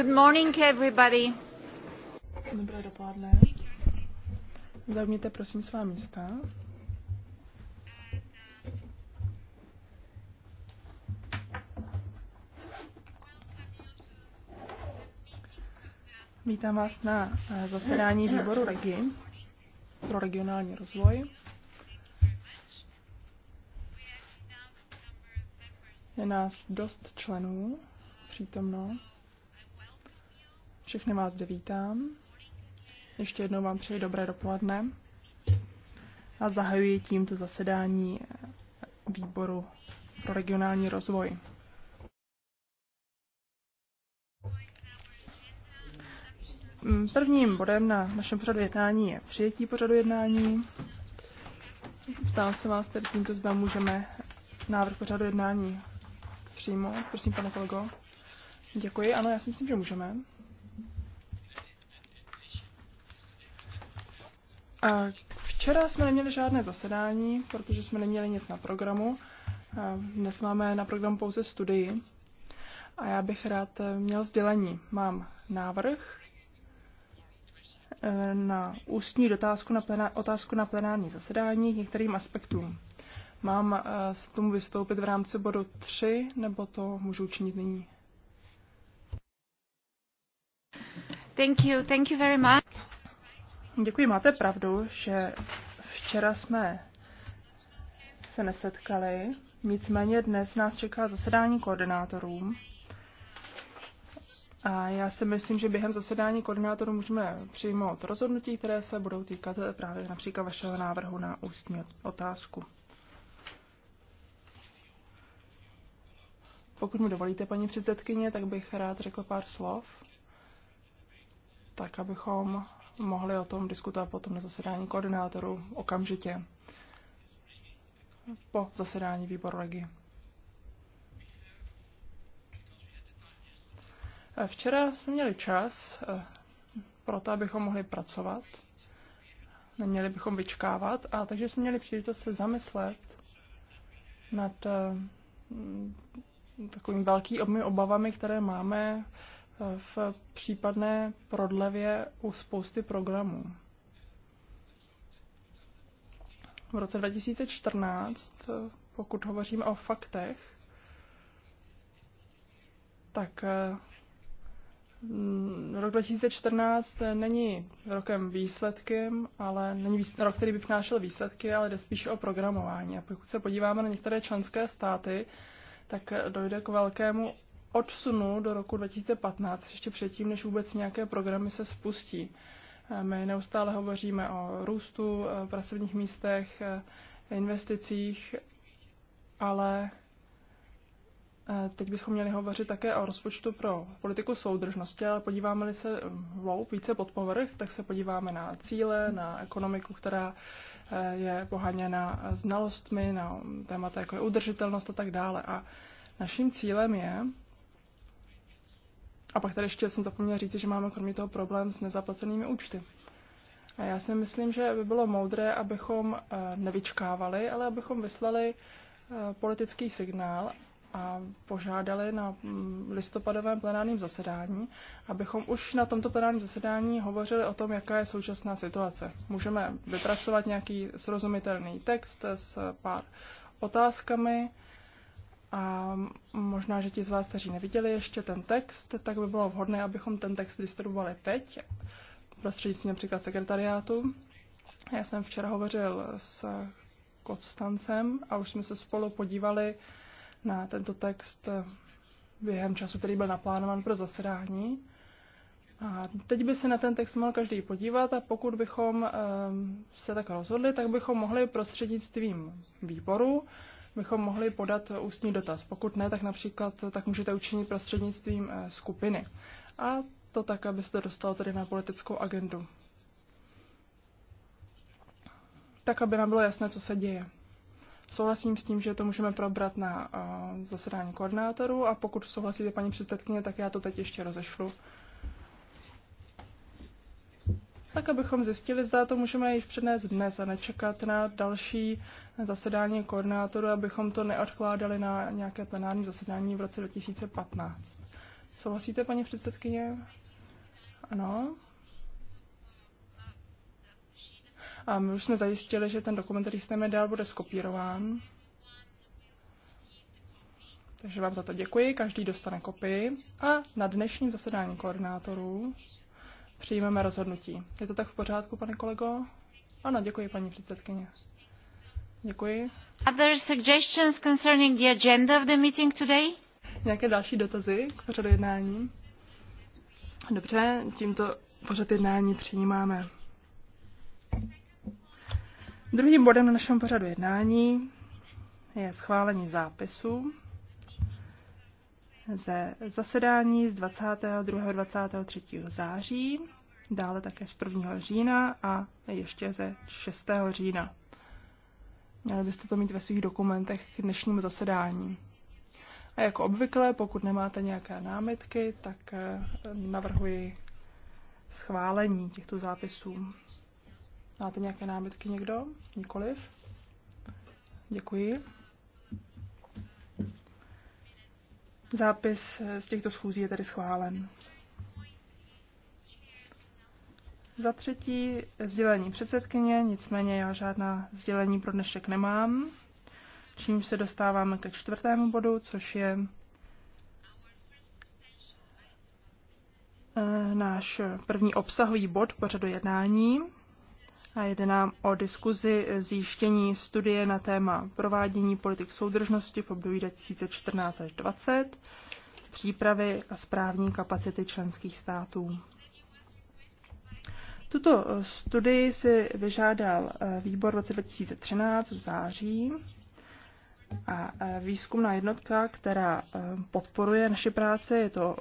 Good morning, everybody. Dobré dopoledne. Zaujměte prosím svá místa. Vítám vás na eh, zasedání výboru Regi pro regionální rozvoj. Je nás dost členů přítomno. Všechny vás zde vítám. Ještě jednou vám přeji dobré dopoledne a zahajuji tímto zasedání výboru pro regionální rozvoj. Prvním bodem na našem pořadu jednání je přijetí pořadu jednání. Ptám se vás tedy tímto, zda můžeme návrh pořadu jednání přijmout. Prosím, pane kolego. Děkuji. Ano, já si myslím, že můžeme. Včera jsme neměli žádné zasedání, protože jsme neměli nic na programu. Dnes máme na programu pouze studii a já bych rád eh, měl sdělení. Mám návrh eh, na ústní dotázku na plená, otázku na plenární zasedání k některým aspektům. Mám eh, s tomu vystoupit v rámci bodu 3, nebo to můžu učinit nyní? Thank you, thank you very much. Děkuji, máte pravdu, že včera jsme se nesetkali, nicméně dnes nás čeká zasedání koordinátorů. A já si myslím, že během zasedání koordinátorů můžeme přijmout rozhodnutí, které se budou týkat právě například vašeho návrhu na ústní otázku. Pokud mi dovolíte, paní předsedkyně, tak bych rád řekl pár slov, tak abychom mohli o tom diskutovat potom na zasedání koordinátorů okamžitě po zasedání výboru Regi. Včera jsme měli čas eh, pro to, abychom mohli pracovat. Neměli bychom vyčkávat, a takže jsme měli příležitost se zamyslet nad eh, takovými velkými obavami, které máme v případné prodlevě u spousty programů. V roce 2014, pokud hovoříme o faktech, tak eh, mm, rok 2014 není rokem výsledkem, ale není výsledky, rok, který by přinášel výsledky, ale jde spíše o programování. A pokud se podíváme na některé členské státy, tak dojde k velkému odsunu do roku 2015, ještě předtím, než vůbec nějaké programy se spustí. Eh, my neustále hovoříme o růstu, eh, pracovních místech, eh, investicích, ale teď bychom měli hovořit také o rozpočtu pro politiku soudržnosti, ale podíváme-li se hloub hm, více pod povrch, tak se podíváme na cíle, na ekonomiku, která je poháněna znalostmi, na témata jako je udržitelnost a tak dále. A naším cílem je a pak tady ještě jsem zapomněla říct, že máme kromě toho problém s nezaplacenými účty. A já si myslím, že by bylo moudré, abychom eh, nevyčkávali, ale abychom vyslali eh, politický signál a požádali na mm, listopadovém plenárním zasedání, abychom už na tomto plenárním zasedání hovořili o tom, jaká je současná situace. Můžeme vypracovat nějaký srozumitelný text s pár otázkami, a možná, že ti z vás, kteří neviděli ještě ten text, tak by bylo vhodné, abychom ten text distribuovali teď, prostřednictvím například sekretariátu. Já jsem včera hovořil s Kostancem a už jsme se spolu podívali na tento text během času, který byl naplánovan pro zasedání. A teď by se na ten text mohl každý podívat a pokud bychom ehm, se tak rozhodli, tak bychom mohli prostřednictvím výboru bychom mohli podat ústní dotaz. Pokud ne, tak například tak můžete učinit prostřednictvím eh, skupiny. A to tak, abyste dostal tedy na politickou agendu. Tak, aby nám bylo jasné, co se děje. Souhlasím s tím, že to můžeme probrat na eh, zasedání koordinátorů a pokud souhlasíte paní předsedkyně, tak já to teď ještě rozešlu tak abychom zjistili, zda to můžeme již přednést dnes a nečekat na další zasedání koordinátoru, abychom to neodkládali na nějaké plenární zasedání v roce 2015. Souhlasíte, paní předsedkyně? Ano. A my už jsme zajistili, že ten dokument, který jste mi dal, bude skopírován. Takže vám za to děkuji, každý dostane kopii. A na dnešním zasedání koordinátorů přijmeme rozhodnutí. Je to tak v pořádku, pane kolego? Ano, děkuji, paní předsedkyně. Děkuji. Other suggestions concerning the agenda of the meeting today? Nějaké další dotazy k pořadu jednání? Dobře, tímto pořad jednání přijímáme. Druhým bodem na našem pořadu jednání je schválení zápisu ze zasedání z 22. 23. září, dále také z 1. října a ještě ze 6. října. Měli byste to mít ve svých dokumentech k dnešnímu zasedání. A jako obvykle, pokud nemáte nějaké námitky, tak eh, navrhuji schválení těchto zápisů. Máte nějaké námitky někdo? Nikoliv? Děkuji. Zápis eh, z těchto schůzí je tedy schválen. Za třetí sdělení předsedkyně, nicméně já žádná sdělení pro dnešek nemám, čímž se dostáváme ke čtvrtému bodu, což je eh, náš první obsahový bod pořadu jednání. A jde nám o diskuzi zjištění studie na téma provádění politik soudržnosti v období 2014 až 2020, přípravy a správní kapacity členských států. Tuto studii si vyžádal eh, výbor v roce 2013 v září a eh, výzkumná jednotka, která eh, podporuje naši práci, je to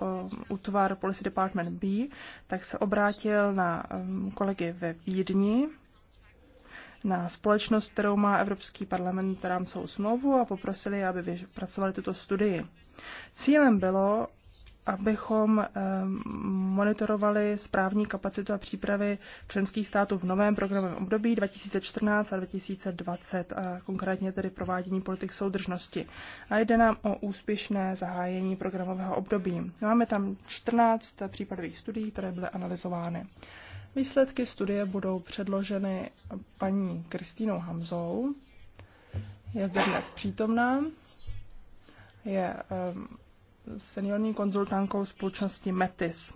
útvar Policy Department B, tak se obrátil na kolegy ve Vídni na společnost, kterou má Evropský parlament rámcovou smlouvu a poprosili, aby vypracovali tuto studii. Cílem bylo, abychom ehm, monitorovali správní kapacitu a přípravy členských států v novém programovém období 2014 a 2020, a konkrétně tedy provádění politik soudržnosti. A jde nám o úspěšné zahájení programového období. Máme tam 14 případových studií, které byly analyzovány. Výsledky studie budou předloženy paní Kristínou Hamzou. Je zde dnes přítomná. Je ehm, seniorní konzultantkou společnosti Metis.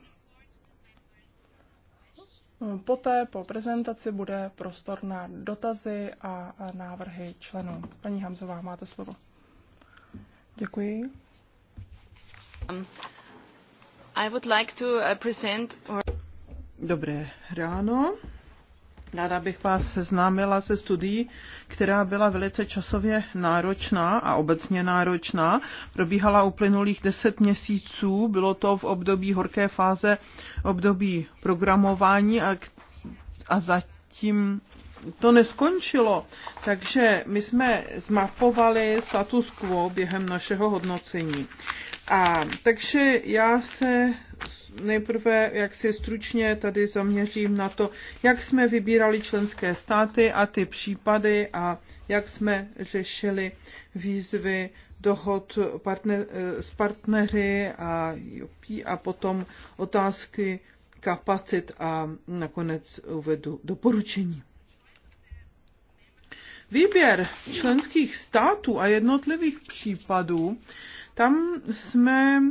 Poté po prezentaci bude prostor na dotazy a návrhy členů. Paní Hamzová, máte slovo. Děkuji. Um, I would like to uh, present or... Dobré ráno. Ráda bych vás seznámila se studií, která byla velice časově náročná a obecně náročná. Probíhala uplynulých deset měsíců, bylo to v období horké fáze, období programování a, a zatím to neskončilo. Takže my jsme zmapovali status quo během našeho hodnocení. A takže já se nejprve jak si stručně tady zaměřím na to, jak jsme vybírali členské státy a ty případy a jak jsme řešili výzvy dohod partner, s partnery a a potom otázky kapacit a nakonec uvedu doporučení. Výběr členských států a jednotlivých případů tam jsme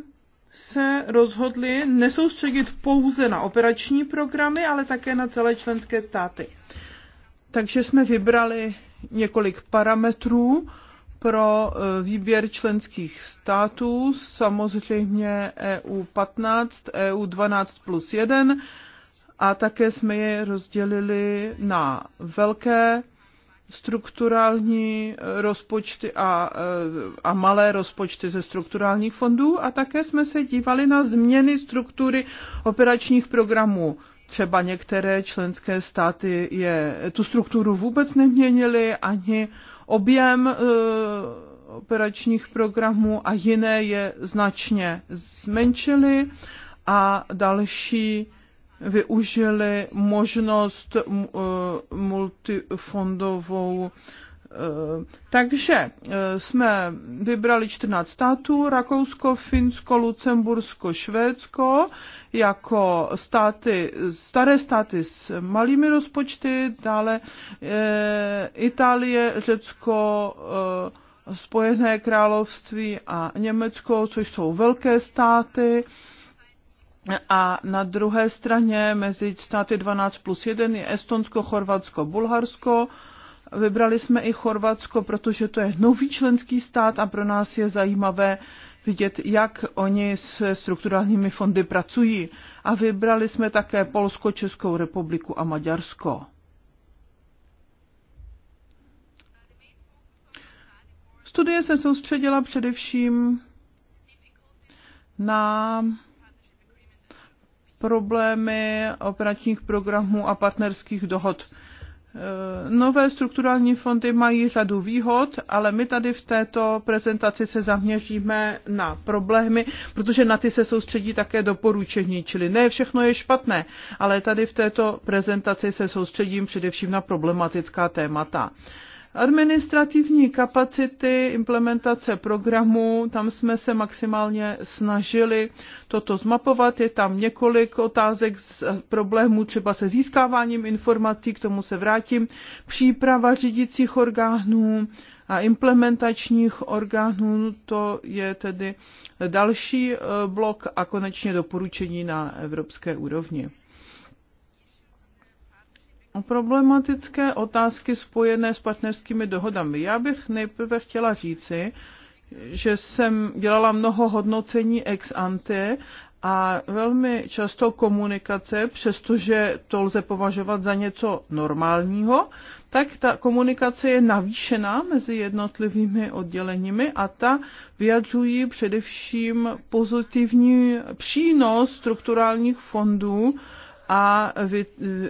se rozhodli nesoustředit pouze na operační programy, ale také na celé členské státy. Takže jsme vybrali několik parametrů pro e, výběr členských států, samozřejmě EU 15, EU 12 plus 1 a také jsme je rozdělili na velké strukturální eh, rozpočty a, eh, a malé rozpočty ze strukturálních fondů a také jsme se dívali na změny struktury operačních programů. Třeba některé členské státy je, tu strukturu vůbec neměnily, ani objem eh, operačních programů a jiné je značně zmenšily a další využili možnost eh, multifondovou eh, takže eh, jsme vybrali 14 států, Rakousko, Finsko, Lucembursko, Švédsko, jako státy, staré státy s malými rozpočty, dále Itálie, Řecko, Spojené království a Německo, což jsou velké státy a na druhé straně mezi státy 12 plus 1 je Estonsko, Chorvatsko, Bulharsko. Vybrali jsme i Chorvatsko, protože to je nový členský stát a pro nás je zajímavé vidět, jak oni s strukturálními fondy pracují. A vybrali jsme také Polsko, Českou republiku a Maďarsko. Studie se soustředila především na problémy operačních programů a partnerských dohod. E, nové strukturální fondy mají řadu výhod, ale my tady v této prezentaci se zaměříme na problémy, protože na ty se soustředí také doporučení, čili ne všechno je špatné, ale tady v této prezentaci se soustředím především na problematická témata. Administrativní kapacity implementace programů, tam jsme se maximálně snažili toto zmapovat. Je tam několik otázek z problémů třeba se získáváním informací, k tomu se vrátím. Příprava řídicích orgánů a implementačních orgánů, to je tedy další eh, blok a konečně doporučení na evropské úrovni problematické otázky spojené s partnerskými dohodami. Já bych nejprve chtěla říci, že jsem dělala mnoho hodnocení ex ante a velmi často komunikace, přestože to lze považovat za něco normálního, tak ta komunikace je navýšená mezi jednotlivými odděleními a ta vyjadřují především pozitivní přínos strukturálních fondů a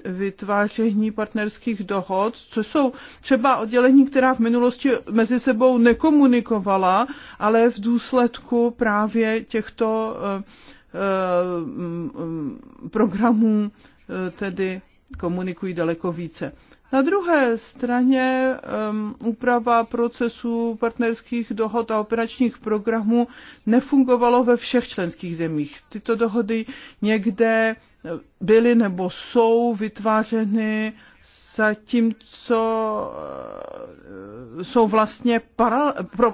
vytváření partnerských dohod, což jsou třeba oddělení, která v minulosti mezi sebou nekomunikovala, ale v důsledku právě těchto eh, eh, programů eh, tedy komunikují daleko více. Na druhé straně um, úprava procesů partnerských dohod a operačních programů nefungovalo ve všech členských zemích. Tyto dohody někde byly nebo jsou vytvářeny za tím, co uh, jsou vlastně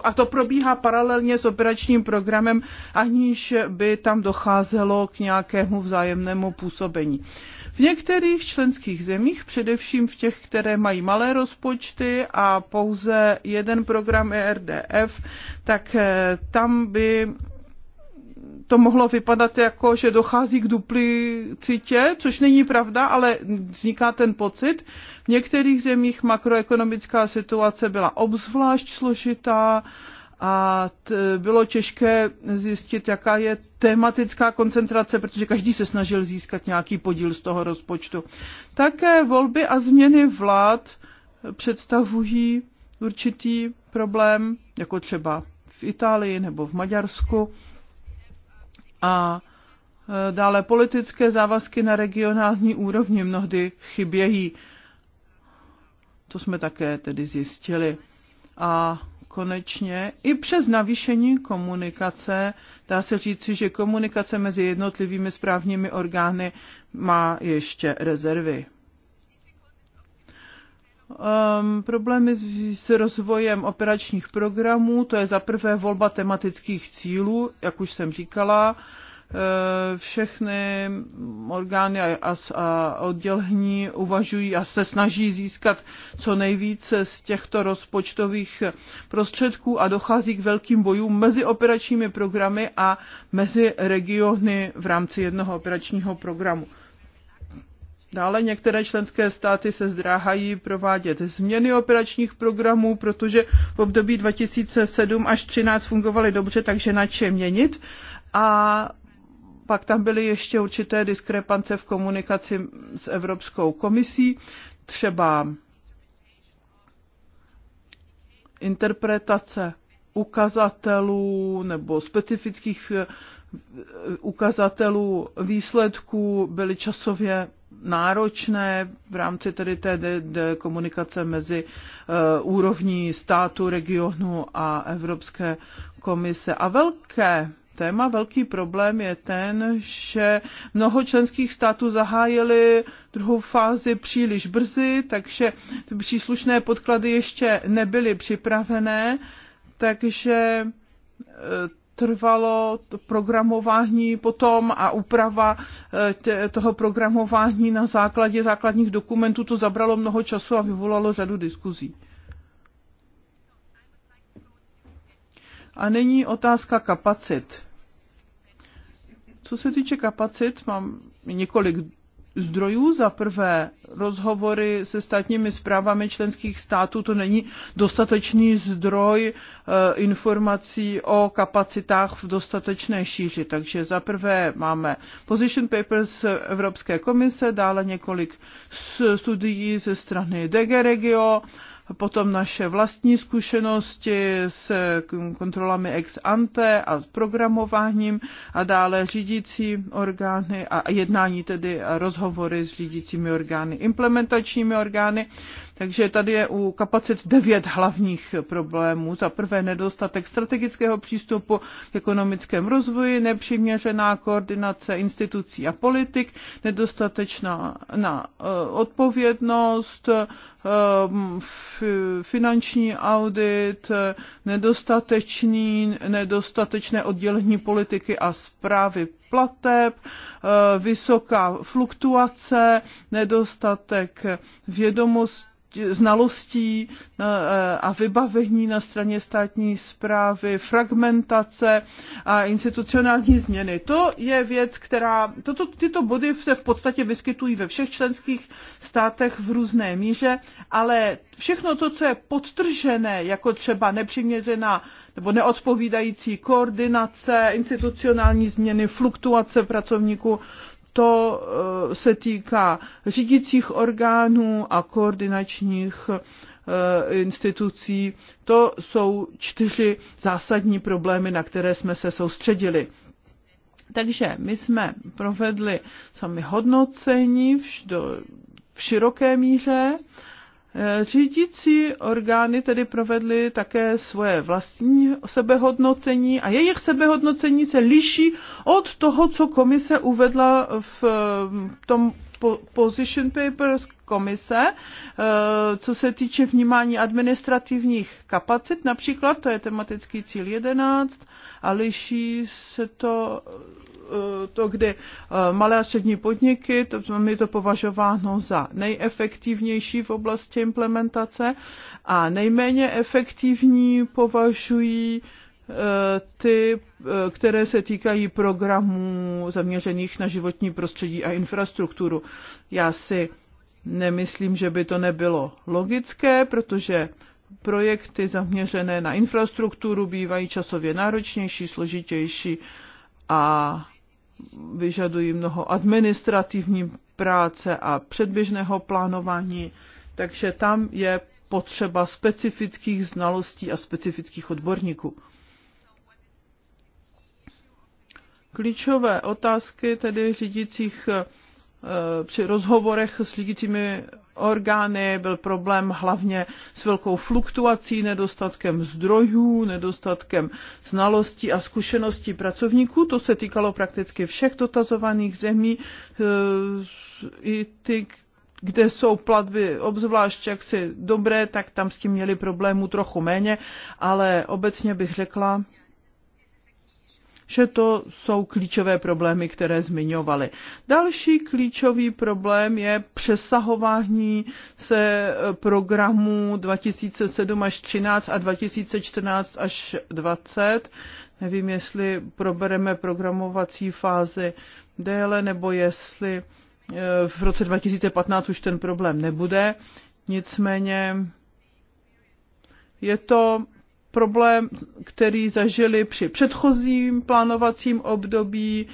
a to probíhá paralelně s operačním programem, aniž by tam docházelo k nějakému vzájemnému působení. V některých členských zemích, především v těch, které mají malé rozpočty a pouze jeden program ERDF, tak eh, tam by to mohlo vypadat jako, že dochází k duplicitě, což není pravda, ale vzniká ten pocit. V některých zemích makroekonomická situace byla obzvlášť složitá, a t, bylo těžké zjistit, jaká je tematická koncentrace, protože každý se snažil získat nějaký podíl z toho rozpočtu. Také volby a změny vlád představují určitý problém, jako třeba v Itálii nebo v Maďarsku. A e, dále politické závazky na regionální úrovni mnohdy chybějí. To jsme také tedy zjistili. A konečně i přes navýšení komunikace, dá se říci, že komunikace mezi jednotlivými správními orgány má ještě rezervy. Um, problémy s, s rozvojem operačních programů, to je za prvé volba tematických cílů, jak už jsem říkala. Uh, Eh, všechny orgány a, a oddělení uvažují a se snaží získat co nejvíce z těchto rozpočtových prostředků a dochází k velkým bojům mezi operačními programy a mezi regiony v rámci jednoho operačního programu. Dále některé členské státy se zdráhají provádět změny operačních programů, protože v období 2007 až 2013 fungovaly dobře, takže na čem měnit. A pak tam byly ještě určité diskrepance v komunikaci s Evropskou komisí, třeba interpretace ukazatelů nebo specifických eh, ukazatelů výsledků byly časově náročné v rámci tedy té de- de- komunikace mezi uh, úrovní státu, regionu a Evropské komise. A velké téma. Velký problém je ten, že mnoho členských států zahájili druhou fázi příliš brzy, takže ty příslušné podklady ještě nebyly připravené, takže e, trvalo to programování potom a úprava e, toho programování na základě základních dokumentů, to zabralo mnoho času a vyvolalo řadu diskuzí. A nyní otázka kapacit. Co se týče kapacit, mám několik zdrojů. Za prvé rozhovory se státními zprávami členských států, to není dostatečný zdroj eh, informací o kapacitách v dostatečné šíři. Takže za prvé máme position papers Evropské komise, dále několik studií ze strany DG Regio, potom naše vlastní zkušenosti s kontrolami ex ante a s programováním a dále řídící orgány a jednání tedy a rozhovory s řídícími orgány, implementačními orgány. Takže tady je u kapacit devět hlavních problémů. Za prvé nedostatek strategického přístupu k ekonomickému rozvoji, nepřiměřená koordinace institucí a politik, nedostatečná na eh, odpovědnost, eh, finanční audit, nedostatečný, nedostatečné oddělení politiky a zprávy plateb, eh, vysoká fluktuace, nedostatek vědomostí, znalostí eh, a vybavení na straně státní zprávy, fragmentace a institucionální změny. To je věc, která, toto, tyto body se v podstatě vyskytují ve všech členských státech v různé míře, ale všechno to, co je podtržené, jako třeba nepřiměřená nebo neodpovídající koordinace, institucionální změny, fluktuace pracovníků, to eh, se týká řídicích orgánů a koordinačních eh, institucí. To jsou čtyři zásadní problémy, na které jsme se soustředili. Takže my jsme provedli sami hodnocení vš, do, v široké míře Eh, řídící orgány tedy provedly také svoje vlastní sebehodnocení a jejich sebehodnocení se liší od toho, co komise uvedla v eh, tom position papers komise, eh, co se týče vnímání administrativních kapacit, například, to je tematický cíl 11, a liší se to Eh, to, kdy eh, malé a střední podniky, to je to považováno za nejefektivnější v oblasti implementace a nejméně efektivní považují eh, ty, které se týkají programů zaměřených na životní prostředí a infrastrukturu. Já si nemyslím, že by to nebylo logické, protože projekty zaměřené na infrastrukturu bývají časově náročnější, složitější a vyžadují mnoho administrativní práce a předběžného plánování, takže tam je potřeba specifických znalostí a specifických odborníků. Klíčové otázky tedy řídících Eh, při rozhovorech s řídícími orgány byl problém hlavně s velkou fluktuací, nedostatkem zdrojů, nedostatkem znalostí a zkušeností pracovníků. To se týkalo prakticky všech dotazovaných zemí, eh, i ty, kde jsou platby obzvlášť jaksi dobré, tak tam s tím měli problémů trochu méně, ale obecně bych řekla, že to jsou klíčové problémy, které zmiňovali. Další klíčový problém je přesahování se eh, programů 2007 až 13 a 2014 až 20. Nevím, jestli probereme programovací fázi déle, nebo jestli eh, v roce 2015 už ten problém nebude. Nicméně je to problém, který zažili při předchozím plánovacím období,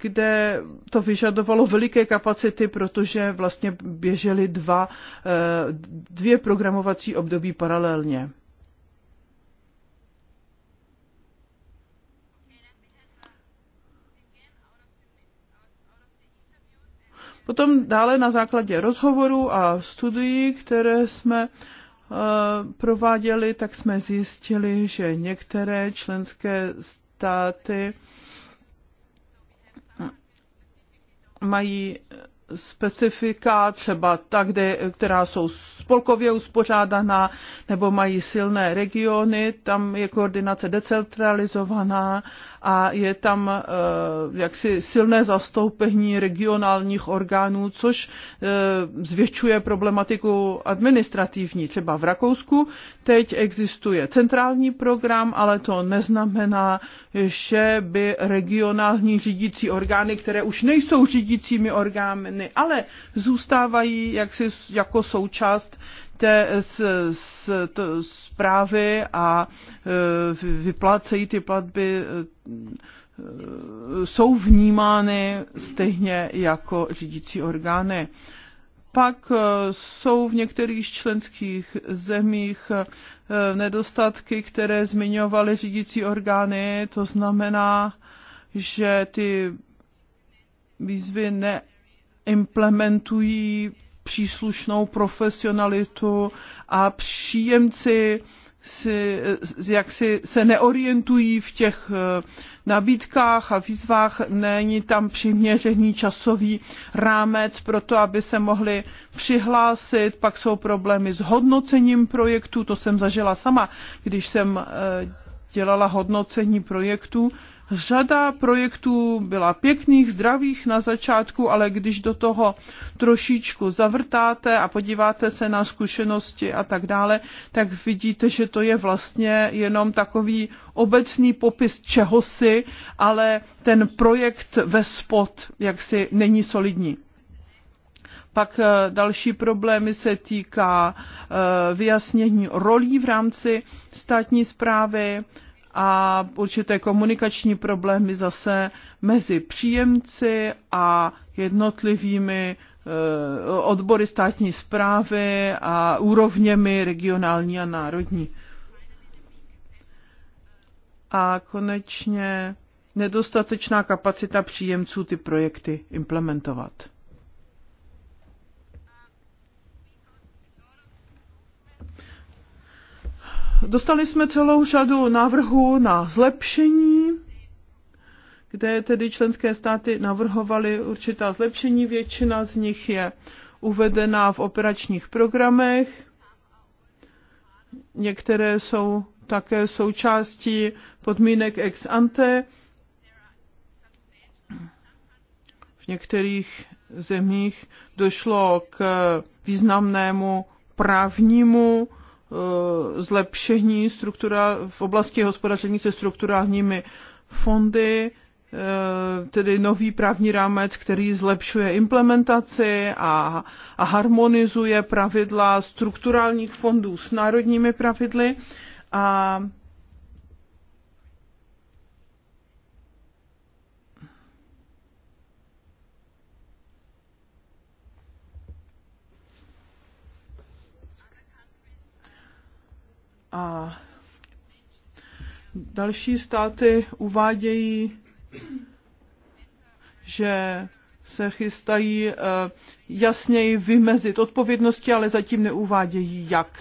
kde to vyžadovalo veliké kapacity, protože vlastně běžely dva, eh, dvě programovací období paralelně. Potom dále na základě rozhovorů a studií, které jsme Eh, prováděli, tak jsme zjistili, že některé členské státy mají specifika, třeba ta, kde, která jsou spolkově uspořádaná nebo mají silné regiony, tam je koordinace decentralizovaná a je tam eh, jaksi silné zastoupení regionálních orgánů, což eh, zvětšuje problematiku administrativní. Třeba v Rakousku teď existuje centrální program, ale to neznamená, že by regionální řídící orgány, které už nejsou řídícími orgány, ale zůstávají jaksi jako součást té z, z, to, zprávy a e, vyplácejí ty platby e, jsou vnímány stejně jako řídící orgány. Pak e, jsou v některých členských zemích nedostatky, které zmiňovaly řídící orgány, to znamená, že ty výzvy neimplementují příslušnou profesionalitu a příjemci si, jak si se neorientují v těch eh, nabídkách a výzvách, není tam přiměřený časový rámec pro to, aby se mohli přihlásit, pak jsou problémy s hodnocením projektu, to jsem zažila sama, když jsem eh, dělala hodnocení projektu, Řada projektů byla pěkných, zdravých na začátku, ale když do toho trošičku zavrtáte a podíváte se na zkušenosti a tak dále, tak vidíte, že to je vlastně jenom takový obecný popis čehosi, ale ten projekt ve spod jaksi není solidní. Pak eh, další problémy se týká eh, vyjasnění rolí v rámci státní zprávy, a určité komunikační problémy zase mezi příjemci a jednotlivými eh, odbory státní zprávy a úrovněmi regionální a národní. A konečně nedostatečná kapacita příjemců ty projekty implementovat. Dostali jsme celou řadu návrhů na zlepšení, kde tedy členské státy navrhovaly určitá zlepšení. Většina z nich je uvedená v operačních programech. Některé jsou také součástí podmínek ex ante. V některých zemích došlo k významnému právnímu Eh, zlepšení struktura, v oblasti hospodaření se strukturálními fondy, eh, tedy nový právní rámec, který zlepšuje implementaci a, a harmonizuje pravidla strukturálních fondů s národními pravidly a A další státy uvádějí, že se chystají eh, jasněji vymezit odpovědnosti, ale zatím neuvádějí jak.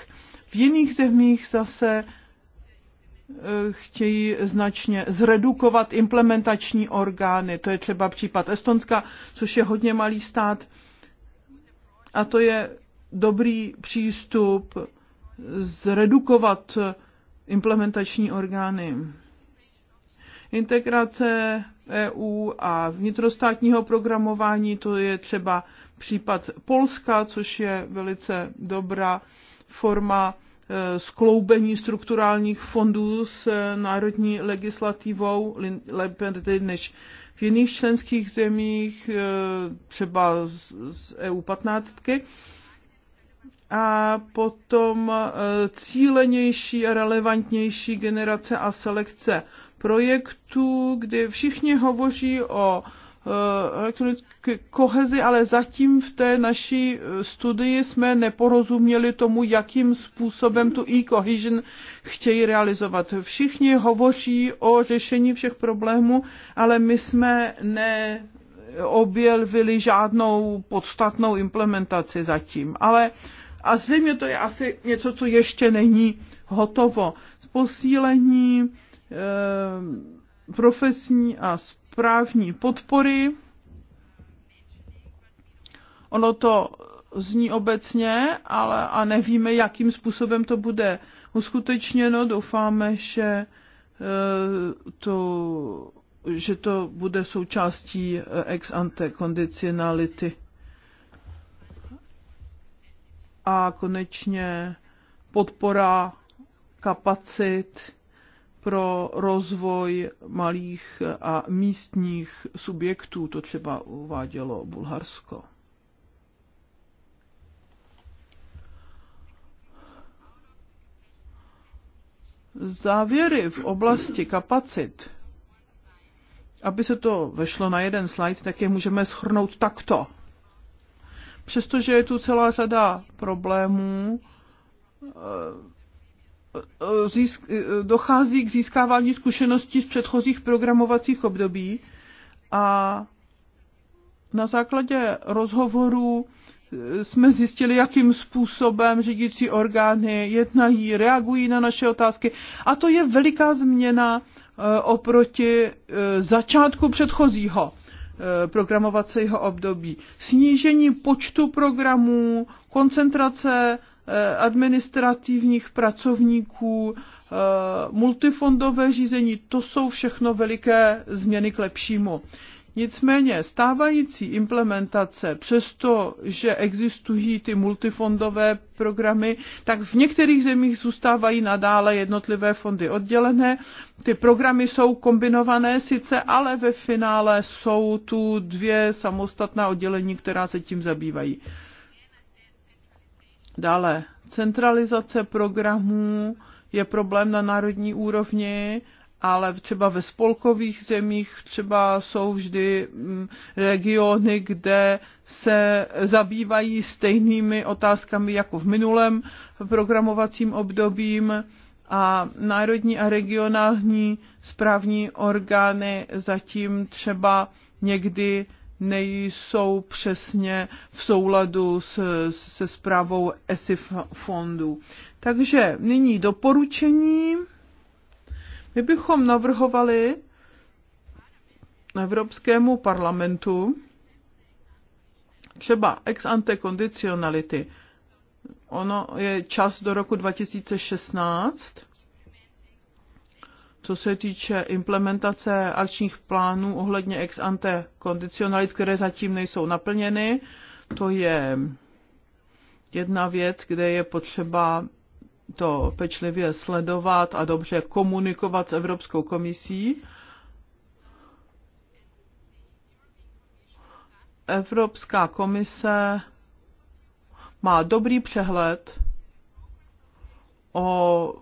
V jiných zemích zase eh, chtějí značně zredukovat implementační orgány. To je třeba případ Estonska, což je hodně malý stát. A to je dobrý přístup zredukovat implementační orgány. Integrace EU a vnitrostátního programování, to je třeba případ Polska, což je velice dobrá forma eh, skloubení strukturálních fondů s národní legislativou, lépe než v jiných členských zemích, eh, třeba z EU 15 a potom e, cílenější a relevantnější generace a selekce projektů, kdy všichni hovoří o e, elektronické kohezi, ale zatím v té naší e, studii jsme neporozuměli tomu, jakým způsobem tu e-cohesion chtějí realizovat. Všichni hovoří o řešení všech problémů, ale my jsme neobjevili žádnou podstatnou implementaci zatím. Ale uh, a zřejmě to je asi něco, co ještě není hotovo. Posílení e, profesní a správní podpory. Ono to zní obecně, ale a nevíme, jakým způsobem to bude uskutečněno. Doufáme, že eh, to, že to bude součástí eh, ex ante kondicionality a konečně podpora kapacit pro rozvoj malých a místních subjektů. To třeba uvádělo Bulharsko. Závěry v oblasti kapacit, aby se to vešlo na jeden slide, tak je můžeme schrnout takto. Přestože je tu celá řada problémů, eh, eh, dochází k získávání zkušeností z předchozích programovacích období a na základě rozhovorů eh, jsme zjistili, jakým způsobem řídící orgány jednají, reagují na naše otázky. A to je veliká změna oproti začátku předchozího Eh, programovacího období. Snížení počtu programů, koncentrace eh, administrativních pracovníků, eh, multifondové řízení, to jsou všechno veliké změny k lepšímu. Nicméně stávající implementace, přesto, že existují ty multifondové programy, tak v některých zemích zůstávají nadále jednotlivé fondy oddělené. Ty programy jsou kombinované sice, ale ve finále jsou tu dvě samostatná oddělení, která se tím zabývají. Dále, centralizace programů je problém na národní úrovni ale třeba ve spolkových zemích třeba jsou vždy mm, regiony, kde se zabývají stejnými otázkami jako v minulém programovacím obdobím a národní a regionální správní orgány zatím třeba někdy nejsou přesně v souladu s, se zprávou ESIF fondů. Takže nyní doporučení. My bychom navrhovali Evropskému parlamentu třeba ex ante kondicionality. Ono je čas do roku 2016, co se týče implementace akčních plánů ohledně ex ante kondicionalit, které zatím nejsou naplněny. To je jedna věc, kde je potřeba to pečlivě sledovat a dobře komunikovat s Evropskou komisí. Evropská komise má dobrý přehled o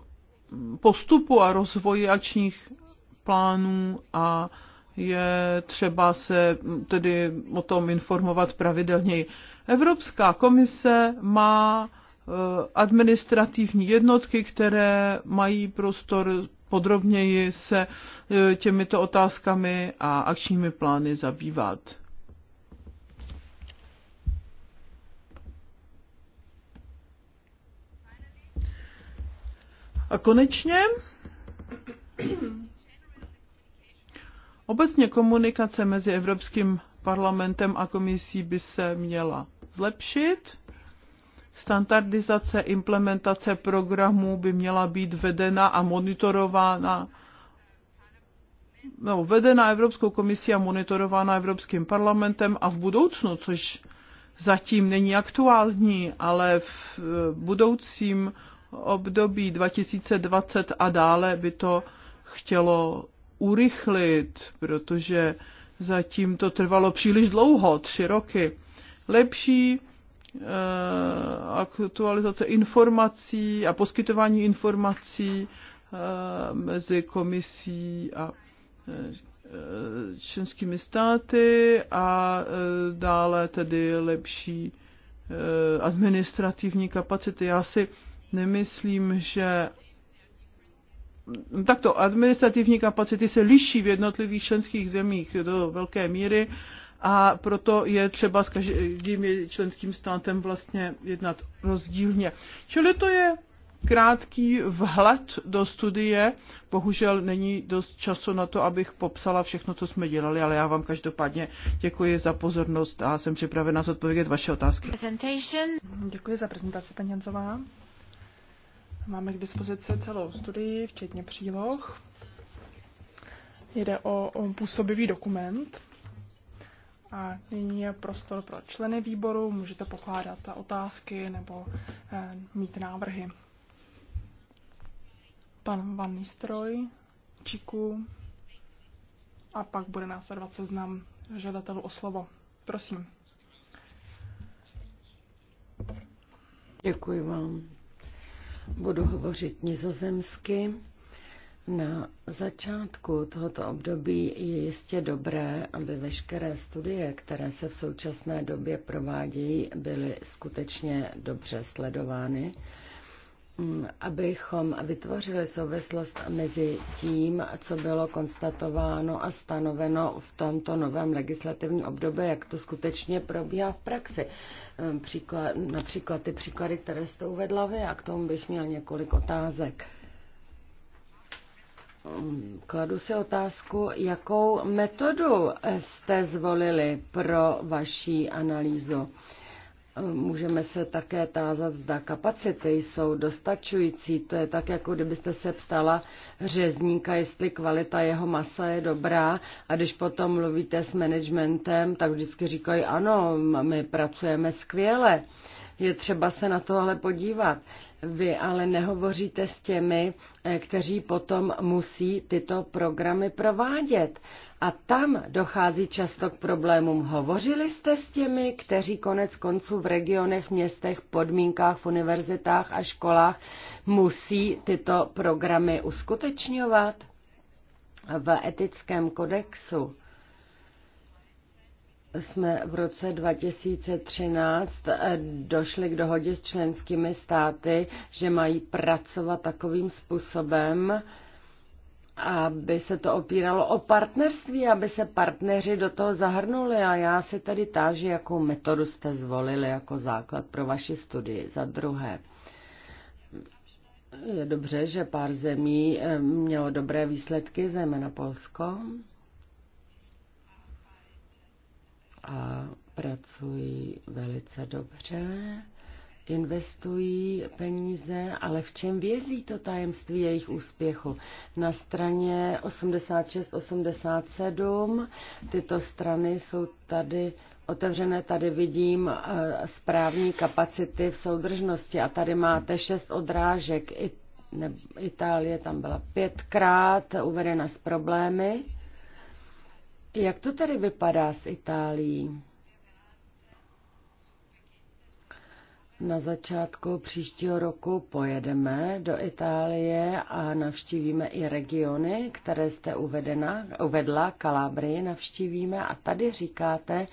postupu a rozvoji akčních plánů a je třeba se tedy o tom informovat pravidelněji. Evropská komise má Eh, administrativní jednotky, které mají prostor podrobněji se eh, těmito otázkami a akčními plány zabývat. A konečně obecně komunikace mezi Evropským parlamentem a komisí by se měla zlepšit Standardizace implementace programů by měla být vedena a monitorována no, vedena Evropskou komisí a monitorována Evropským parlamentem a v budoucnu, což zatím není aktuální, ale v eh, budoucím období 2020 a dále by to chtělo urychlit, protože zatím to trvalo příliš dlouho, tři roky. Lepší Eh, aktualizace informací a poskytování informací eh, mezi komisí a eh, členskými státy a dále tedy lepší administrativní kapacity. Já si nemyslím, že takto administrativní kapacity se liší v jednotlivých členských zemích do velké míry a proto je třeba s každým členským státem vlastně jednat rozdílně. Čili to je krátký vhled do studie. Bohužel není dost času na to, abych popsala všechno, co jsme dělali, ale já vám každopádně děkuji za pozornost a jsem připravena zodpovědět vaše otázky. Děkuji za prezentaci, paní Jancová. Máme k dispozici celou studii, včetně příloh. Jde o, o působivý dokument. A nyní je prostor pro členy výboru, můžete pokládat otázky nebo eh, mít návrhy. Pan Van Nistroj, Čiku a pak bude následovat seznam žadatelů o slovo. Prosím. Děkuji vám. Budu hovořit nizozemsky. Na začátku tohoto období je jistě dobré, aby veškeré studie, které se v současné době provádějí, byly skutečně dobře sledovány, mm, abychom vytvořili souvislost mezi tím, co bylo konstatováno a stanoveno v tomto novém legislativním období, jak to skutečně probíhá v praxi. Ehm, příklad, například ty příklady, které jste uvedla vy, a k tomu bych měl několik otázek. Kladu si otázku, jakou metodu jste zvolili pro vaší analýzu. Můžeme se také tázat, zda kapacity jsou dostačující. To je tak, jako kdybyste se ptala řezníka, jestli kvalita jeho masa je dobrá. A když potom mluvíte s managementem, tak vždycky říkají, ano, my pracujeme skvěle. Je třeba se na to ale podívat. Vy ale nehovoříte s těmi, eh, kteří potom musí tyto programy provádět. A tam dochází často k problémům. Hovořili jste s těmi, kteří konec konců v regionech, městech, podmínkách, v univerzitách a školách musí tyto programy uskutečňovat? V etickém kodexu jsme v roce 2013 eh, došli k dohodě s členskými státy, že mají pracovat takovým způsobem, aby se to opíralo o partnerství, aby se partneři do toho zahrnuli. A já se tady táži, jakou metodu jste zvolili jako základ pro vaši studii. Za druhé, je dobře, že pár zemí eh, mělo dobré výsledky, zejména Polsko. a pracují velice dobře, investují peníze, ale v čem vězí to tajemství jejich úspěchu? Na straně 86-87 tyto strany jsou tady otevřené. Tady vidím eh, správní kapacity v soudržnosti a tady máte šest odrážek. Itálie tam byla pětkrát uvedena s problémy jak to tady vypadá s Itálií? Na začátku příštího roku pojedeme do Itálie a navštívíme i regiony, které jste uvedena, uvedla, Kalábrii navštívíme a tady říkáte,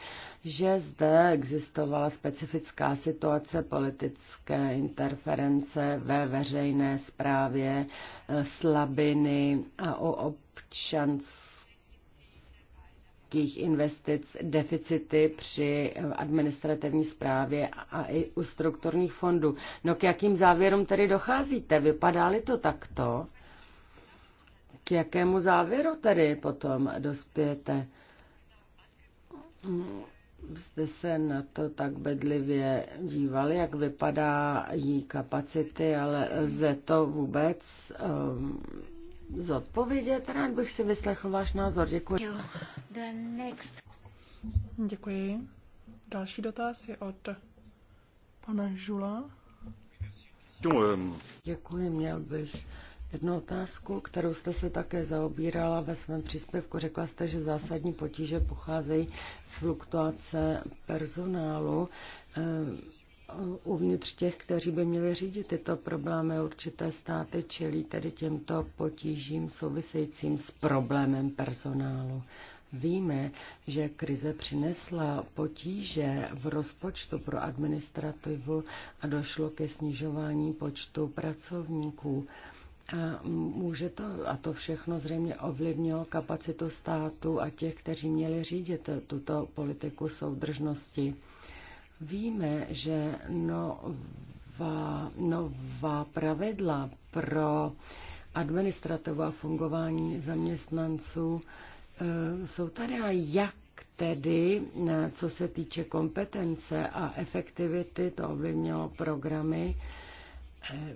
že zde existovala specifická situace politické interference ve veřejné správě, slabiny a o občanské velkých investic deficity při administrativní správě a i u strukturních fondů. No k jakým závěrům tedy docházíte? Vypadá-li to takto? K jakému závěru tedy potom dospějete? jste se na to tak bedlivě dívali, jak vypadá jí kapacity, ale lze to vůbec um, zodpovědět. Rád bych si vyslechl váš názor. Děkuji. Děkuji. Další dotaz je od pana Žula. Děkuji, měl bych jednu otázku, kterou jste se také zaobírala ve svém příspěvku. Řekla jste, že zásadní potíže pocházejí z fluktuace personálu. Ehm Uh, uvnitř těch, kteří by měli řídit tyto problémy. Určité státy čelí tedy těmto potížím souvisejícím s problémem personálu. Víme, že krize přinesla potíže v rozpočtu pro administrativu a došlo ke snižování počtu pracovníků. A může to, a to všechno zřejmě ovlivnilo kapacitu státu a těch, kteří měli řídit tuto politiku soudržnosti. Víme, že nová, nová pravidla pro administrativu a fungování zaměstnanců eh, jsou tady a jak tedy, eh, co se týče kompetence a efektivity, to ovlivnilo programy, eh,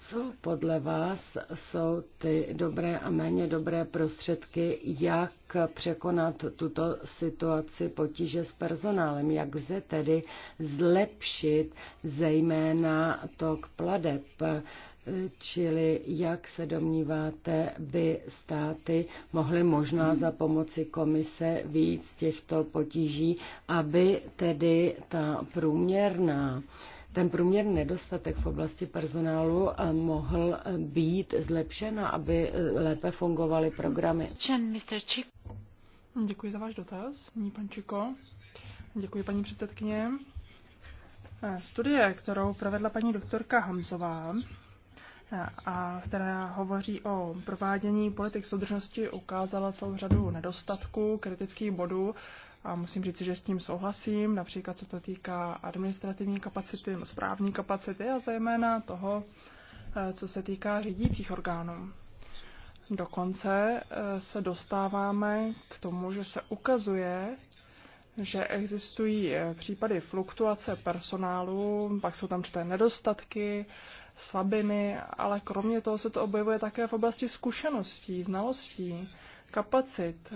co podle vás jsou ty dobré a méně dobré prostředky, jak překonat tuto situaci potíže s personálem? Jak se tedy zlepšit zejména tok pladeb? Čili jak se domníváte, by státy mohly možná za pomoci komise víc těchto potíží, aby tedy ta průměrná ten průměr nedostatek v oblasti personálu eh, mohl eh, být zlepšen, aby eh, lépe fungovaly programy. Děkuji za váš dotaz, paní Pančiko. Děkuji, paní předsedkyně. Studie, kterou provedla paní doktorka Hamzová, a která hovoří o provádění politik soudržnosti, ukázala celou řadu nedostatků, kritických bodů, a musím říct, že s tím souhlasím, například co to týká administrativní kapacity no správní kapacity a zejména toho, eh, co se týká řídících orgánů. Dokonce eh, se dostáváme k tomu, že se ukazuje, že existují eh, případy fluktuace personálu, pak jsou tam čté nedostatky, slabiny, ale kromě toho se to objevuje také v oblasti zkušeností, znalostí, kapacit.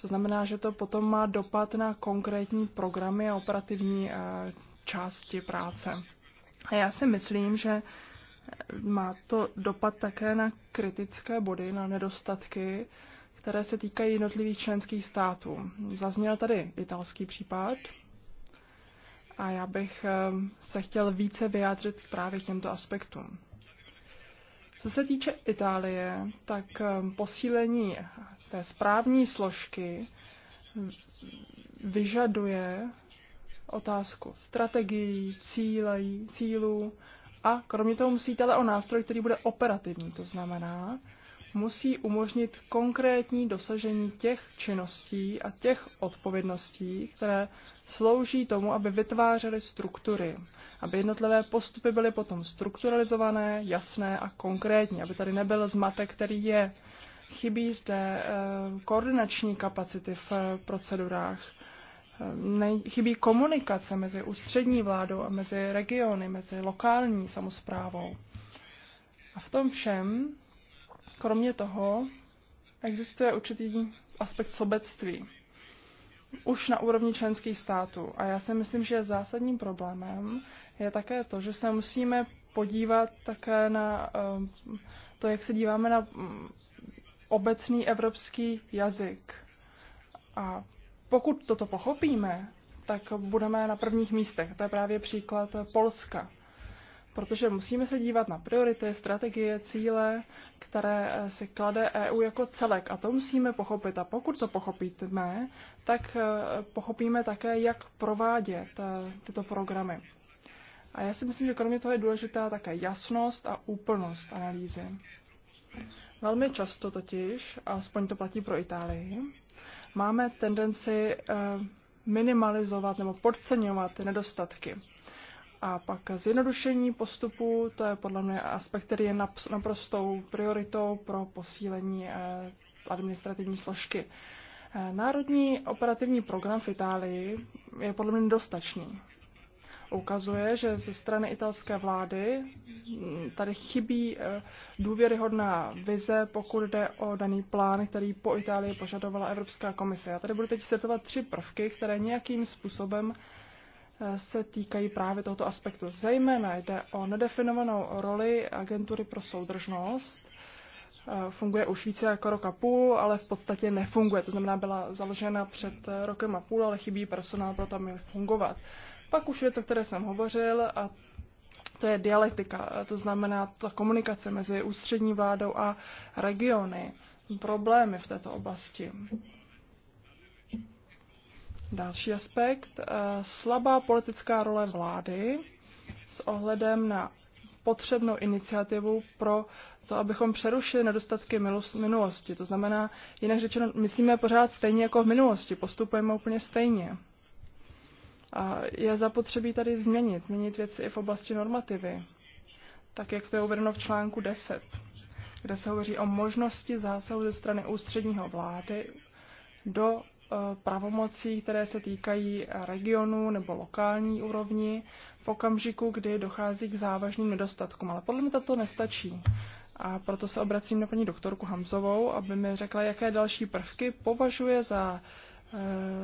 To znamená, že to potom má dopad na konkrétní programy a operativní eh, části práce. A já si myslím, že eh, má to dopad také na kritické body, na nedostatky, které se týkají jednotlivých členských států. Zazněl tady italský případ a já bych eh, se chtěl více vyjádřit právě k těmto aspektům. Co se týče Itálie, tak posílení té správní složky vyžaduje otázku strategií, cílej, cílů a kromě toho musí ale o nástroj, který bude operativní. To znamená, musí umožnit konkrétní dosažení těch činností a těch odpovědností, které slouží tomu, aby vytvářely struktury, aby jednotlivé postupy byly potom strukturalizované, jasné a konkrétní, aby tady nebyl zmatek, který je Chybí zde eh, koordinační kapacity v eh, procedurách. Eh, chybí komunikace mezi ústřední vládou a mezi regiony, mezi lokální samozprávou. A v tom všem, kromě toho, existuje určitý aspekt sobectví. Už na úrovni členských států. A já si myslím, že zásadním problémem je také to, že se musíme podívat také na to, jak se díváme na obecný evropský jazyk. A pokud toto pochopíme, tak budeme na prvních místech. To je právě příklad Polska. Protože musíme se dívat na priority, strategie, cíle, které eh, si klade EU jako celek. A to musíme pochopit. A pokud to pochopíme, tak eh, pochopíme také, jak provádět eh, tyto programy. A já si myslím, že kromě toho je důležitá také jasnost a úplnost analýzy. Velmi často totiž, aspoň to platí pro Itálii, máme tendenci eh, minimalizovat nebo podceňovat nedostatky. A pak zjednodušení postupu, to je podle mě aspekt, který je naprostou prioritou pro posílení eh, administrativní složky. Eh, národní operativní program v Itálii je podle mě nedostačný ukazuje, že ze strany italské vlády mm, tady chybí eh, důvěryhodná vize, pokud jde o daný plán, který po Itálii požadovala Evropská komise. Já tady budu teď citovat tři prvky, které nějakým způsobem eh, se týkají právě tohoto aspektu. Zejména jde o nedefinovanou roli agentury pro soudržnost. Eh, funguje už více jako rok a půl, ale v podstatě nefunguje. To znamená, byla založena před rokem a půl, ale chybí personál pro tam fungovat. Pak už věc, o které jsem hovořil, a to je dialektika, to znamená ta komunikace mezi ústřední vládou a regiony, problémy v této oblasti. Další aspekt, eh, slabá politická role vlády s ohledem na potřebnou iniciativu pro to, abychom přerušili nedostatky minulosti. To znamená, jinak řečeno, myslíme pořád stejně jako v minulosti, postupujeme úplně stejně. A je zapotřebí tady změnit, změnit věci i v oblasti normativy, tak jak to je uvedeno v článku 10, kde se hovoří o možnosti zásahu ze strany ústředního vlády do e, pravomocí, které se týkají regionu nebo lokální úrovni v okamžiku, kdy dochází k závažným nedostatkům. Ale podle mě to nestačí. A proto se obracím na paní doktorku Hamzovou, aby mi řekla, jaké další prvky považuje za e,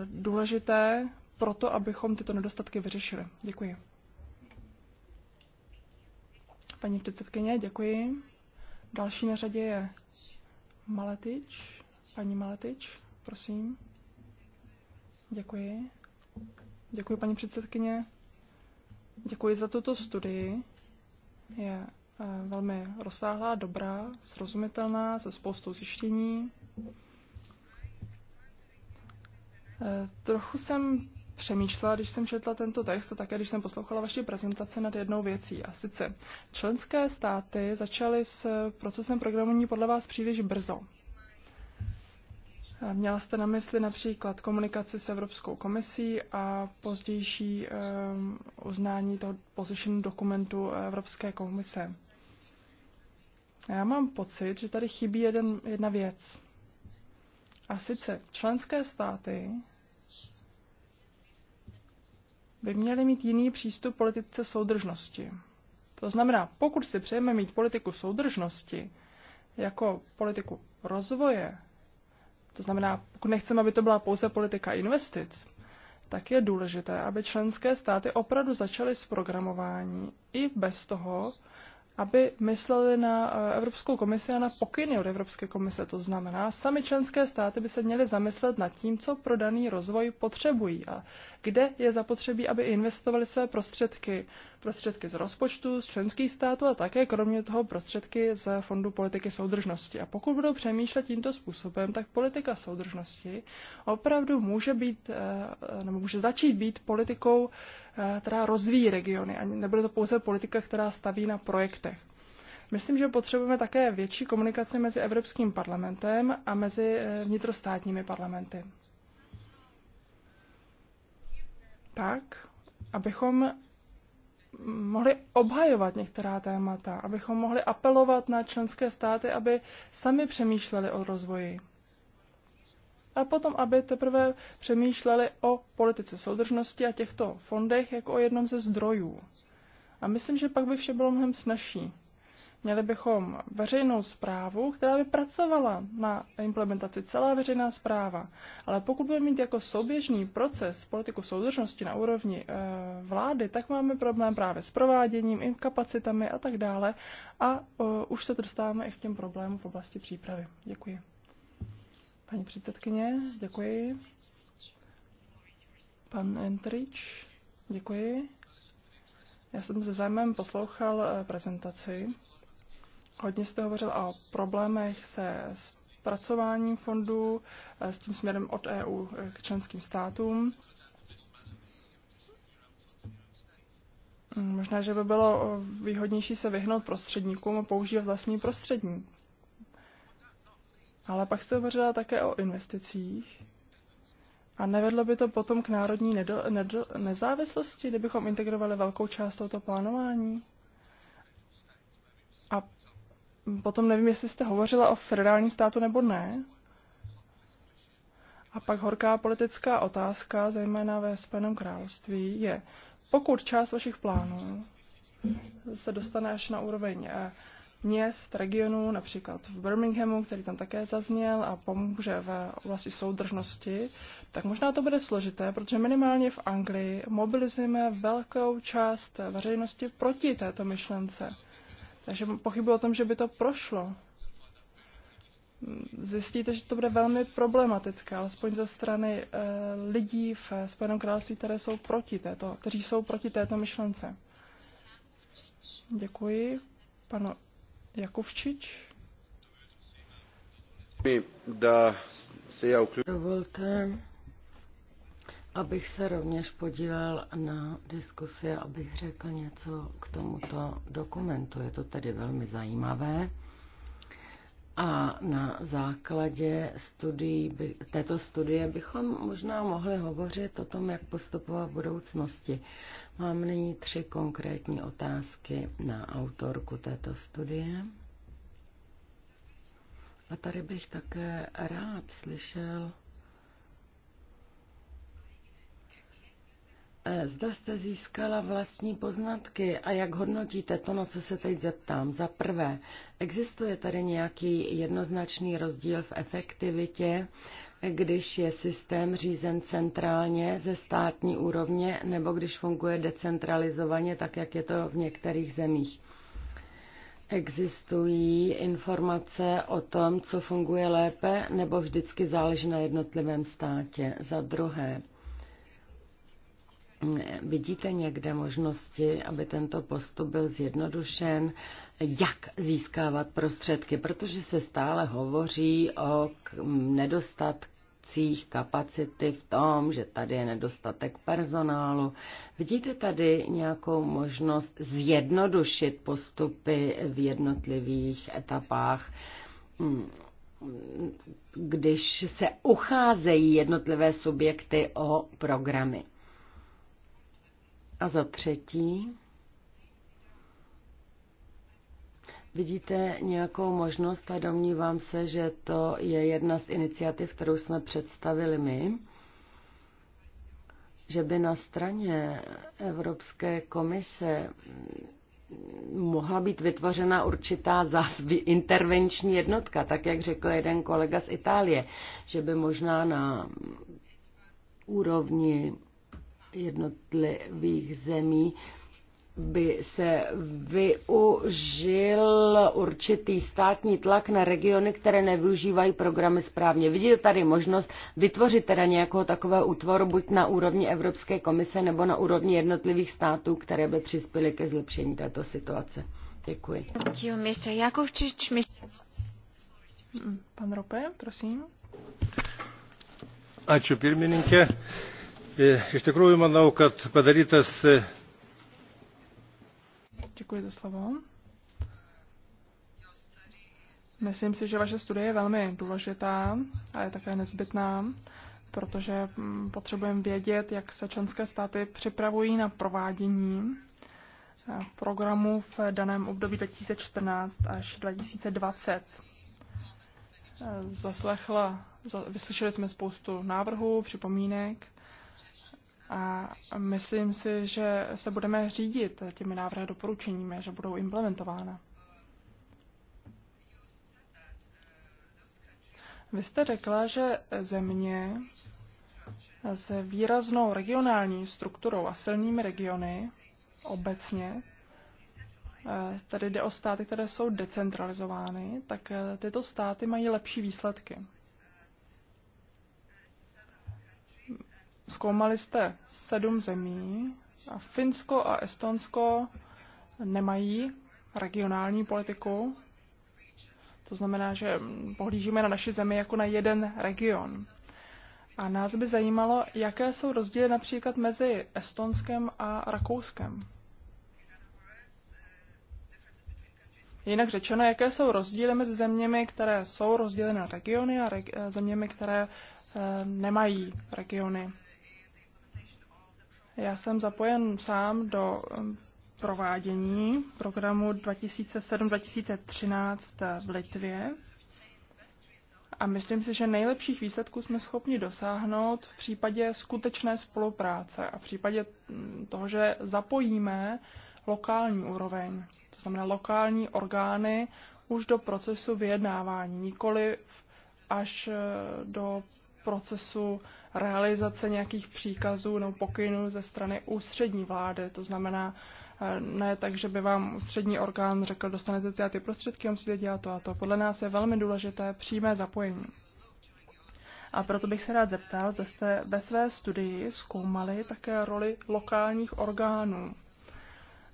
důležité proto, abychom tyto nedostatky vyřešili. Děkuji. Paní předsedkyně, děkuji. Další na řadě je Maletič. Paní Maletič, prosím. Děkuji. Děkuji, paní předsedkyně. Děkuji za tuto studii. Je eh, velmi rozsáhlá, dobrá, srozumitelná, se spoustou zjištění. Eh, trochu jsem přemýšlela, když jsem četla tento text a také když jsem poslouchala vaši prezentaci nad jednou věcí. A sice členské státy začaly s procesem programování podle vás příliš brzo. Měla jste na mysli například komunikaci s Evropskou komisí a pozdější um, uznání toho position dokumentu Evropské komise. A já mám pocit, že tady chybí jeden, jedna věc. A sice členské státy by měly mít jiný přístup politice soudržnosti. To znamená, pokud si přejeme mít politiku soudržnosti jako politiku rozvoje, to znamená, pokud nechceme, aby to byla pouze politika investic, tak je důležité, aby členské státy opravdu začaly s programování i bez toho, aby mysleli na eh, Evropskou komisi a na pokyny od Evropské komise. To znamená, sami členské státy by se měly zamyslet nad tím, co pro daný rozvoj potřebují a kde je zapotřebí, aby investovali své prostředky. Prostředky z rozpočtu, z členských států a také kromě toho prostředky z Fondu politiky soudržnosti. A pokud budou přemýšlet tímto způsobem, tak politika soudržnosti opravdu může být, eh, nebo může začít být politikou, eh, která rozvíjí regiony. A nebude to pouze politika, která staví na projekty Myslím, že potřebujeme také větší komunikaci mezi Evropským parlamentem a mezi eh, vnitrostátními parlamenty. Tak, abychom mohli obhajovat některá témata, abychom mohli apelovat na členské státy, aby sami přemýšleli o rozvoji. A potom, aby teprve přemýšleli o politice soudržnosti a těchto fondech jako o jednom ze zdrojů. A myslím, že pak by vše bylo mnohem snažší. Měli bychom veřejnou zprávu, která by pracovala na implementaci celá veřejná zpráva. Ale pokud budeme mít jako souběžný proces politiku soudržnosti na úrovni e, vlády, tak máme problém právě s prováděním, kapacitami a tak dále. A e, už se dostáváme i k těm problémům v oblasti přípravy. Děkuji. Paní předsedkyně, děkuji. Pan Entrič, děkuji. Já jsem se zájmem poslouchal eh, prezentaci Hodně jste hovořil o problémech se zpracováním fondů eh, s tím směrem od EU eh, k členským státům. Mm, možná, že by bylo eh, výhodnější se vyhnout prostředníkům a použít vlastní prostřední. Ale pak jste hovořila také o investicích. A nevedlo by to potom k národní nedl- nedl- nezávislosti, kdybychom integrovali velkou část tohoto plánování? potom nevím, jestli jste hovořila o federálním státu nebo ne. A pak horká politická otázka, zejména ve Spojeném království, je, pokud část vašich plánů se dostane až na úroveň eh, měst, regionů, například v Birminghamu, který tam také zazněl a pomůže v oblasti soudržnosti, tak možná to bude složité, protože minimálně v Anglii mobilizujeme velkou část veřejnosti proti této myšlence. Takže pochybuji o tom, že by to prošlo. Zjistíte, že to bude velmi problematické, alespoň ze strany e, lidí v Spojeném království, které jsou proti této, kteří jsou proti této myšlence. Děkuji. Pano Jakovčič. Da Dovolte, abych se rovněž podíval na diskusi, abych řekl něco k tomuto dokumentu. Je to tedy velmi zajímavé. A na základě studií, této studie bychom možná mohli hovořit o tom, jak postupovat v budoucnosti. Mám nyní tři konkrétní otázky na autorku této studie. A tady bych také rád slyšel Eh, zda jste získala vlastní poznatky a jak hodnotíte to, na co se teď zeptám? Za prvé, existuje tady nějaký jednoznačný rozdíl v efektivitě, když je systém řízen centrálně ze státní úrovně nebo když funguje decentralizovaně, tak jak je to v některých zemích? Existují informace o tom, co funguje lépe, nebo vždycky záleží na jednotlivém státě? Za druhé, Vidíte někde možnosti, aby tento postup byl zjednodušen, jak získávat prostředky, protože se stále hovoří o nedostatcích kapacity v tom, že tady je nedostatek personálu. Vidíte tady nějakou možnost zjednodušit postupy v jednotlivých etapách? když se ucházejí jednotlivé subjekty o programy. A za třetí, Vidíte nějakou možnost a domnívám se, že to je jedna z iniciativ, kterou jsme představili my, že by na straně Evropské komise mohla být vytvořena určitá zásby, intervenční jednotka, tak jak řekl jeden kolega z Itálie, že by možná na úrovni jednotlivých zemí by se využil určitý státní tlak na regiony, které nevyužívají programy správně. Vidíte tady možnost vytvořit teda nějakého takového útvoru buď na úrovni Evropské komise nebo na úrovni jednotlivých států, které by přispěly ke zlepšení této situace. Děkuji. Pan Rope, prosím. Ačiū pirmininkė. E, iš tikrųjų manau, kad padarytas. E, Myslím si, že vaše studie je velmi důležitá a je také nezbytná, protože mm, potřebujeme vědět, jak se členské státy připravují na provádění e, programu v daném období 2014 až 2020. Zaslechla, vyslyšeli jsme spoustu návrhů, připomínek a myslím si, že se budeme řídit těmi návrhy doporučeními, že budou implementována. Vy jste řekla, že země s výraznou regionální strukturou a silnými regiony obecně, eh, tady jde o státy, které jsou decentralizovány, tak eh, tyto státy mají lepší výsledky. Zkoumali jste sedm zemí a Finsko a Estonsko nemají regionální politiku. To znamená, že pohlížíme na naši zemi jako na jeden region. A nás by zajímalo, jaké jsou rozdíly například mezi Estonskem a Rakouskem. Jinak řečeno, jaké jsou rozdíly mezi zeměmi, které jsou rozděleny na regiony a re- zeměmi, které e, nemají regiony. Já jsem zapojen sám do um, provádění programu 2007-2013 v Litvě a myslím si, že nejlepších výsledků jsme schopni dosáhnout v případě skutečné spolupráce a v případě mm, toho, že zapojíme lokální úroveň, to znamená lokální orgány už do procesu vyjednávání, nikoli až e, do procesu realizace nějakých příkazů nebo pokynů ze strany ústřední vlády. To znamená, eh, ne tak, že by vám ústřední orgán řekl, dostanete ty a ty prostředky a musíte dělat to a to. Podle nás je velmi důležité přímé zapojení. A proto bych se rád zeptal, zda jste ve své studii zkoumali také roli lokálních orgánů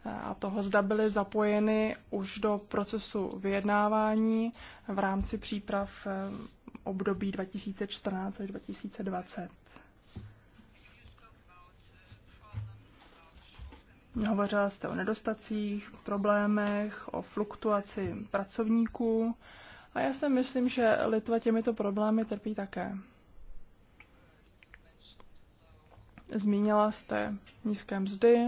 eh, a toho zda byly zapojeny už do procesu vyjednávání v rámci příprav eh, období 2014 až 2020. Hovořila jste o nedostacích, problémech, o fluktuaci pracovníků a já si myslím, že Litva těmito problémy trpí také. Zmínila jste nízké mzdy,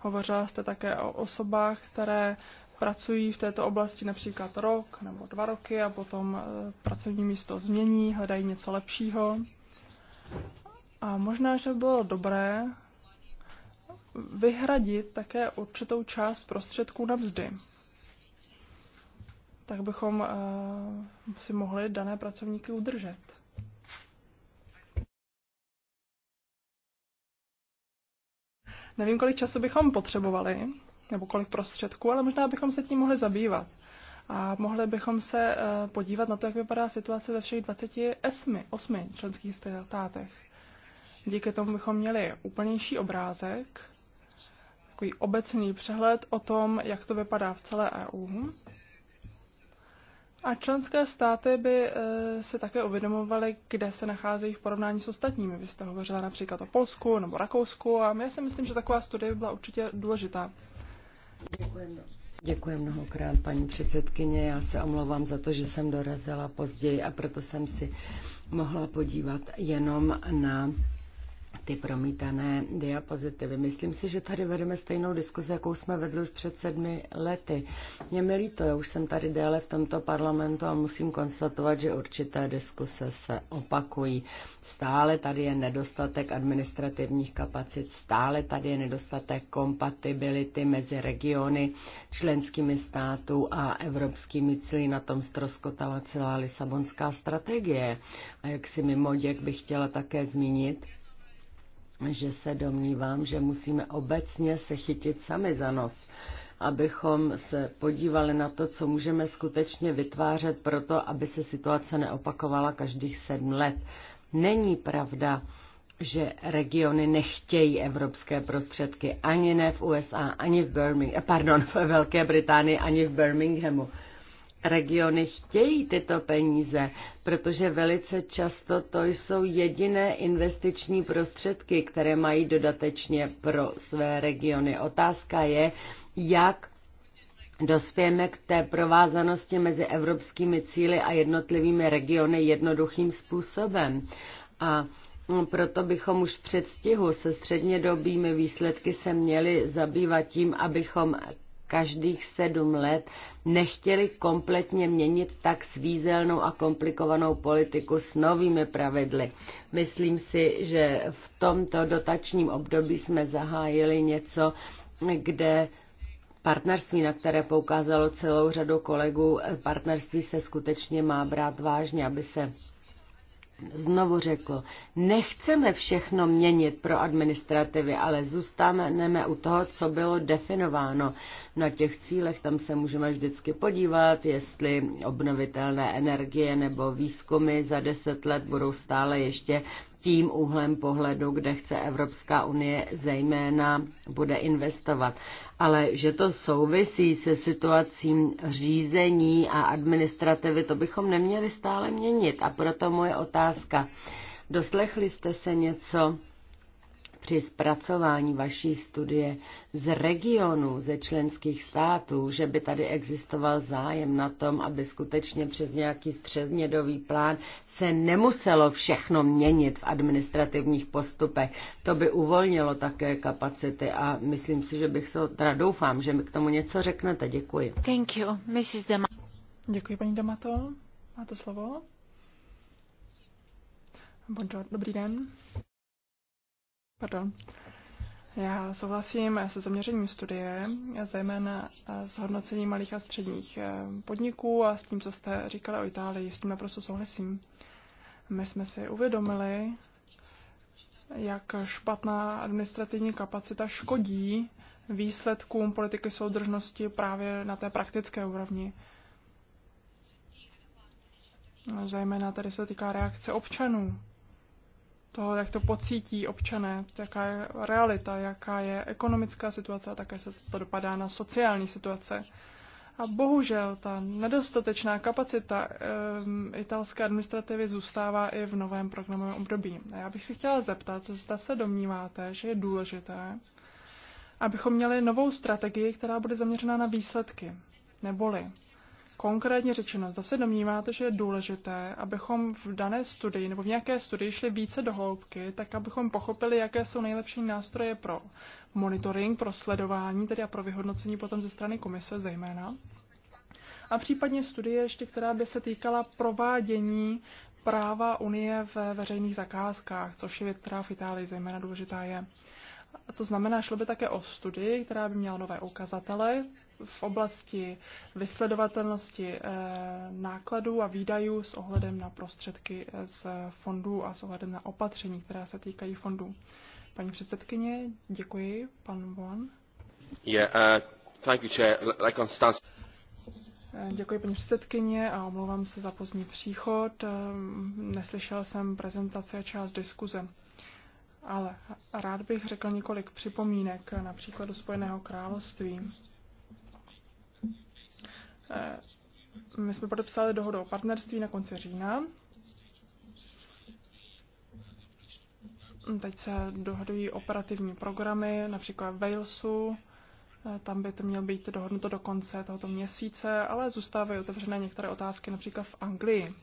hovořila jste také o osobách, které pracují v této oblasti například rok nebo dva roky a potom e, pracovní místo změní, hledají něco lepšího. A možná, že by bylo dobré vyhradit také určitou část prostředků na mzdy. Tak bychom e, si mohli dané pracovníky udržet. Nevím, kolik času bychom potřebovali nebo kolik prostředků, ale možná bychom se tím mohli zabývat. A mohli bychom se eh, podívat na to, jak vypadá situace ve všech 28 8 členských státech. Díky tomu bychom měli úplnější obrázek, takový obecný přehled o tom, jak to vypadá v celé EU. A členské státy by eh, se také uvědomovaly, kde se nacházejí v porovnání s ostatními. Vy jste hovořila například o Polsku nebo Rakousku a já si myslím, že taková studie by byla určitě důležitá. Děkujeme. Děkuji mnohokrát, paní předsedkyně. Já se omlouvám za to, že jsem dorazila později a proto jsem si mohla podívat jenom na ty promítané diapozitivy. Myslím si, že tady vedeme stejnou diskuzi, jakou jsme vedli už před sedmi lety. Mě mi líto, já už jsem tady déle v tomto parlamentu a musím konstatovat, že určité diskuse se opakují. Stále tady je nedostatek administrativních kapacit, stále tady je nedostatek kompatibility mezi regiony, členskými států a evropskými cíly. Na tom ztroskotala celá Lisabonská strategie. A jak si mimo děk bych chtěla také zmínit, že se domnívám, že musíme obecně se chytit sami za nos, abychom se podívali na to, co můžeme skutečně vytvářet pro to, aby se situace neopakovala každých sedm let. Není pravda, že regiony nechtějí evropské prostředky, ani ne v USA, ani v Birmingham, pardon, v Velké Británii, ani v Birminghamu regiony chtějí tyto peníze, protože velice často to jsou jediné investiční prostředky, které mají dodatečně pro své regiony. Otázka je, jak dospějeme k té provázanosti mezi evropskými cíly a jednotlivými regiony jednoduchým způsobem. A proto bychom už v předstihu se střednědobými výsledky se měli zabývat tím, abychom každých sedm let nechtěli kompletně měnit tak svízelnou a komplikovanou politiku s novými pravidly. Myslím si, že v tomto dotačním období jsme zahájili něco, kde partnerství, na které poukázalo celou řadu kolegů, partnerství se skutečně má brát vážně, aby se znovu řekl, nechceme všechno měnit pro administrativy, ale zůstaneme u toho, co bylo definováno. Na těch cílech tam se můžeme vždycky podívat, jestli obnovitelné energie nebo výzkumy za deset let budou stále ještě tím úhlem pohledu, kde chce Evropská unie zejména bude investovat. Ale že to souvisí se situací řízení a administrativy, to bychom neměli stále měnit. A proto moje otázka. Doslechli jste se něco při zpracování vaší studie z regionu, ze členských států, že by tady existoval zájem na tom, aby skutečně přes nějaký střednědový plán se nemuselo všechno měnit v administrativních postupech. To by uvolnilo také kapacity a myslím si, že bych se, teda doufám, že mi k tomu něco řeknete. Děkuji. Thank you, Mrs. Dema. Děkuji, paní Damato. Máte slovo. Bonjour, dobrý den. Pardon. Já souhlasím se zaměřením studie, zejména s hodnocením malých a středních eh, podniků a s tím, co jste říkali o Itálii. S tím naprosto souhlasím. My jsme si uvědomili, jak špatná administrativní kapacita škodí výsledkům politiky soudržnosti právě na té praktické úrovni. Zajména tady se týká reakce občanů toho, jak to pocítí občané, jaká je realita, jaká je ekonomická situace a také se to dopadá na sociální situace. A bohužel ta nedostatečná kapacita um, italské administrativy zůstává i v novém programovém období. A já bych si chtěla zeptat, zda se domníváte, že je důležité, abychom měli novou strategii, která bude zaměřena na výsledky. Neboli, konkrétně řečeno, zda se domníváte, že je důležité, abychom v dané studii nebo v nějaké studii šli více do hloubky, tak abychom pochopili, jaké jsou nejlepší nástroje pro monitoring, pro sledování, tedy a pro vyhodnocení potom ze strany komise zejména. A případně studie ještě, která by se týkala provádění práva Unie ve veřejných zakázkách, což je věc, která v Itálii zejména důležitá je. A to znamená, šlo by také o studii, která by měla nové ukazatele, v oblasti vysledovatelnosti eh, nákladů a výdajů s ohledem na prostředky eh, z fondů a s ohledem na opatření, která se týkají fondů. Paní předsedkyně, děkuji. Pan Von. Yeah, uh, thank you, chair. Like on stance... Eh, děkuji paní předsedkyně a omlouvám se za pozdní příchod. Neslyšel jsem prezentaci a část diskuze. Ale rád bych řekl několik připomínek, například do Spojeného království. Eh, my jsme podepsali dohodu o partnerství na konci října. Teď se dohodují operativní programy, například v Walesu, eh, tam by to měl být dohodnuto do konce tohoto měsíce, ale zůstávají otevřené některé otázky, například v Anglii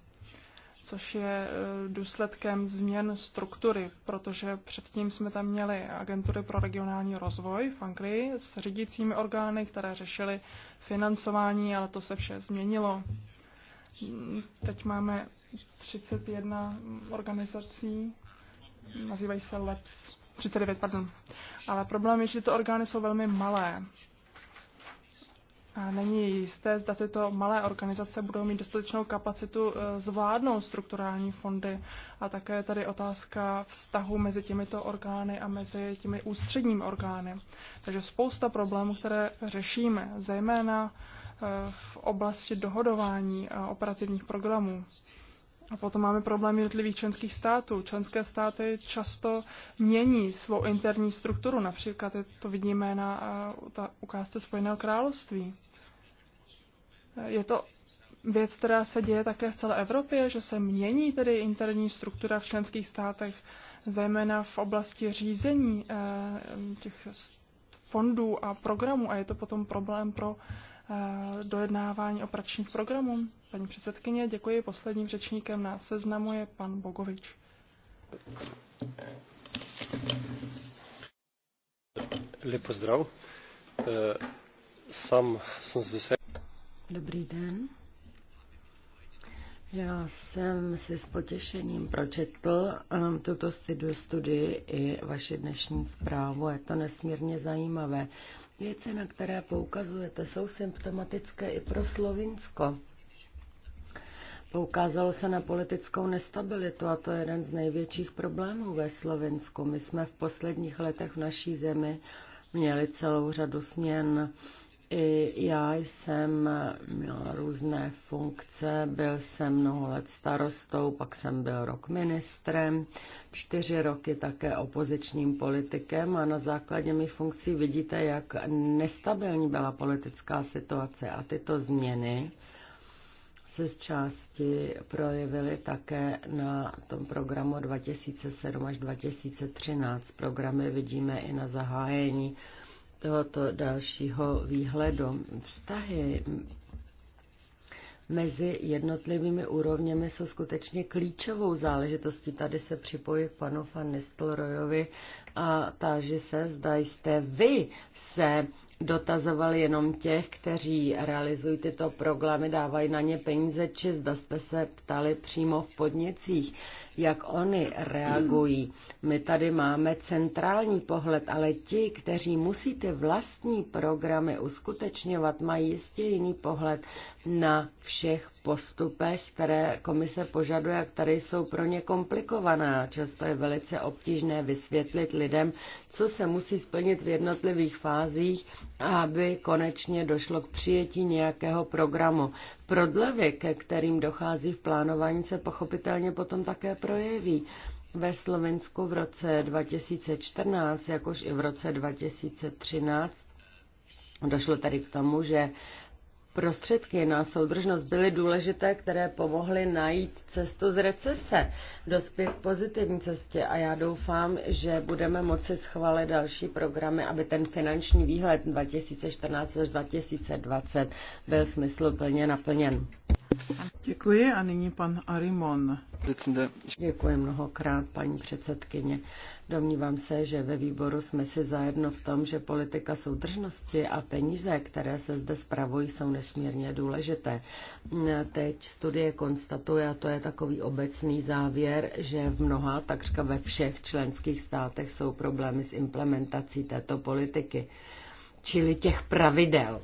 což je e, důsledkem změn struktury, protože předtím jsme tam měli agentury pro regionální rozvoj v Anglii s řídícími orgány, které řešily financování, ale to se vše změnilo. Teď máme 31 organizací, nazývají se LEPS, 39, pardon. Ale problém je, že ty orgány jsou velmi malé a není jisté, zda tyto malé organizace budou mít dostatečnou kapacitu eh, zvládnout strukturální fondy. A také tady otázka vztahu mezi těmito orgány a mezi těmi ústředními orgány. Takže spousta problémů, které řešíme, zejména eh, v oblasti dohodování eh, operativních programů. A potom máme problém jednotlivých členských států. Členské státy často mění svou interní strukturu. Například to vidíme na eh, ukázce Spojeného království. Eh, je to věc, která se děje také v celé Evropě, že se mění tedy interní struktura v členských státech, zejména v oblasti řízení eh, těch fondů a programů a je to potom problém pro dojednávání operačních programů. Paní předsedkyně, děkuji. Posledním řečníkem na seznamu je pan Bogovič. Lep zdrav. E, Sam jsem z Vysel... Dobrý den. Já jsem si s potěšením pročetl um, tuto studii i vaši dnešní zprávu. Je to nesmírně zajímavé. Věci, na které poukazujete, jsou symptomatické i pro Slovinsko. Poukázalo se na politickou nestabilitu a to je jeden z největších problémů ve Slovensku. My jsme v posledních letech v naší zemi měli celou řadu směn i já jsem měla různé funkce, byl jsem mnoho let starostou, pak jsem byl rok ministrem, čtyři roky také opozičním politikem a na základě mých funkcí vidíte, jak nestabilní byla politická situace a tyto změny se z části projevily také na tom programu 2007 až 2013. Programy vidíme i na zahájení tohoto dalšího výhledu. Vztahy mezi jednotlivými úrovněmi jsou skutečně klíčovou záležitostí. Tady se připojí k panu Van Nistelrojovi a táži se, zda jste vy se dotazovali jenom těch, kteří realizují tyto programy, dávají na ně peníze, či zda jste se ptali přímo v podnicích jak oni reagují. My tady máme centrální pohled, ale ti, kteří musí ty vlastní programy uskutečňovat, mají jistě jiný pohled na všech postupech, které komise požaduje a které jsou pro ně komplikované. Často je velice obtížné vysvětlit lidem, co se musí splnit v jednotlivých fázích, aby konečně došlo k přijetí nějakého programu prodlevy, ke kterým dochází v plánování, se pochopitelně potom také projeví. Ve Slovensku v roce 2014, jakož i v roce 2013, došlo tady k tomu, že prostředky na soudržnost byly důležité, které pomohly najít cestu z recese, dospět k pozitivní cestě a já doufám, že budeme moci schválit další programy, aby ten finanční výhled 2014 až 2020 byl smysluplně naplněn. Děkuji a nyní pan Arimon. Děkuji mnohokrát, paní předsedkyně. Domnívám se, že ve výboru jsme si zajedno v tom, že politika soudržnosti a peníze, které se zde spravují, jsou nesmírně důležité. Teď studie konstatuje, a to je takový obecný závěr, že v mnoha, takřka ve všech členských státech jsou problémy s implementací této politiky, čili těch pravidel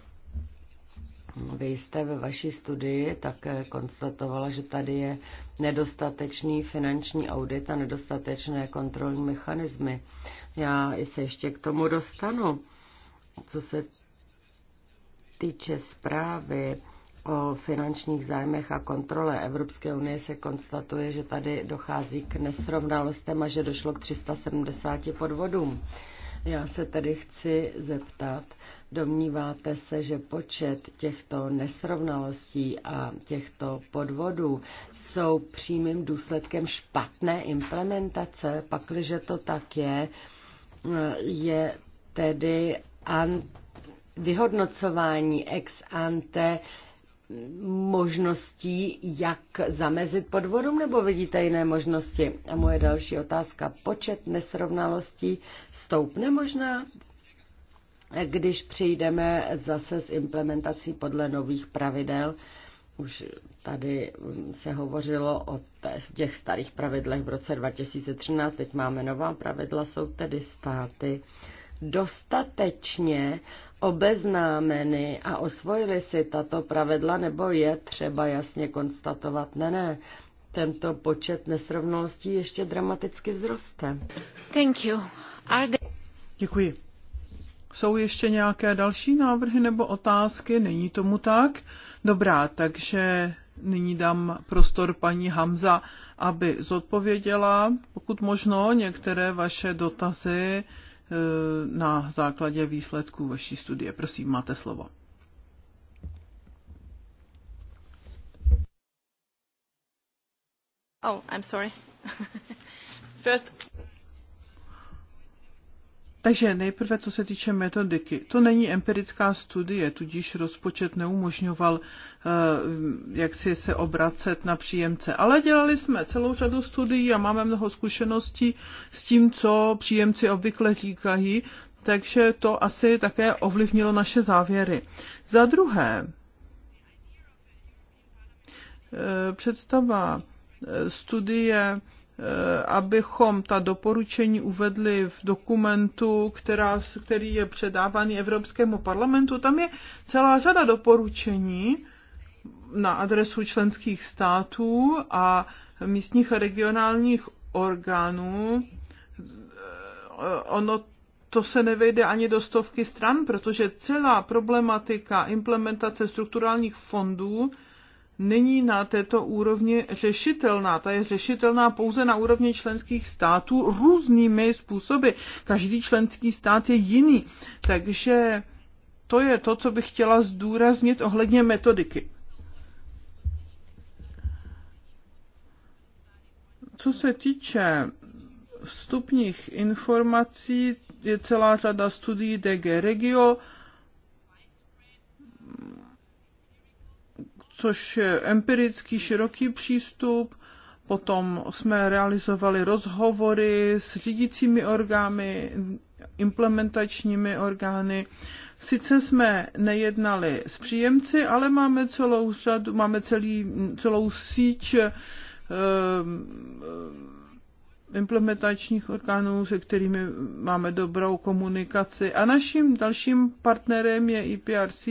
vy jste ve vaší studii také konstatovala, že tady je nedostatečný finanční audit a nedostatečné kontrolní mechanismy. Já se ještě k tomu dostanu. Co se týče zprávy o finančních zájmech a kontrole Evropské unie, se konstatuje, že tady dochází k nesrovnalostem a že došlo k 370 podvodům. Já se tedy chci zeptat, domníváte se, že počet těchto nesrovnalostí a těchto podvodů jsou přímým důsledkem špatné implementace? Pakliže to tak je, je tedy an, vyhodnocování ex ante možností, jak zamezit podvodům, nebo vidíte jiné možnosti? A moje další otázka, počet nesrovnalostí stoupne možná, když přijdeme zase s implementací podle nových pravidel, už tady se hovořilo o těch starých pravidlech v roce 2013, teď máme nová pravidla, jsou tedy státy dostatečně obeznámeny a osvojili si tato pravidla, nebo je třeba jasně konstatovat, ne, ne, tento počet nesrovnalostí ještě dramaticky vzroste. Thank you. Are they... Děkuji. Jsou ještě nějaké další návrhy nebo otázky? Není tomu tak? Dobrá, takže nyní dám prostor paní Hamza, aby zodpověděla, pokud možno, některé vaše dotazy Eh, na základě výsledků vaší studie. Prosím, máte slovo. Oh, I'm sorry. First... Takže nejprve, co se týče metodiky. To není empirická studie, tudíž rozpočet neumožňoval eh, jak si se obracet na příjemce. Ale dělali jsme celou řadu studií a máme mnoho zkušeností s tím, co příjemci obvykle říkají, takže to asi také ovlivnilo naše závěry. Za druhé, eh, představa eh, studie Eh, abychom ta doporučení uvedli v dokumentu, která, který je předávaný Evropskému parlamentu. Tam je celá řada doporučení na adresu členských států a místních a regionálních orgánů. Eh, ono to se nevejde ani do stovky stran, protože celá problematika implementace strukturálních fondů není na této úrovni řešitelná. Ta je řešitelná pouze na úrovni členských států různými způsoby. Každý členský stát je jiný. Takže to je to, co bych chtěla zdůraznit ohledně metodiky. Co se týče vstupních informací, je celá řada studií DG Regio, což je empirický široký přístup. Potom jsme realizovali rozhovory s řídícími orgány, implementačními orgány. Sice jsme nejednali s příjemci, ale máme celou řadu, máme celý, celou síť eh, implementačních orgánů, se kterými máme dobrou komunikaci. A naším dalším partnerem je IPRC,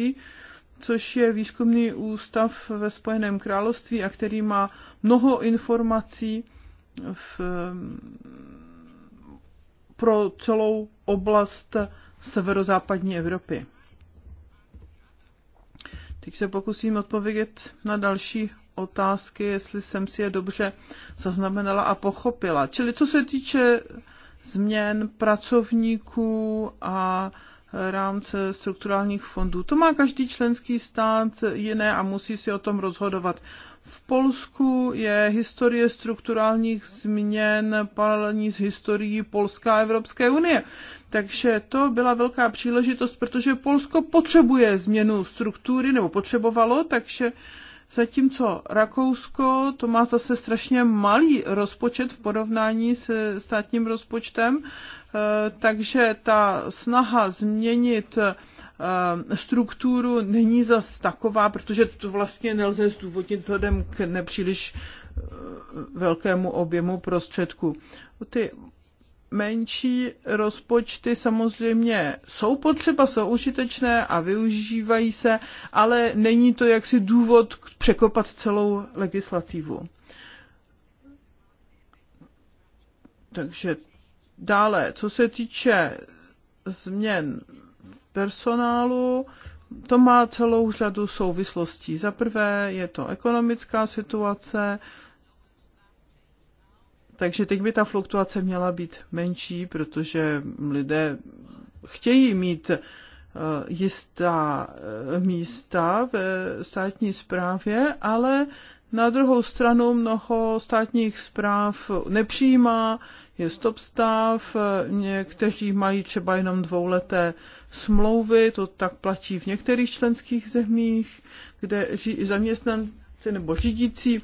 což je výzkumný ústav ve Spojeném království a který má mnoho informací v, pro celou oblast severozápadní Evropy. Teď se pokusím odpovědět na další otázky, jestli jsem si je dobře zaznamenala a pochopila. Čili co se týče změn pracovníků a rámce strukturálních fondů. To má každý členský stát jiné a musí si o tom rozhodovat. V Polsku je historie strukturálních změn paralelní s historií Polska a Evropské unie. Takže to byla velká příležitost, protože Polsko potřebuje změnu struktury, nebo potřebovalo, takže uh, zatímco Rakousko to má zase strašně malý rozpočet v porovnání se státním rozpočtem, eh, takže ta snaha změnit eh, strukturu není zas taková, protože to vlastně nelze zdůvodnit vzhledem k nepříliš eh, velkému objemu prostředků. Ty menší rozpočty samozřejmě jsou potřeba, jsou užitečné a využívají se, ale není to jaksi důvod překopat celou legislativu. Takže dále, co se týče změn personálu, to má celou řadu souvislostí. Za prvé je to ekonomická situace, takže teď by ta fluktuace měla být menší, protože lidé chtějí mít eh, jistá eh, místa ve státní správě, ale na druhou stranu mnoho státních zpráv nepřijímá, je stop stav, eh, někteří mají třeba jenom dvouleté smlouvy, to tak platí v některých členských zemích, kde zaměstnanci nebo řídící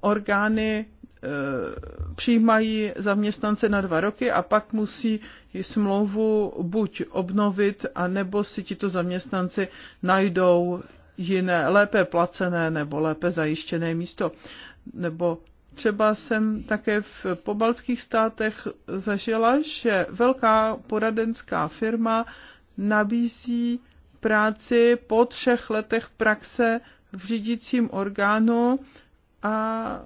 orgány Eh, přijímají zaměstnance na dva roky a pak musí smlouvu buď obnovit, anebo si tito zaměstnanci najdou jiné, lépe placené nebo lépe zajištěné místo. Nebo třeba jsem také v pobaltských státech zažila, že velká poradenská firma nabízí práci po třech letech praxe v řídícím orgánu a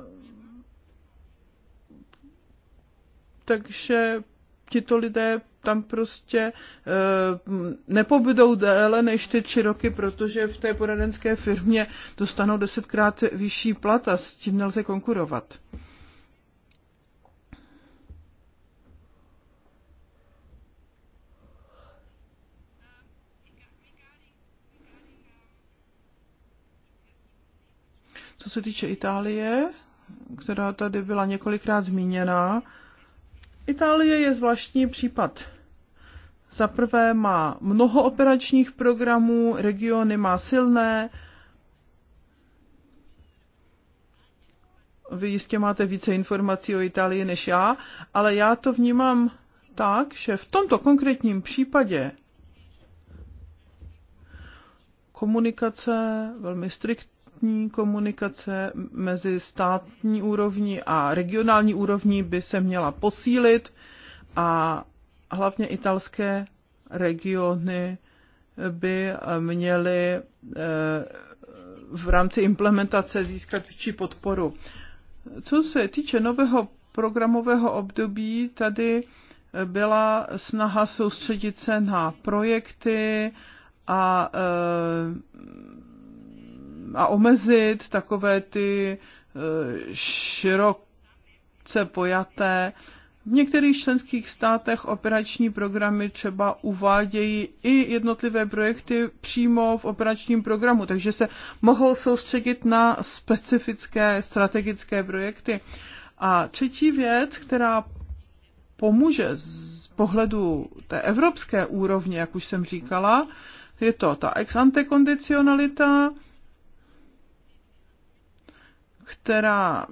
takže tito lidé tam prostě eh, nepobydou déle než ty tři roky, protože v té poradenské firmě dostanou desetkrát vyšší plat a s tím nelze konkurovat. Co se týče Itálie, která tady byla několikrát zmíněna, Itálie je zvláštní případ. Za prvé má mnoho operačních programů, regiony má silné. Vy jistě máte více informací o Itálii než já, ale já to vnímám tak, že v tomto konkrétním případě komunikace velmi striktní státní komunikace mezi státní úrovní a regionální úrovní by se měla posílit a hlavně italské regiony by eh, měly eh, v rámci implementace získat větší podporu. Co se týče nového programového období, tady byla snaha soustředit se na projekty a eh, a omezit takové ty eh, široce pojaté. V některých členských státech operační programy třeba uvádějí i jednotlivé projekty přímo v operačním programu, takže se mohou soustředit na specifické strategické projekty. A třetí věc, která pomůže z pohledu té evropské úrovně, jak už jsem říkala, je to ta ex ante kondicionalita, která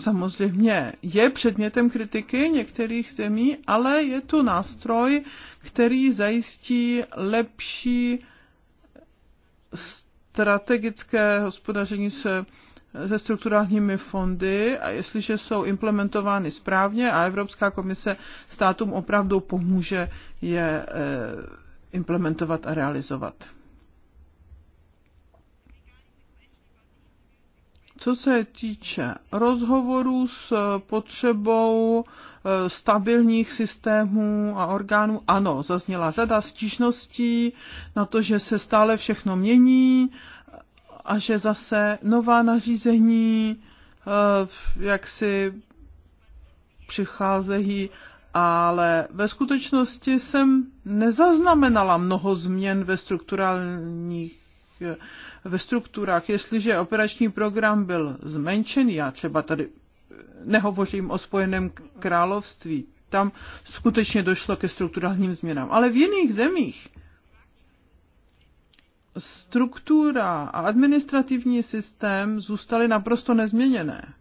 samozřejmě je předmětem kritiky některých zemí, ale je tu nástroj, který zajistí lepší strategické hospodaření se se strukturálními fondy a jestliže jsou implementovány správně a Evropská komise státům opravdu pomůže je eh, implementovat a realizovat. Co se týče rozhovorů s potřebou eh, stabilních systémů a orgánů, ano, zazněla řada stížností na to, že se stále všechno mění a že zase nová nařízení eh, jak si přicházejí, ale ve skutečnosti jsem nezaznamenala mnoho změn ve strukturálních ve strukturách. Jestliže operační program byl zmenšen, já třeba tady nehovořím o Spojeném království, tam skutečně došlo ke strukturálním změnám. Ale v jiných zemích struktura a administrativní systém zůstaly naprosto nezměněné.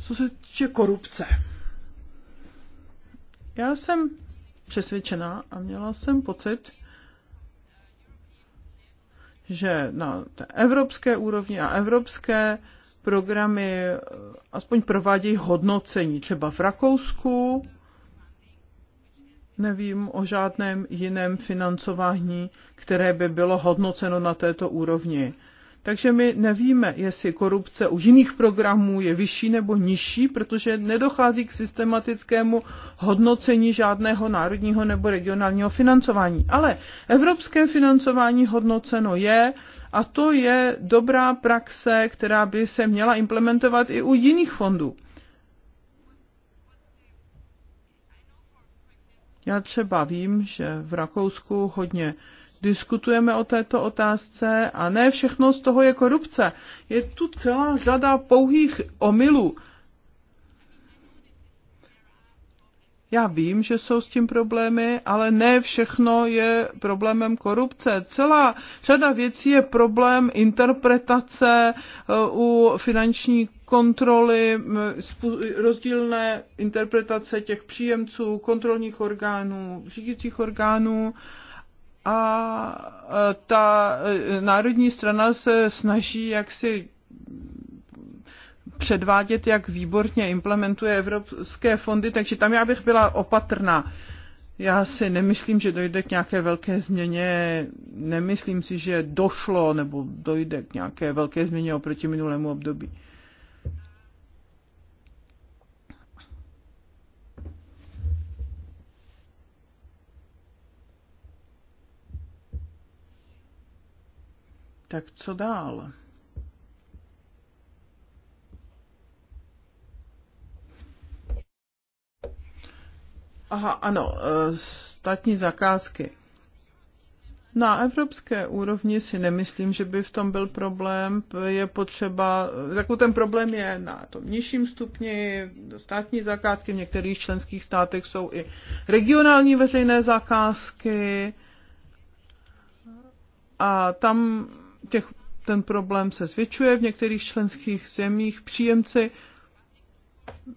Co se týče korupce. Já jsem přesvědčená a měla jsem pocit, že na té evropské úrovni a evropské programy eh, aspoň provádějí hodnocení. Třeba v Rakousku nevím o žádném jiném financování, které by bylo hodnoceno na této úrovni. Takže my nevíme, jestli korupce u jiných programů je vyšší nebo nižší, protože nedochází k systematickému hodnocení žádného národního nebo regionálního financování. Ale evropské financování hodnoceno je a to je dobrá praxe, která by se měla implementovat i u jiných fondů. Já třeba vím, že v Rakousku hodně diskutujeme o této otázce a ne všechno z toho je korupce. Je tu celá řada pouhých omylů. Já vím, že jsou s tím problémy, ale ne všechno je problémem korupce. Celá řada věcí je problém interpretace eh, u finanční kontroly, rozdílné interpretace těch příjemců, kontrolních orgánů, řídících orgánů a e, ta e, národní strana se snaží jaksi předvádět, jak výborně implementuje evropské fondy, takže tam já bych byla opatrná. Já si nemyslím, že dojde k nějaké velké změně, nemyslím si, že došlo nebo dojde k nějaké velké změně oproti minulému období. Tak co dál? Aha, ano, e, státní zakázky. Na evropské úrovni si nemyslím, že by v tom byl problém. Je potřeba, jako ten problém je na tom nižším stupni, státní zakázky, v některých členských státech jsou i regionální veřejné zakázky a tam těch, ten problém se zvětšuje v některých členských zemích. Příjemci e,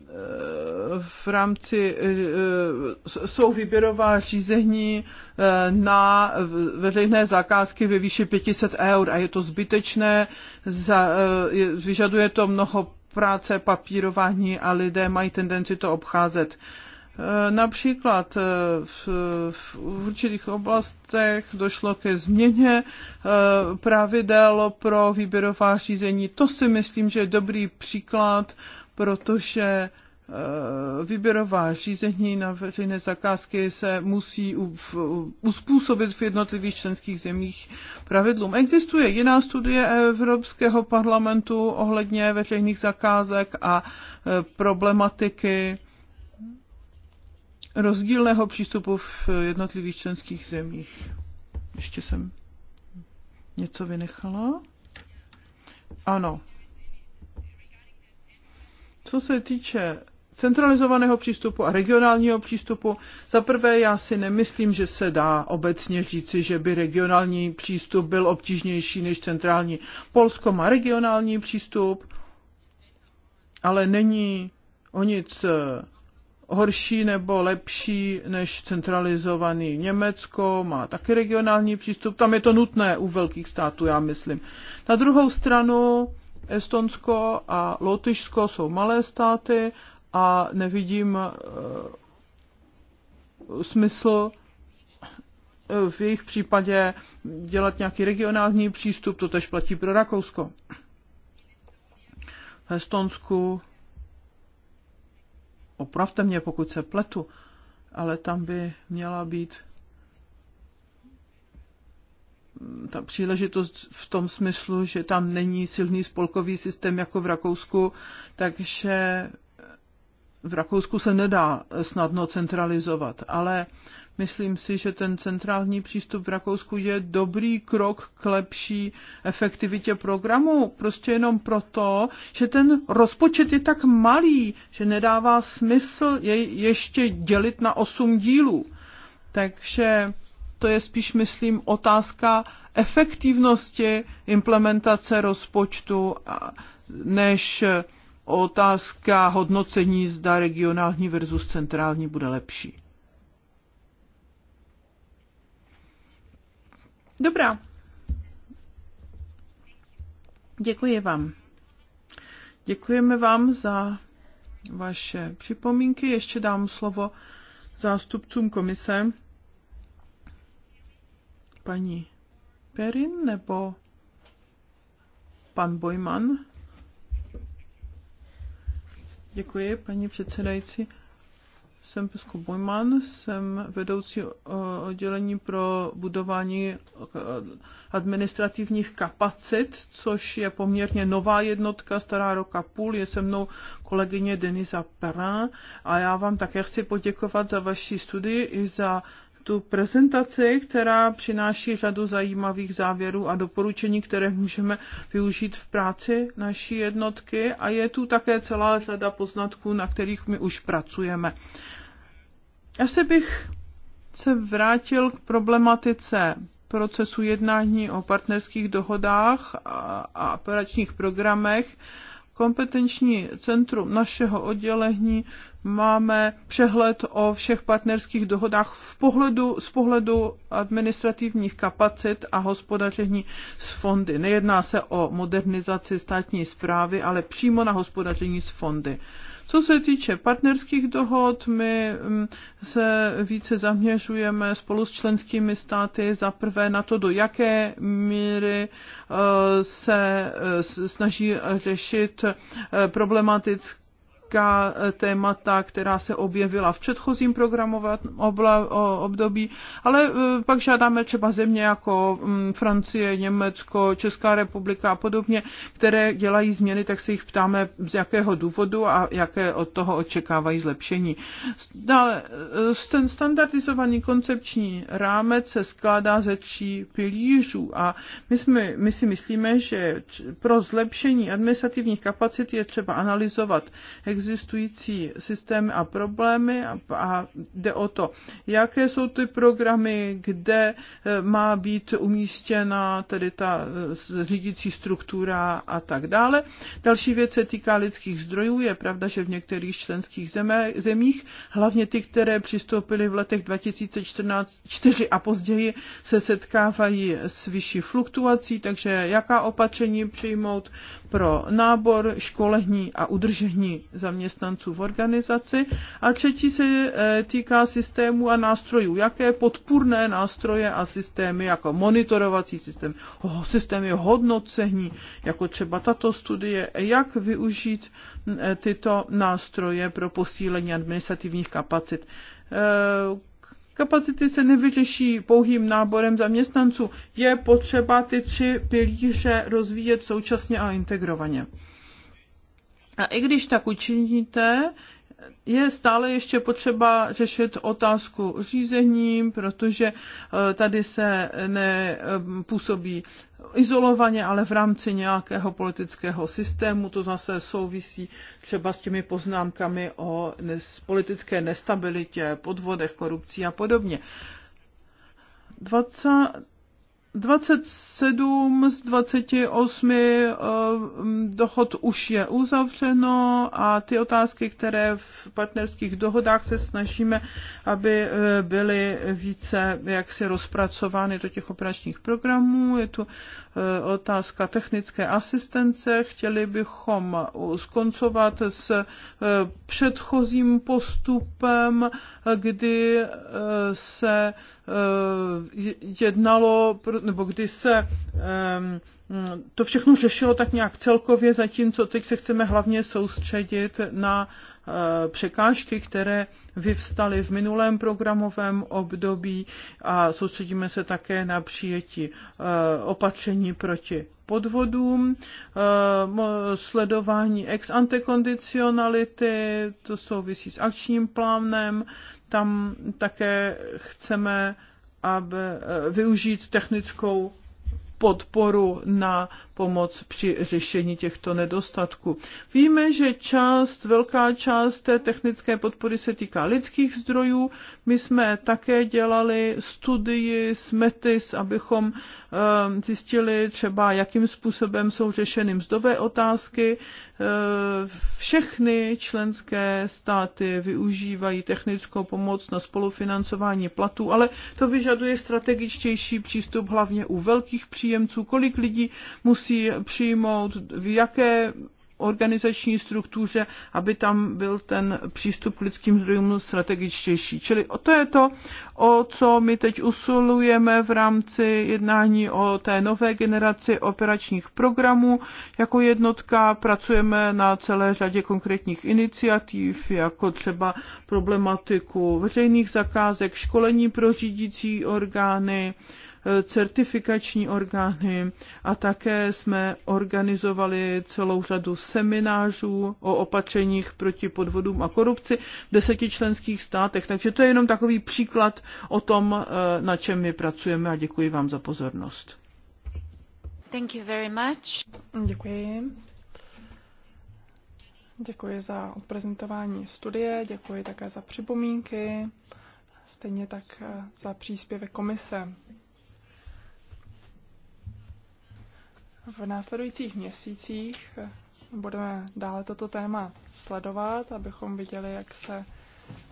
v rámci e, jsou výběrová řízení e, na veřejné zakázky ve výši 500 eur a je to zbytečné, vyžaduje to mnoho práce, papírování a lidé mají tendenci to obcházet. Eh, například eh, v, v určitých oblastech došlo ke změně eh, pravidel pro výběrová řízení. To si myslím, že je dobrý příklad, protože výběrová řízení na veřejné zakázky se musí uspůsobit v jednotlivých členských zemích pravidlům. Existuje jiná studie Evropského parlamentu ohledně veřejných zakázek a problematiky rozdílného přístupu v jednotlivých členských zemích. Ještě jsem něco vynechala. Ano. Co se týče centralizovaného přístupu a regionálního přístupu. Za prvé, já si nemyslím, že se dá obecně říci, že by regionální přístup byl obtížnější než centrální. Polsko má regionální přístup, ale není o nic horší nebo lepší než centralizovaný Německo, má taky regionální přístup, tam je to nutné u velkých států, já myslím. Na druhou stranu Estonsko a Lotyšsko jsou malé státy a nevidím e, smysl eh, v jejich případě dělat nějaký regionální přístup, to tež platí pro Rakousko. V Estonsku opravte mě, pokud se pletu, ale tam by měla být ta příležitost v tom smyslu, že tam není silný spolkový systém jako v Rakousku, takže v Rakousku se nedá snadno centralizovat, ale Myslím si, že ten centrální přístup v Rakousku je dobrý krok k lepší efektivitě programu. Prostě jenom proto, že ten rozpočet je tak malý, že nedává smysl jej ještě dělit na osm dílů. Takže to je spíš, myslím, otázka efektivnosti implementace rozpočtu než otázka hodnocení, zda regionální versus centrální bude lepší. Dobrá. Děkuji vám. Děkujeme vám za vaše připomínky. Ještě dám slovo zástupcům komise. Paní Perin nebo pan Bojman? Děkuji, paní předsedající. Jsem Pesko Bojman, jsem vedoucí eh, oddělení pro budování eh, administrativních kapacit, což je poměrně nová jednotka, stará roka půl. Je se mnou kolegyně Denisa Perrin a já vám také chci poděkovat za vaši studii i za tu prezentaci, která přináší řadu zajímavých závěrů a doporučení, které můžeme využít v práci naší jednotky a je tu také celá řada poznatků, na kterých my už pracujeme. Asi bych se vrátil k problematice procesu jednání o partnerských dohodách a, a operačních programech. Kompetenční centrum našeho oddělení máme přehled o všech partnerských dohodách v pohledu, z pohledu administrativních kapacit a hospodaření s fondy. Nejedná se o modernizaci státní zprávy, ale přímo na hospodaření s fondy. Co se týče partnerských dohod, my mm, se více zaměřujeme spolu s členskými státy za prvé na to, do jaké míry e, se e, snaží řešit e, problematické velká eh, témata, která se objevila v předchozím programovém období, ale eh, pak žádáme třeba země jako mm, Francie, Německo, Česká republika a podobně, které dělají změny, tak se jich ptáme, z jakého důvodu a jaké od toho očekávají zlepšení. Dále, eh, ten standardizovaný koncepční rámec se skládá ze tří pilířů a my, jsme, my si myslíme, že pro zlepšení administrativních kapacit je třeba analyzovat existující systémy a problémy a, a jde o to, jaké jsou ty programy, kde e, má být umístěna tedy ta e, řídící struktura a tak dále. Další věc se týká lidských zdrojů. Je pravda, že v některých členských země zemích, hlavně ty, které přistoupily v letech 2014 a později, se setkávají s vyšší fluktuací, takže jaká opatření přijmout, pro nábor, školení a udržení zaměstnanců v organizaci. A třetí se e, týká systému a nástrojů. Jaké podpůrné nástroje a systémy, jako monitorovací systém, systémy hodnocení, jako třeba tato studie, jak využít e, tyto nástroje pro posílení administrativních kapacit e, Kapacity se nevyřeší pouhým náborem zaměstnanců. Je potřeba ty tři pilíře rozvíjet současně a integrovaně. A i když tak učiníte, je stále ještě potřeba řešit otázku řízením, protože eh, tady se nepůsobí izolovaně, ale v rámci nějakého politického systému. To zase souvisí třeba s těmi poznámkami o nes, politické nestabilitě, podvodech, korupcí a podobně. 20, 27 z 28 eh, dohod už je uzavřeno a ty otázky, které v partnerských dohodách se snažíme, aby eh, byly více jaksi rozpracovány do těch operačních programů. Je tu eh, otázka technické asistence. Chtěli bychom skoncovat s předchozím postupem, kdy se jednalo pro nebo kdy se to všechno řešilo tak nějak celkově, zatímco teď se chceme hlavně soustředit na eh, překážky, které vyvstaly v minulém programovém období a soustředíme se také na přijetí eh, opatření proti podvodům, eh, sledování ex ante kondicionality, to souvisí s akčním plánem, tam také chceme aby, eh, využít technickou podporu na pomoc při řešení těchto nedostatků. Víme, že část, velká část té technické podpory se týká lidských zdrojů. My jsme také dělali studii s METIS, abychom eh, zjistili třeba, jakým způsobem jsou řešeny mzdové otázky. Eh, všechny členské státy využívají technickou pomoc na spolufinancování platů, ale to vyžaduje strategičtější přístup hlavně u velkých příjmů příjemců, kolik lidí musí přijmout, v jaké organizační struktuře, aby tam byl ten přístup k lidským zdrojům strategičtější. Čili o to je to, o co my teď usilujeme v rámci jednání o té nové generaci operačních programů. Jako jednotka pracujeme na celé řadě konkrétních iniciativ, jako třeba problematiku veřejných zakázek, školení pro řídící orgány, certifikační orgány a také jsme organizovali celou řadu seminářů o opatřeních proti podvodům a korupci v deseti členských státech. Takže to je jenom takový příklad o tom, eh, na čem my pracujeme a děkuji vám za pozornost. Thank you very much. Děkuji. Děkuji za odprezentování studie, děkuji také za připomínky, stejně tak eh, za příspěvek komise. V následujících měsících budeme dále toto téma sledovat, abychom viděli, jak se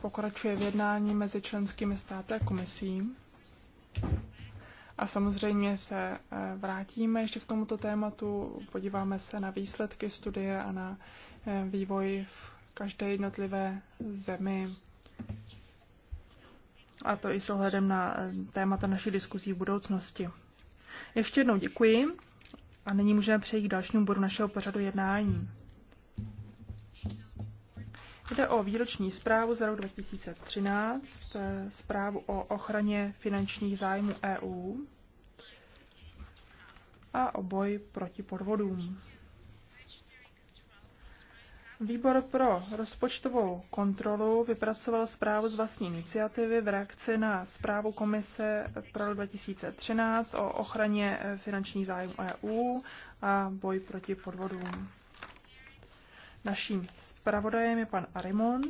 pokračuje v jednání mezi členskými státy a komisí. A samozřejmě se eh, vrátíme ještě k tomuto tématu, podíváme se na výsledky studie a na eh, vývoj v každé jednotlivé zemi. A to i s ohledem na eh, témata naší diskuzí v budoucnosti. Ještě jednou děkuji. A nyní můžeme přejít k dalšímu bodu našeho pořadu jednání. Jde o výroční zprávu za rok 2013, eh, zprávu o ochraně finančních zájmů EU a o boj proti podvodům. Výbor pro rozpočtovou kontrolu vypracoval zprávu z vlastní iniciativy v reakci na zprávu Komise pro 2013 o ochraně finančních zájmů EU a boj proti podvodům. Naším zpravodajem je pan Arimon.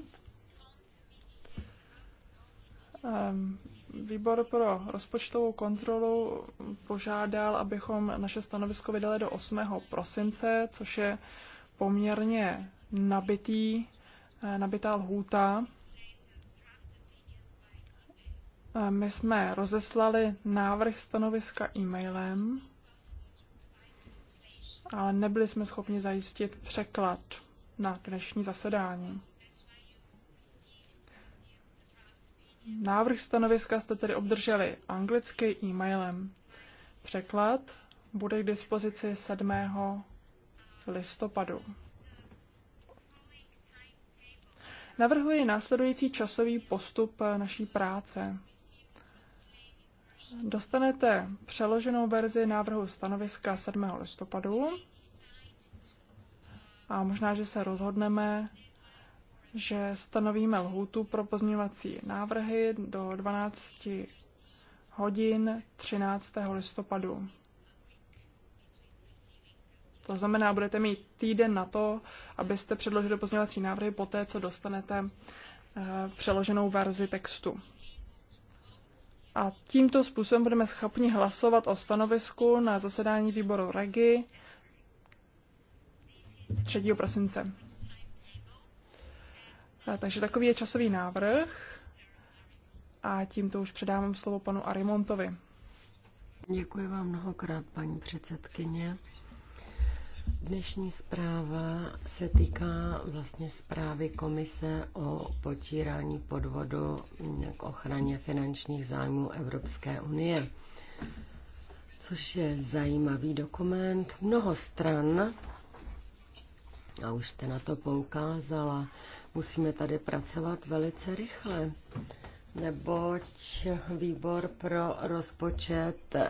Ehm, výbor pro rozpočtovou kontrolu požádal, abychom naše stanovisko vydali do 8. prosince, což je poměrně nabitý, eh, nabitá lhůta. Eh, my jsme rozeslali návrh stanoviska e-mailem, ale nebyli jsme schopni zajistit překlad na dnešní zasedání. Návrh stanoviska jste tedy obdrželi anglicky e-mailem. Překlad bude k dispozici 7. listopadu. Navrhuji následující časový postup eh, naší práce. Dostanete přeloženou verzi návrhu stanoviska 7. listopadu a možná, že se rozhodneme, že stanovíme lhůtu pro pozměňovací návrhy do 12 hodin 13. listopadu. To znamená, budete mít týden na to, abyste předložili pozměňovací návrhy po té, co dostanete eh, přeloženou verzi textu. A tímto způsobem budeme schopni hlasovat o stanovisku na zasedání výboru REGI 3. prosince. Eh, takže takový je časový návrh. A tímto už předávám slovo panu Arimontovi. Děkuji vám mnohokrát, paní předsedkyně. Dnešní zpráva se týká vlastně zprávy Komise o potírání podvodu k ochraně finančních zájmů Evropské unie, což je zajímavý dokument. Mnoho stran, a už jste na to poukázala, musíme tady pracovat velice rychle neboť výbor pro rozpočet eh,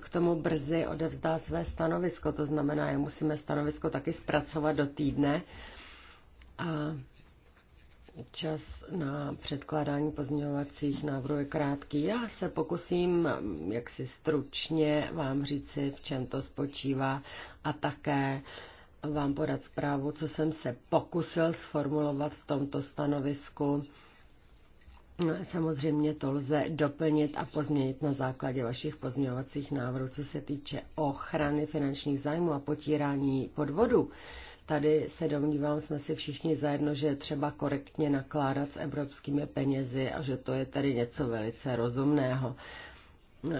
k tomu brzy odevzdá své stanovisko. To znamená, že musíme stanovisko taky zpracovat do týdne a čas na předkládání pozměňovacích návrhů je krátký. Já se pokusím mm, jaksi stručně vám říci, v čem to spočívá a také vám podat zprávu, co jsem se pokusil sformulovat v tomto stanovisku No samozřejmě to lze doplnit a pozměnit na základě vašich pozměňovacích návrhů, co se týče ochrany finančních zájmů a potírání podvodu. Tady se domnívám, jsme si všichni zajedno, že je třeba korektně nakládat s evropskými penězi a že to je tady něco velice rozumného.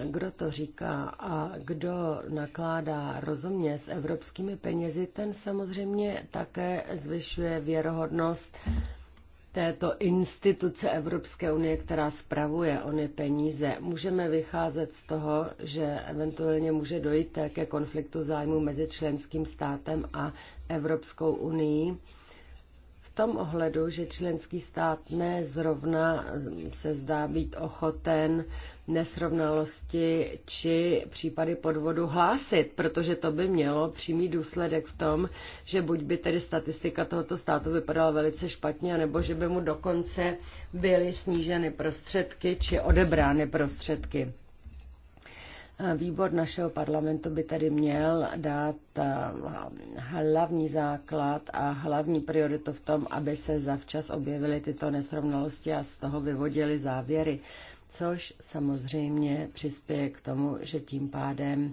Kdo to říká a kdo nakládá rozumně s evropskými penězi, ten samozřejmě také zvyšuje věrohodnost této instituce Evropské unie, která spravuje ony peníze, můžeme vycházet z toho, že eventuálně může dojít ke konfliktu zájmu mezi členským státem a Evropskou unii tom ohledu, že členský stát ne zrovna eh, se zdá být ochoten nesrovnalosti či případy podvodu hlásit, protože to by mělo přímý důsledek v tom, že buď by tedy statistika tohoto státu vypadala velice špatně, nebo že by mu dokonce byly sníženy prostředky či odebrány prostředky. Výbor našeho parlamentu by tedy měl dát eh, hlavní základ a hlavní prioritu v tom, aby se zavčas objevily tyto nesrovnalosti a z toho vyvodily závěry, což samozřejmě přispěje k tomu, že tím pádem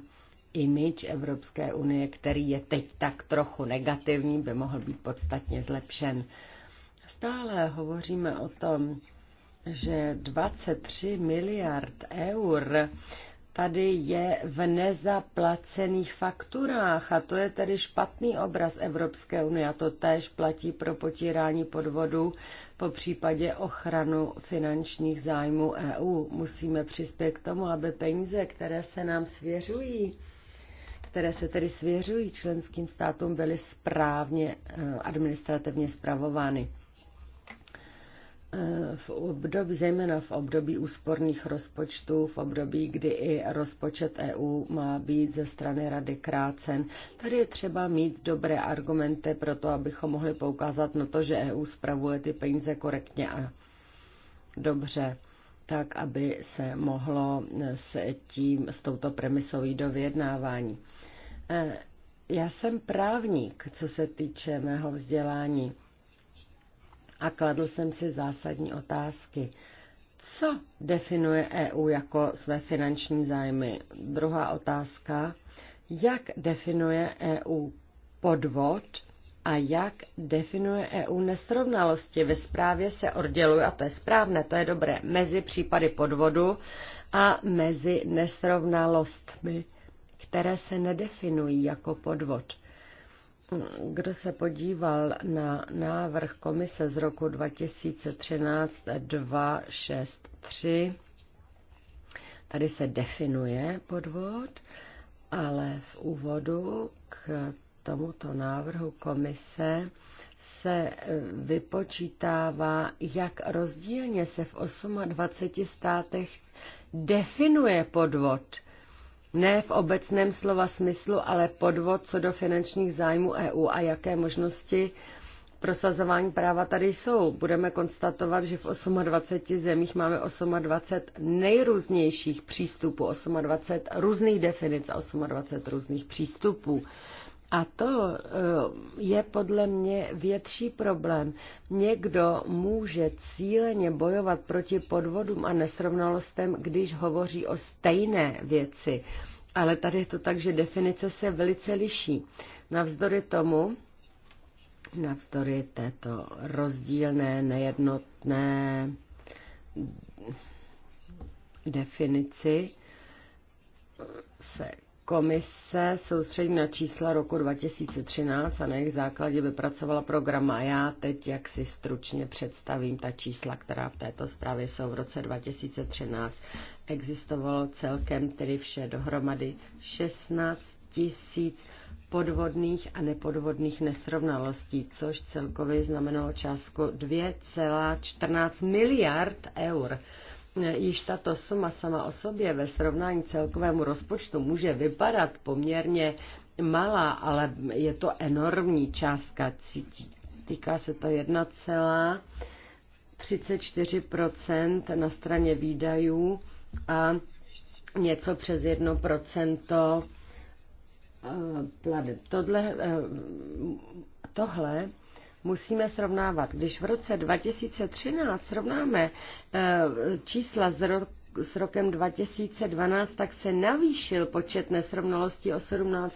image Evropské unie, který je teď tak trochu negativní, by mohl být podstatně zlepšen. Stále hovoříme o tom, že 23 miliard eur tady je v nezaplacených fakturách a to je tedy špatný obraz Evropské unie a to též platí pro potírání podvodu, po případě ochranu finančních zájmů EU. Musíme přispět k tomu, aby peníze, které se nám svěřují, které se tedy svěřují členským státům, byly správně eh, administrativně spravovány. Eh, v období, zejména v období úsporných rozpočtů, v období, kdy i rozpočet EU má být ze strany rady krácen. Tady je třeba mít dobré argumenty pro to, abychom mohli poukázat na to, že EU spravuje ty peníze korektně a dobře tak, aby se mohlo s, tím, s touto premisou jít do vyjednávání. Eh, já jsem právník, co se týče mého vzdělání a kladl jsem si zásadní otázky. Co definuje EU jako své finanční zájmy? Druhá otázka. Jak definuje EU podvod a jak definuje EU nesrovnalosti? Ve zprávě se odděluje, a to je správné, to je dobré, mezi případy podvodu a mezi nesrovnalostmi, které se nedefinují jako podvod. Kdo se podíval na návrh komise z roku 2013 263, tady se definuje podvod, ale v úvodu k tomuto návrhu komise se e, vypočítává, jak rozdílně se v 28 státech definuje podvod ne v obecném slova smyslu, ale podvod co do finančních zájmů EU a jaké možnosti prosazování práva tady jsou. Budeme konstatovat, že v 28 zemích máme 28 nejrůznějších přístupů, 28 různých definic a 28 různých přístupů a to eh, je podle mě větší problém. Někdo může cíleně bojovat proti podvodům a nesrovnalostem, když hovoří o stejné věci. Ale tady je to tak, že definice se velice liší. Navzdory tomu, navzdory této rozdílné, nejednotné definici, se Komise soustředí na čísla roku 2013 a na jejich základě vypracovala program a já teď jak si stručně představím ta čísla, která v této zprávě jsou. V roce 2013 existovalo celkem tedy vše dohromady 16 tisíc podvodných a nepodvodných nesrovnalostí, což celkově znamenalo částku 2,14 miliard eur již tato suma sama o sobě ve srovnání celkovému rozpočtu může vypadat poměrně malá, ale je to enormní částka. Týká se to 1,34 na straně výdajů a něco přes 1 eh, plateb. Tohle, eh, tohle musíme srovnávat. Když v roce 2013 srovnáme eh, čísla z roku s rokem 2012, tak se navýšil počet nesrovnalostí o 17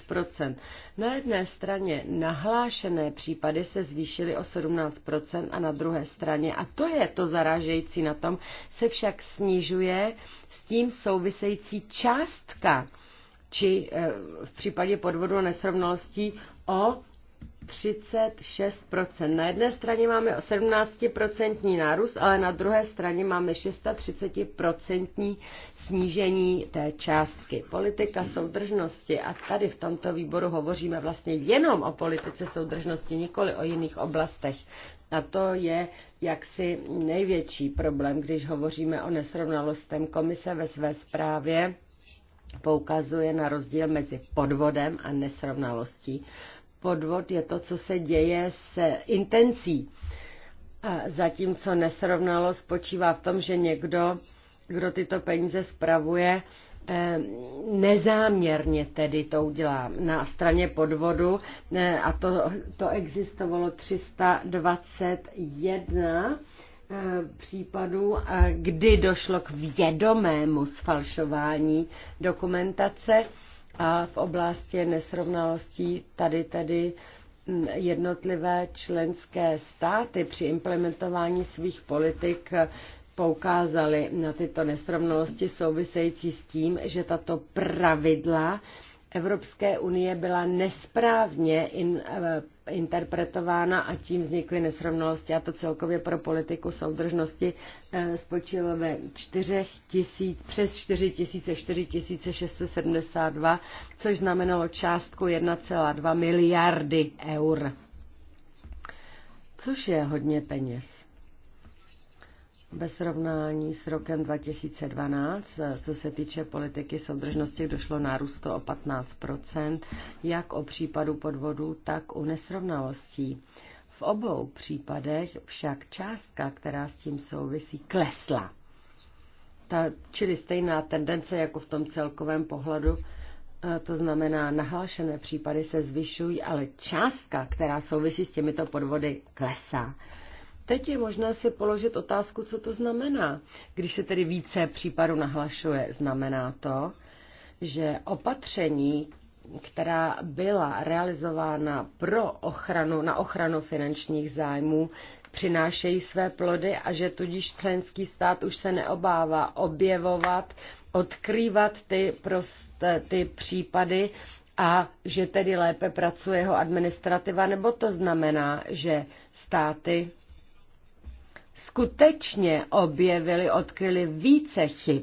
Na jedné straně nahlášené případy se zvýšily o 17 a na druhé straně, a to je to zarážející na tom, se však snižuje s tím související částka či eh, v případě podvodu a nesrovnalostí o 36%. Na jedné straně máme 17% nárůst, ale na druhé straně máme 630% snížení té částky. Politika soudržnosti, a tady v tomto výboru hovoříme vlastně jenom o politice soudržnosti, nikoli o jiných oblastech. A to je jaksi největší problém, když hovoříme o nesrovnalostem komise ve své zprávě poukazuje na rozdíl mezi podvodem a nesrovnalostí podvod je to, co se děje s intencí. Zatímco nesrovnalo spočívá v tom, že někdo, kdo tyto peníze spravuje, eh, nezáměrně tedy to udělá na straně podvodu eh, a to, to existovalo 321 eh, případů, kdy došlo k vědomému sfalšování dokumentace a v oblasti nesrovnalostí tady tedy mm, jednotlivé členské státy při implementování svých politik poukázaly na tyto nesrovnalosti související s tím, že tato pravidla Evropské unie byla nesprávně in, eh, interpretována a tím vznikly nesrovnalosti a to celkově pro politiku soudržnosti eh, spočilo ve 4 000 přes 4 4672, 4 672, což znamenalo částku 1,2 miliardy eur, což je hodně peněz ve srovnání s rokem 2012, co se týče politiky soudržnosti, došlo nárůstu o 15 jak o případu podvodů, tak u nesrovnalostí. V obou případech však částka, která s tím souvisí, klesla. Ta, čili stejná tendence jako v tom celkovém pohledu, eh, to znamená, nahlášené případy se zvyšují, ale částka, která souvisí s těmito podvody, klesá. Teď je možné si položit otázku, co to znamená. Když se tedy více případů nahlašuje, znamená to, že opatření, která byla realizována pro ochranu, na ochranu finančních zájmů, přinášejí své plody a že tudíž členský stát už se neobává objevovat, odkrývat ty, prost, ty případy a že tedy lépe pracuje jeho administrativa, nebo to znamená, že státy skutečně objevili, odkryli více chyb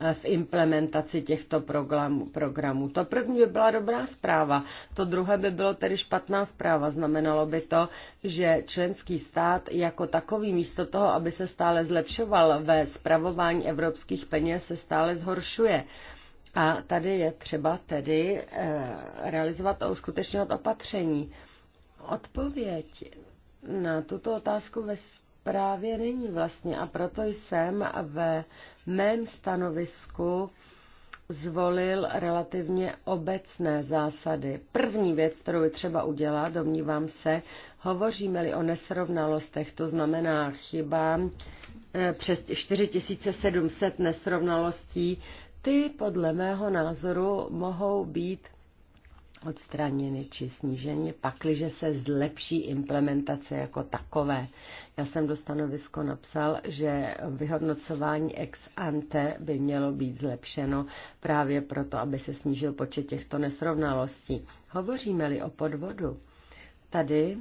eh, v implementaci těchto programů. programů. To první by byla dobrá zpráva, to druhé by bylo tedy špatná zpráva. Znamenalo by to, že členský stát jako takový místo toho, aby se stále zlepšoval ve spravování evropských peněz, se stále zhoršuje. A tady je třeba tedy eh, realizovat a uskutečňovat opatření. Odpověď na tuto otázku ve právě není vlastně a proto jsem ve mém stanovisku zvolil relativně obecné zásady. První věc, kterou je třeba udělat, domnívám se, hovoříme-li o nesrovnalostech, to znamená chyba eh, přes 4700 nesrovnalostí, ty podle mého názoru mohou být odstraněny či sníženy, pakliže se zlepší implementace jako takové. Já jsem do stanovisko napsal, že vyhodnocování ex ante by mělo být zlepšeno právě proto, aby se snížil počet těchto nesrovnalostí. Hovoříme-li o podvodu, tady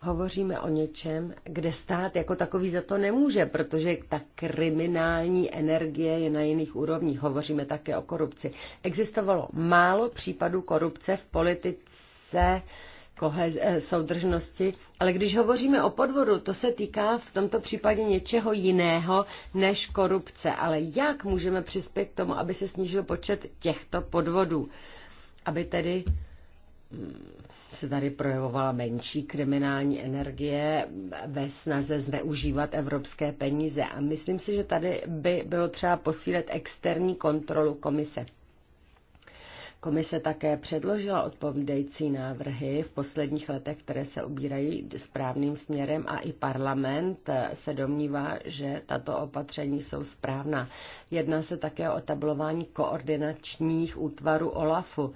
hovoříme o něčem, kde stát jako takový za to nemůže, protože ta kriminální energie je na jiných úrovních. Hovoříme také o korupci. Existovalo málo případů korupce v politice, Eh, soudržnosti. Ale když hovoříme o podvodu, to se týká v tomto případě něčeho jiného než korupce. Ale jak můžeme přispět k tomu, aby se snížil počet těchto podvodů? Aby tedy mm, se tady projevovala menší kriminální energie ve snaze zneužívat evropské peníze. A myslím si, že tady by bylo třeba posílit externí kontrolu komise. Komise také předložila odpovídající návrhy v posledních letech, které se ubírají správným směrem a i parlament eh, se domnívá, že tato opatření jsou správná. Jedná se také o tablování koordinačních útvarů OLAFu.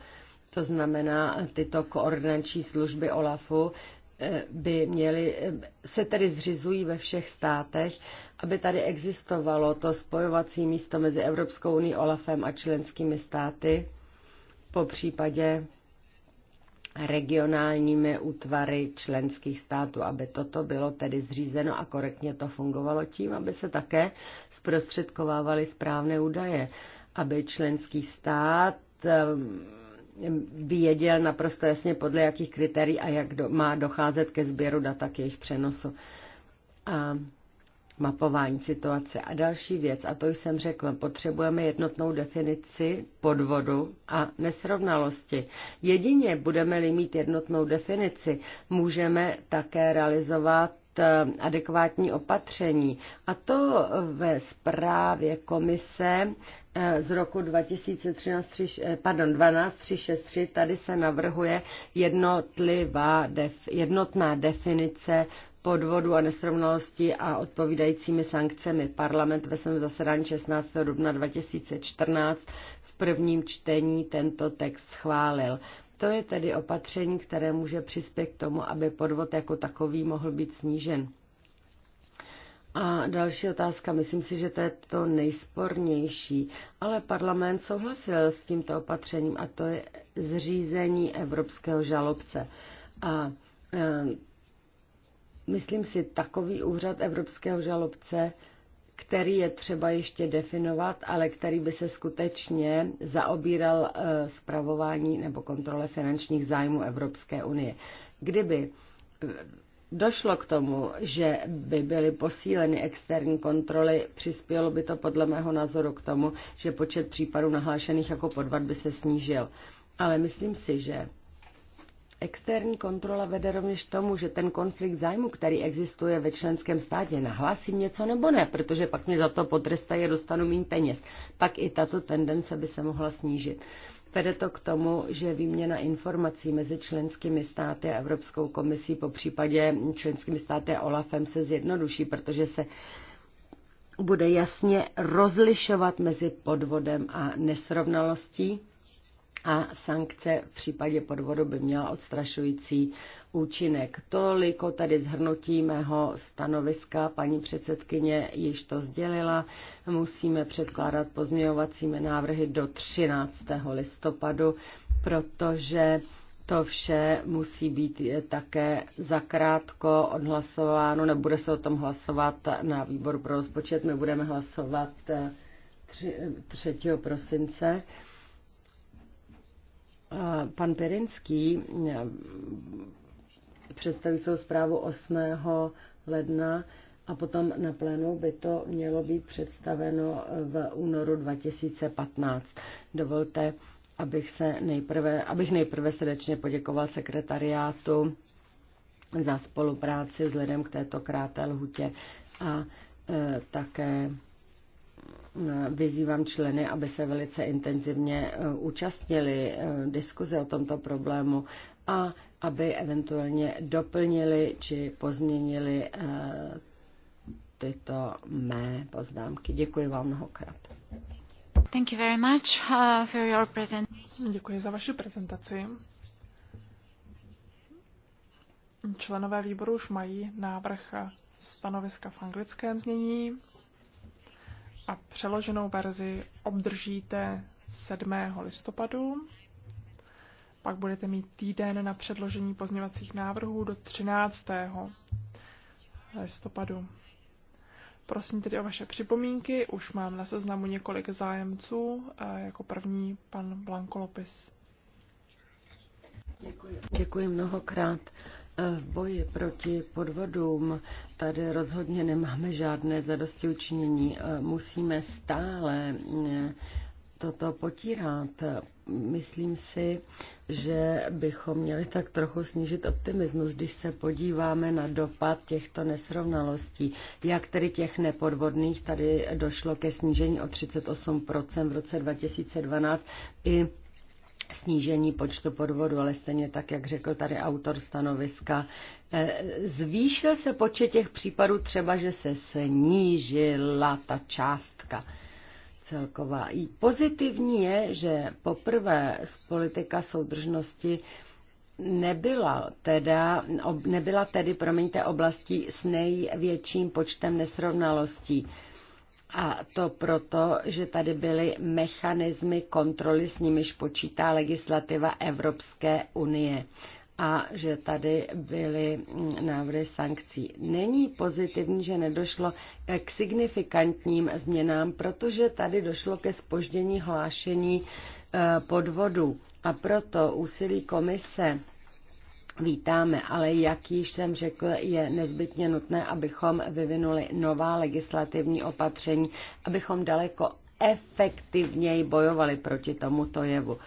To znamená, tyto koordinační služby OLAFu eh, by měly, eh, se tedy zřizují ve všech státech, aby tady existovalo to spojovací místo mezi Evropskou unii, OLAFem a členskými státy po případě regionálními útvary členských států, aby toto bylo tedy zřízeno a korektně to fungovalo tím, aby se také zprostředkovávaly správné údaje, aby členský stát um, věděl naprosto jasně podle jakých kritérií a jak do, má docházet ke sběru data k jejich přenosu. A mapování situace. A další věc, a to jsem řekla, potřebujeme jednotnou definici podvodu a nesrovnalosti. Jedině budeme-li mít jednotnou definici, můžeme také realizovat eh, adekvátní opatření. A to ve zprávě komise eh, z roku 2012 363 eh, tady se navrhuje jednotlivá, def, jednotná definice podvodu a nesrovnalosti a odpovídajícími sankcemi. Parlament ve svém zasedání 16. dubna 2014 v prvním čtení tento text schválil. To je tedy opatření, které může přispět k tomu, aby podvod jako takový mohl být snížen. A další otázka, myslím si, že to je to nejspornější, ale parlament souhlasil s tímto opatřením a to je zřízení evropského žalobce. A myslím si, takový úřad evropského žalobce, který je třeba ještě definovat, ale který by se skutečně zaobíral zpravování eh, nebo kontrole finančních zájmů Evropské unie. Kdyby eh, došlo k tomu, že by byly posíleny externí kontroly, přispělo by to podle mého názoru k tomu, že počet případů nahlášených jako podvad by se snížil. Ale myslím si, že Externí kontrola vede rovněž tomu, že ten konflikt zájmu, který existuje ve členském státě, nahlásím něco nebo ne, protože pak mě za to potrestají a dostanu méně peněz. Pak i tato tendence by se mohla snížit. Vede to k tomu, že výměna informací mezi členskými státy a Evropskou komisí, po případě členskými státy a OLAFem se zjednoduší, protože se bude jasně rozlišovat mezi podvodem a nesrovnalostí a sankce v případě podvodu by měla odstrašující účinek. Toliko tady zhrnutí mého stanoviska. Paní předsedkyně již to sdělila. Musíme předkládat pozměňovacími návrhy do 13. listopadu, protože to vše musí být také zakrátko odhlasováno, nebude se o tom hlasovat na výboru pro rozpočet, my budeme hlasovat 3. prosince. Eh, pan Perinský eh, představí svou zprávu 8. ledna a potom na plénu by to mělo být představeno v únoru 2015. Dovolte, abych, se nejprve, abych nejprve srdečně poděkoval sekretariátu za spolupráci vzhledem k této kráté lhutě a e, také vyzývám členy, aby se velice intenzivně eh, účastnili eh, diskuze o tomto problému a aby eventuálně doplnili či pozměnili eh, tyto mé poznámky. Děkuji vám mnohokrát. Thank you very much uh, for your Děkuji za vaši prezentaci. Členové výboru už mají návrh stanoviska v anglickém znění a přeloženou verzi obdržíte 7. listopadu. Pak budete mít týden na předložení pozměvacích návrhů do 13. listopadu. Prosím tedy o vaše připomínky, už mám na seznamu několik zájemců, jako první pan Blankolopis. Děkuji. Děkuji mnohokrát. V boji proti podvodům tady rozhodně nemáme žádné zadosti učinění. Musíme stále eh, toto potírat. Myslím si, že bychom měli tak trochu snížit optimismus, když se podíváme na dopad těchto nesrovnalostí. Jak tedy těch nepodvodných, tady došlo ke snížení o 38% v roce 2012 i snížení počtu podvodů, ale stejně tak, jak řekl tady autor stanoviska, eh, zvýšil se počet těch případů třeba, že se snížila ta částka celková. I pozitivní je, že poprvé z politika soudržnosti nebyla teda, nebyla tedy, promiňte, oblastí s největším počtem nesrovnalostí a to proto, že tady byly mechanismy kontroly, s nimiž počítá legislativa Evropské unie a že tady byly mm, návrhy sankcí. Není pozitivní, že nedošlo k signifikantním změnám, protože tady došlo ke spoždění hlášení eh, podvodu a proto úsilí komise vítáme, ale jak již jsem řekl, je nezbytně nutné, abychom vyvinuli nová legislativní opatření, abychom daleko efektivněji bojovali proti tomuto jevu.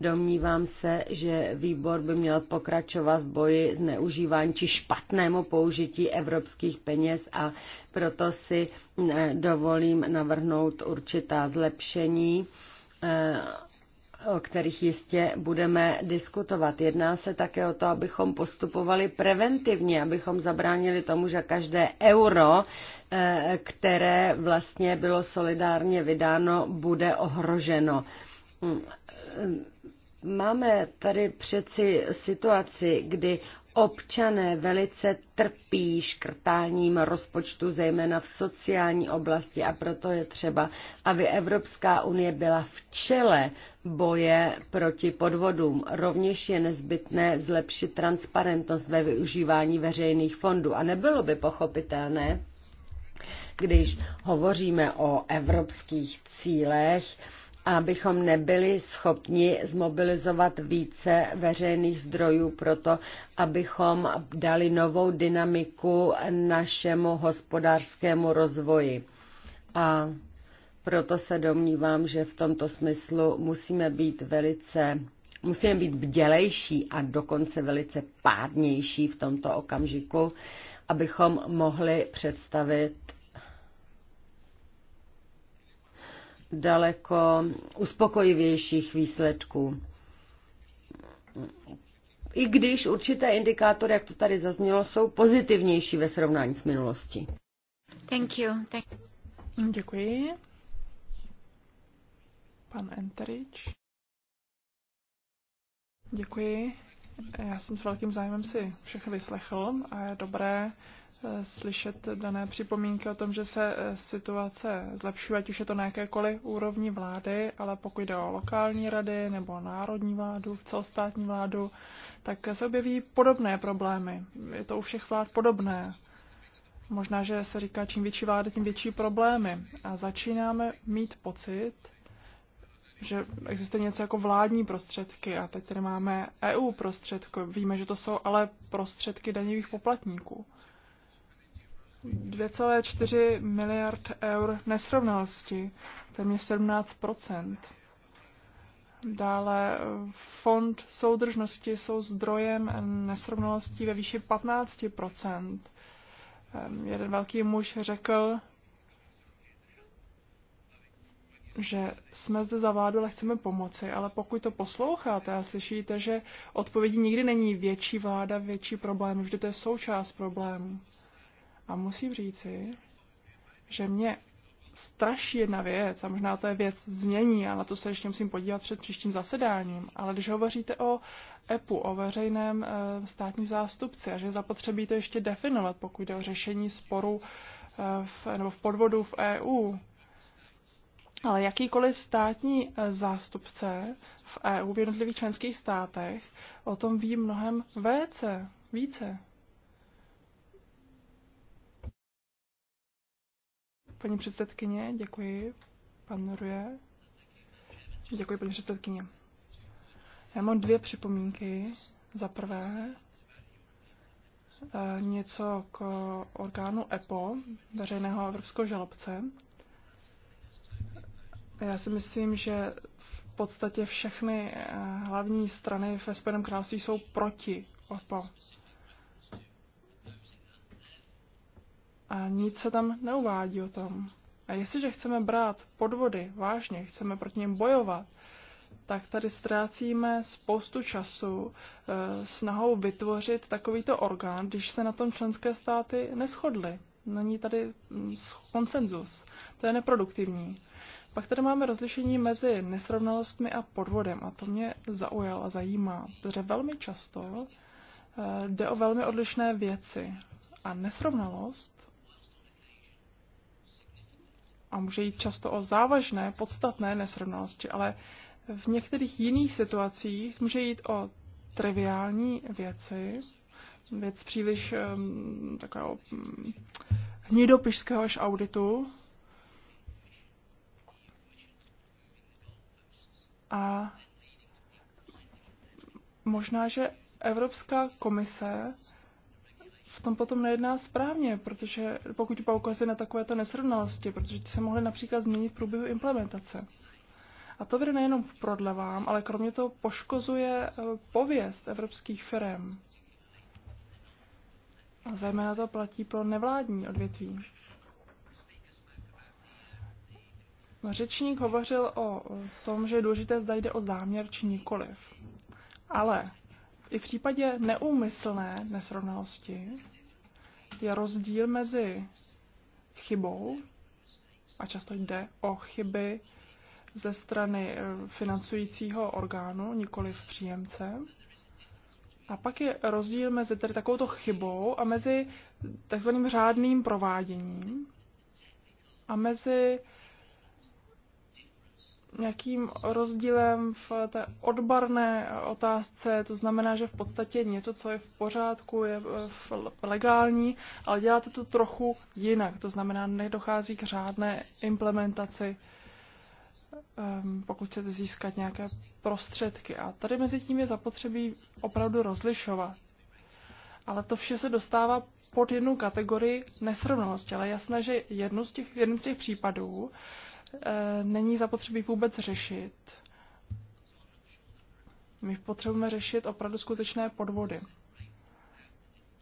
Domnívám se, že výbor by měl pokračovat v boji s neužíváním či špatnému použití evropských peněz a proto si eh, dovolím navrhnout určitá zlepšení eh, o kterých jistě budeme diskutovat. Jedná se také o to, abychom postupovali preventivně, abychom zabránili tomu, že každé euro, eh, které vlastně bylo solidárně vydáno, bude ohroženo. Mm, eh, máme tady přeci situaci, kdy Občané velice trpí škrtáním rozpočtu, zejména v sociální oblasti a proto je třeba, aby Evropská unie byla v čele boje proti podvodům. Rovněž je nezbytné zlepšit transparentnost ve využívání veřejných fondů a nebylo by pochopitelné, když hovoříme o evropských cílech, abychom nebyli schopni zmobilizovat více veřejných zdrojů pro to, abychom dali novou dynamiku našemu hospodářskému rozvoji. A proto se domnívám, že v tomto smyslu musíme být velice musíme být bdělejší a dokonce velice pádnější v tomto okamžiku, abychom mohli představit daleko uspokojivějších výsledků. I když určité indikátory, jak to tady zaznělo, jsou pozitivnější ve srovnání s minulostí. Thank you. Thank... You. Děkuji. Pan Enterič. Děkuji. Já jsem s velkým zájmem si všechny vyslechl a je dobré, Eh, slyšet dané připomínky o tom, že se eh, situace zlepšuje, ať už je to na jakékoliv úrovni vlády, ale pokud jde o lokální rady nebo národní vládu, celostátní vládu, tak se objeví podobné problémy. Je to u všech vlád podobné. Možná, že se říká, čím větší vláda, tím větší problémy. A začínáme mít pocit, že existuje něco jako vládní prostředky a teď tady máme EU prostředky. Víme, že to jsou ale prostředky daňových poplatníků. 2,4 miliard eur nesrovnalosti, téměř 17 Dále fond soudržnosti jsou zdrojem nesrovnalostí ve výši 15 ehm, Jeden velký muž řekl, že jsme zde za vládu, ale chceme pomoci, ale pokud to posloucháte a slyšíte, že odpovědí nikdy není větší vláda, větší problém, vždy to je součást problému. A musím říci, že mě straší jedna věc, a možná to je věc znění, a na to se ještě musím podívat před příštím zasedáním, ale když hovoříte o EPU, o veřejném e, státním zástupci, a že zapotřebí to ještě definovat, pokud jde o řešení sporu e, v, nebo v podvodu v EU, ale jakýkoliv státní e, zástupce v EU v jednotlivých členských státech o tom ví mnohem více. více. Paní předsedkyně, děkuji. Pan Děkuji, paní předsedkyně. Já mám dvě připomínky. Za prvé, e, něco k orgánu EPO, veřejného evropského žalobce. Já si myslím, že v podstatě všechny e, hlavní strany ve Spojeném království jsou proti EPO. A nic se tam neuvádí o tom. A jestliže chceme brát podvody vážně, chceme proti něm bojovat, tak tady ztrácíme spoustu času e, snahou vytvořit takovýto orgán, když se na tom členské státy neschodly. Není tady mm, konsenzus. To je neproduktivní. Pak tady máme rozlišení mezi nesrovnalostmi a podvodem a to mě zaujalo a zajímá, protože velmi často e, jde o velmi odlišné věci. A nesrovnalost a může jít často o závažné, podstatné nesrovnalosti, ale v některých jiných situacích může jít o triviální věci, věc příliš um, takového um, hnidopišského až auditu. A možná, že Evropská komise v tom potom nejedná správně, protože pokud poukazuje na takovéto nesrovnalosti, protože ty se mohly například změnit v průběhu implementace. A to vede nejenom k prodlevám, ale kromě toho poškozuje eh, pověst evropských firm. A zejména to platí pro nevládní odvětví. No, řečník hovořil o tom, že je důležité, zda jde o záměr či nikoliv. Ale i v případě neúmyslné nesrovnalosti je rozdíl mezi chybou, a často jde o chyby ze strany eh, financujícího orgánu, nikoli v příjemce. A pak je rozdíl mezi tedy takovouto chybou a mezi takzvaným řádným prováděním a mezi nějakým rozdílem v té odbarné otázce, to znamená, že v podstatě něco, co je v pořádku, je eh, legální, ale děláte to trochu jinak, to znamená, nedochází k řádné implementaci, ehm, pokud chcete získat nějaké prostředky. A tady mezi tím je zapotřebí opravdu rozlišovat. Ale to vše se dostává pod jednu kategorii nesrovnalosti, ale jasné, že jednu z těch, jeden z těch případů Eh, není zapotřebí vůbec řešit. My potřebujeme řešit opravdu skutečné podvody.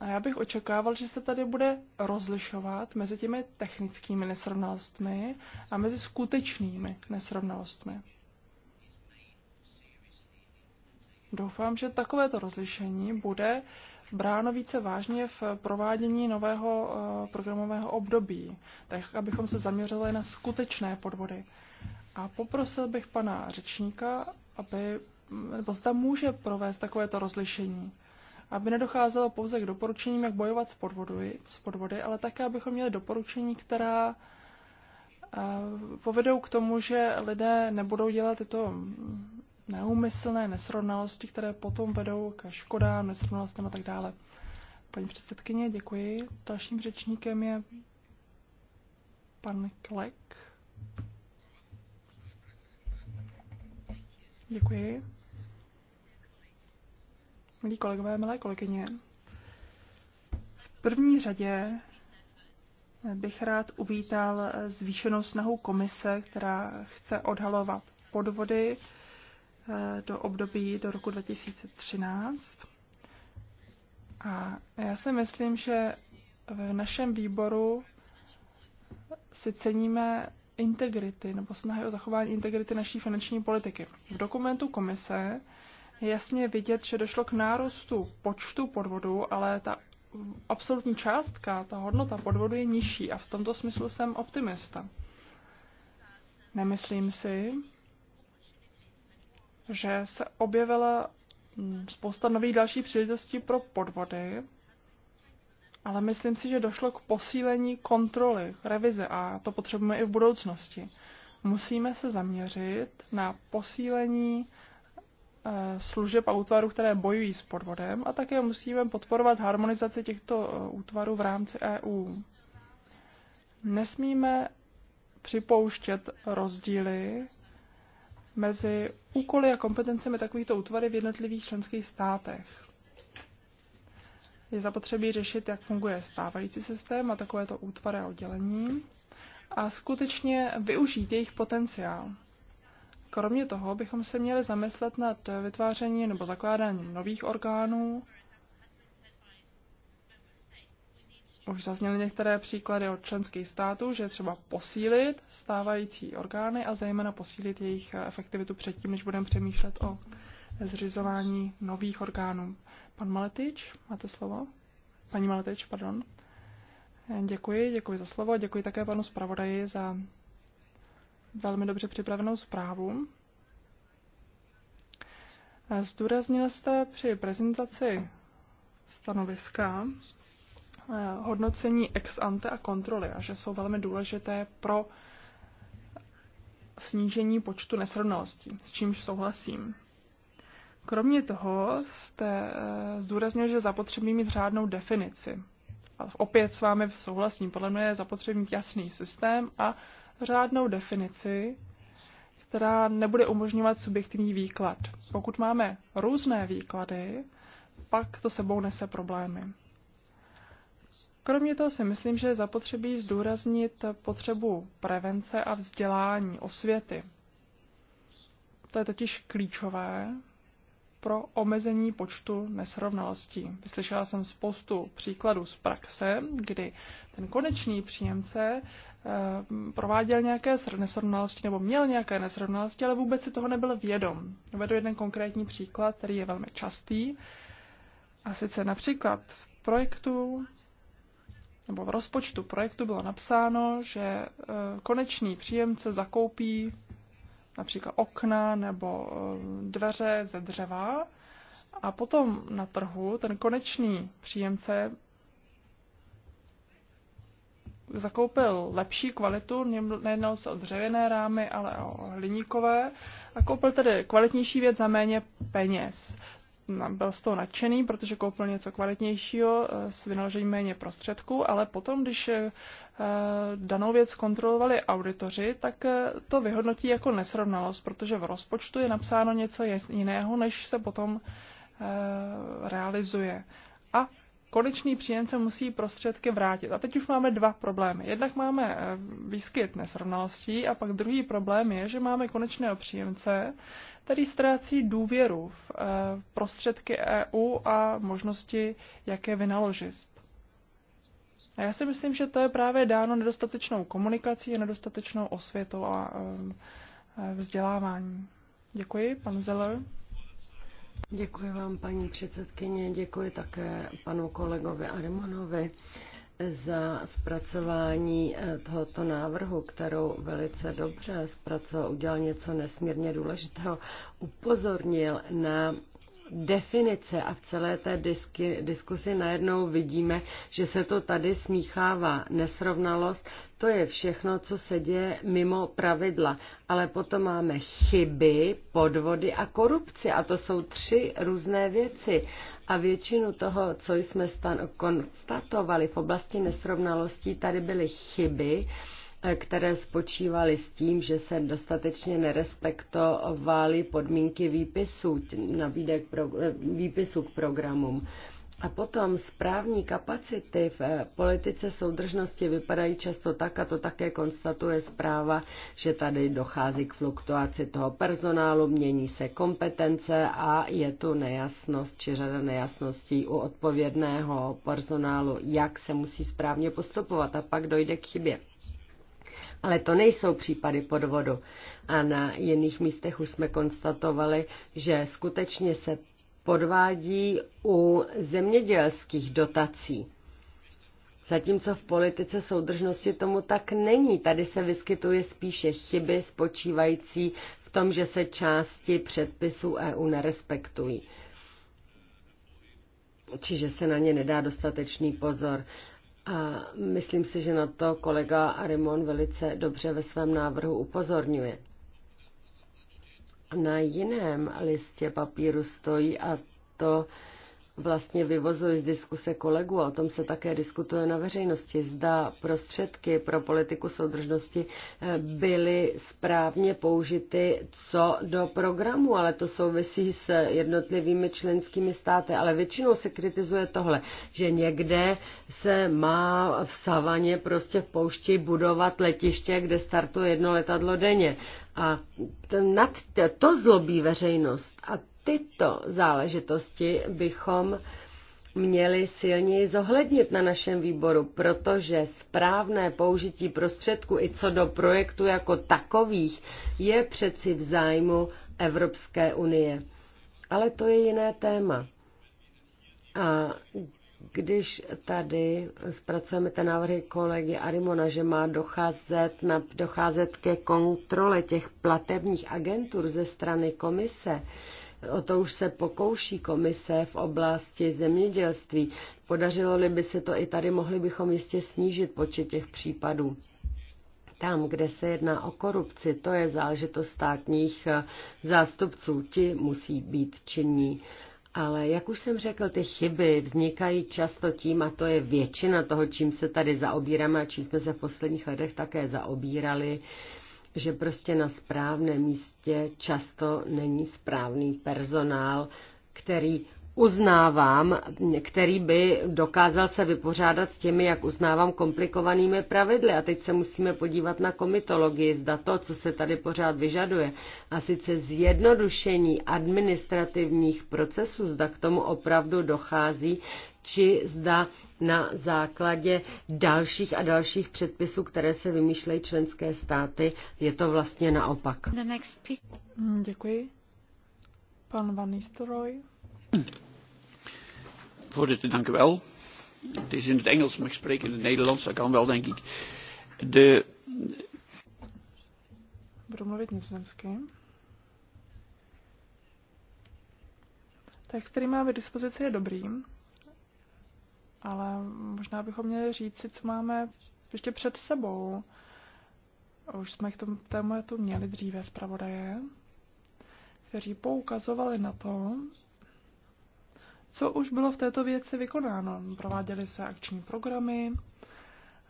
A já bych očekával, že se tady bude rozlišovat mezi těmi technickými nesrovnalostmi a mezi skutečnými nesrovnalostmi. Doufám, že takovéto rozlišení bude uh, bráno více vážně v provádění nového eh, programového období, tak abychom se zaměřili na skutečné podvody. A poprosil bych pana řečníka, aby, nebo zda může provést takovéto rozlišení, aby nedocházelo pouze k doporučením, jak bojovat s podvody, s podvody ale také, abychom měli doporučení, která eh, povedou k tomu, že lidé nebudou dělat tyto neumyslné nesrovnalosti, které potom vedou ke škodám, nesrovnalostem a tak dále. Paní předsedkyně, děkuji. Dalším řečníkem je pan Klek. Děkuji. Milí kolegové, milé kolegyně, v první řadě bych rád uvítal zvýšenou snahu komise, která chce odhalovat podvody, Eh, do období do roku 2013. A já si myslím, že v našem výboru si ceníme integrity nebo snahy o zachování integrity naší finanční politiky. V dokumentu komise je jasně vidět, že došlo k nárůstu počtu podvodů, ale ta absolutní částka, ta hodnota podvodu je nižší a v tomto smyslu jsem optimista. Nemyslím si, že se objevila mm, spousta nových dalších příležitostí pro podvody, ale myslím si, že došlo k posílení kontroly, revize a to potřebujeme i v budoucnosti. Musíme se zaměřit na posílení eh, služeb a útvarů, které bojují s podvodem a také musíme podporovat harmonizaci těchto eh, útvarů v rámci EU. Nesmíme připouštět rozdíly mezi úkoly a kompetencemi takovýchto útvary v jednotlivých členských státech. Je zapotřebí řešit, jak funguje stávající systém a takovéto útvary a oddělení a skutečně využít jejich potenciál. Kromě toho bychom se měli zamyslet nad vytvářením nebo zakládáním nových orgánů, už zazněly některé příklady od členských států, že třeba posílit stávající orgány a zejména posílit jejich efektivitu předtím, než budeme přemýšlet o zřizování nových orgánů. Pan Maletič, máte slovo? Paní Maletič, pardon. Děkuji, děkuji za slovo. Děkuji také panu zpravodaji za velmi dobře připravenou zprávu. Zdůraznil jste při prezentaci stanoviska, Eh, hodnocení ex ante a kontroly a že jsou velmi důležité pro snížení počtu nesrovnalostí, s čímž souhlasím. Kromě toho jste eh, zdůraznil, že zapotřebí mít řádnou definici. A opět s vámi souhlasím, podle mě je zapotřebí mít jasný systém a řádnou definici, která nebude umožňovat subjektivní výklad. Pokud máme různé výklady, pak to sebou nese problémy. Kromě toho si myslím, že je zapotřebí zdůraznit potřebu prevence a vzdělání, osvěty. To je totiž klíčové pro omezení počtu nesrovnalostí. Vyslyšela jsem spoustu příkladů z praxe, kdy ten konečný příjemce eh, prováděl nějaké nesrovnalosti nebo měl nějaké nesrovnalosti, ale vůbec si toho nebyl vědom. Vedu jeden konkrétní příklad, který je velmi častý. A sice například v projektu nebo v rozpočtu projektu bylo napsáno, že e, konečný příjemce zakoupí například okna nebo e, dveře ze dřeva a potom na trhu ten konečný příjemce zakoupil lepší kvalitu, nejednalo se o dřevěné rámy, ale o hliníkové, a koupil tedy kvalitnější věc za méně peněz byl z toho nadšený, protože koupil něco kvalitnějšího eh, s vynaložením méně prostředků, ale potom, když eh, danou věc kontrolovali auditoři, tak eh, to vyhodnotí jako nesrovnalost, protože v rozpočtu je napsáno něco jiného, než se potom realizuje. A konečný příjemce musí prostředky vrátit. A teď už máme dva problémy. Jednak máme eh, výskyt nesrovnalostí a pak druhý problém je, že máme konečného příjemce, který ztrácí důvěru v eh, prostředky EU a možnosti, jak je vynaložit. A já si myslím, že to je právě dáno nedostatečnou komunikací a nedostatečnou osvětou a eh, vzděláváním. Děkuji, pan Zeller. Děkuji vám, paní předsedkyně, děkuji také panu kolegovi Arimonovi za zpracování eh, tohoto návrhu, kterou velice dobře zpracoval, udělal něco nesmírně důležitého, upozornil na definice a v celé té disky, diskusi najednou vidíme, že se to tady smíchává. Nesrovnalost, to je všechno, co se děje mimo pravidla. Ale potom máme chyby, podvody a korupci. A to jsou tři různé věci. A většinu toho, co jsme konstatovali v oblasti nesrovnalostí, tady byly chyby, které spočívaly s tím, že se dostatečně nerespektovaly podmínky výpisů, nabídek pro, výpisů k programům. A potom správní kapacity v eh, politice soudržnosti vypadají často tak, a to také konstatuje zpráva, že tady dochází k fluktuaci toho personálu, mění se kompetence a je tu nejasnost či řada nejasností u odpovědného personálu, jak se musí správně postupovat a pak dojde k chybě. Ale to nejsou případy podvodu. A na jiných místech už jsme konstatovali, že skutečně se podvádí u zemědělských dotací. Zatímco v politice soudržnosti tomu tak není. Tady se vyskytuje spíše chyby spočívající v tom, že se části předpisů EU nerespektují Čiže že se na ně nedá dostatečný pozor. A myslím si, že na to kolega Arimon velice dobře ve svém návrhu upozorňuje. Na jiném listě papíru stojí, a to vlastně vyvozuje z diskuse kolegů, a o tom se také diskutuje na veřejnosti, zda prostředky pro politiku soudržnosti eh, byly správně použity co do programu, ale to souvisí s jednotlivými členskými státy. Ale většinou se kritizuje tohle, že někde se má v savaně prostě v poušti budovat letiště, kde startuje jedno letadlo denně. A nad to zlobí veřejnost. A tyto záležitosti bychom měli silněji zohlednit na našem výboru, protože správné použití prostředků i co do projektu jako takových je přeci v zájmu Evropské unie. Ale to je jiné téma. A když tady zpracujeme ty návrhy kolegy Arimona, že má docházet, na, docházet ke kontrole těch platebních agentur ze strany komise, O to už se pokouší komise v oblasti zemědělství. Podařilo-li by se to i tady, mohli bychom jistě snížit počet těch případů. Tam, kde se jedná o korupci, to je záležitost státních eh, zástupců. Ti musí být činní. Ale jak už jsem řekl, ty chyby vznikají často tím, a to je většina toho, čím se tady zaobíráme a čím jsme se v posledních letech také zaobírali, že prostě na správném místě často není správný personál, který uznávám, který by dokázal se vypořádat s těmi, jak uznávám, komplikovanými pravidly. A teď se musíme podívat na komitologii, zda to, co se tady pořád vyžaduje, a sice zjednodušení administrativních procesů, zda k tomu opravdu dochází, či zda na základě dalších a dalších předpisů, které se vymýšlejí členské státy, je to vlastně naopak. Děkuji. Pan Van Nistelrooy. Voorzitter, dank u wel. Het is in het Engels, maar ik spreek in het Nederlands. Dat kan wel, denk ik. De... Budu Text, který máme k dispozici, je dobrý, ale možná bychom měli říct si, co máme ještě před sebou. Už jsme k tomu tématu měli dříve zpravodaje, kteří poukazovali na to, co už bylo v této věci vykonáno? Prováděly se akční programy,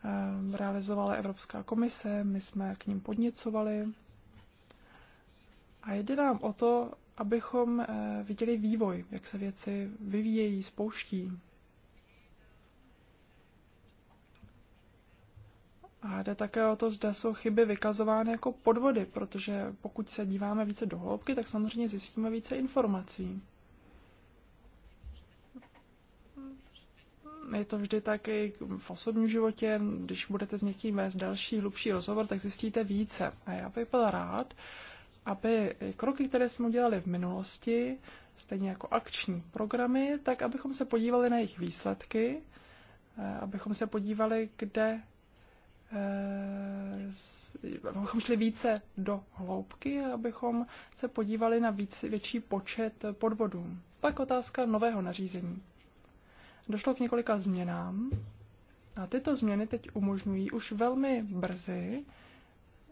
eh, realizovala Evropská komise, my jsme k ním podněcovali. A jde nám o to, abychom eh, viděli vývoj, jak se věci vyvíjejí, spouští. A jde také o to, zda jsou chyby vykazovány jako podvody, protože pokud se díváme více do hloubky, tak samozřejmě zjistíme více informací. je to vždy tak i v osobním životě, když budete s někým vést další, hlubší rozhovor, tak zjistíte více. A já bych byl rád, aby kroky, které jsme udělali v minulosti, stejně jako akční programy, tak abychom se podívali na jejich výsledky, eh, abychom se podívali, kde eh, abychom šli více do hloubky abychom se podívali na víc, větší počet podvodů. Pak otázka nového nařízení došlo k několika změnám a tyto změny teď umožňují už velmi brzy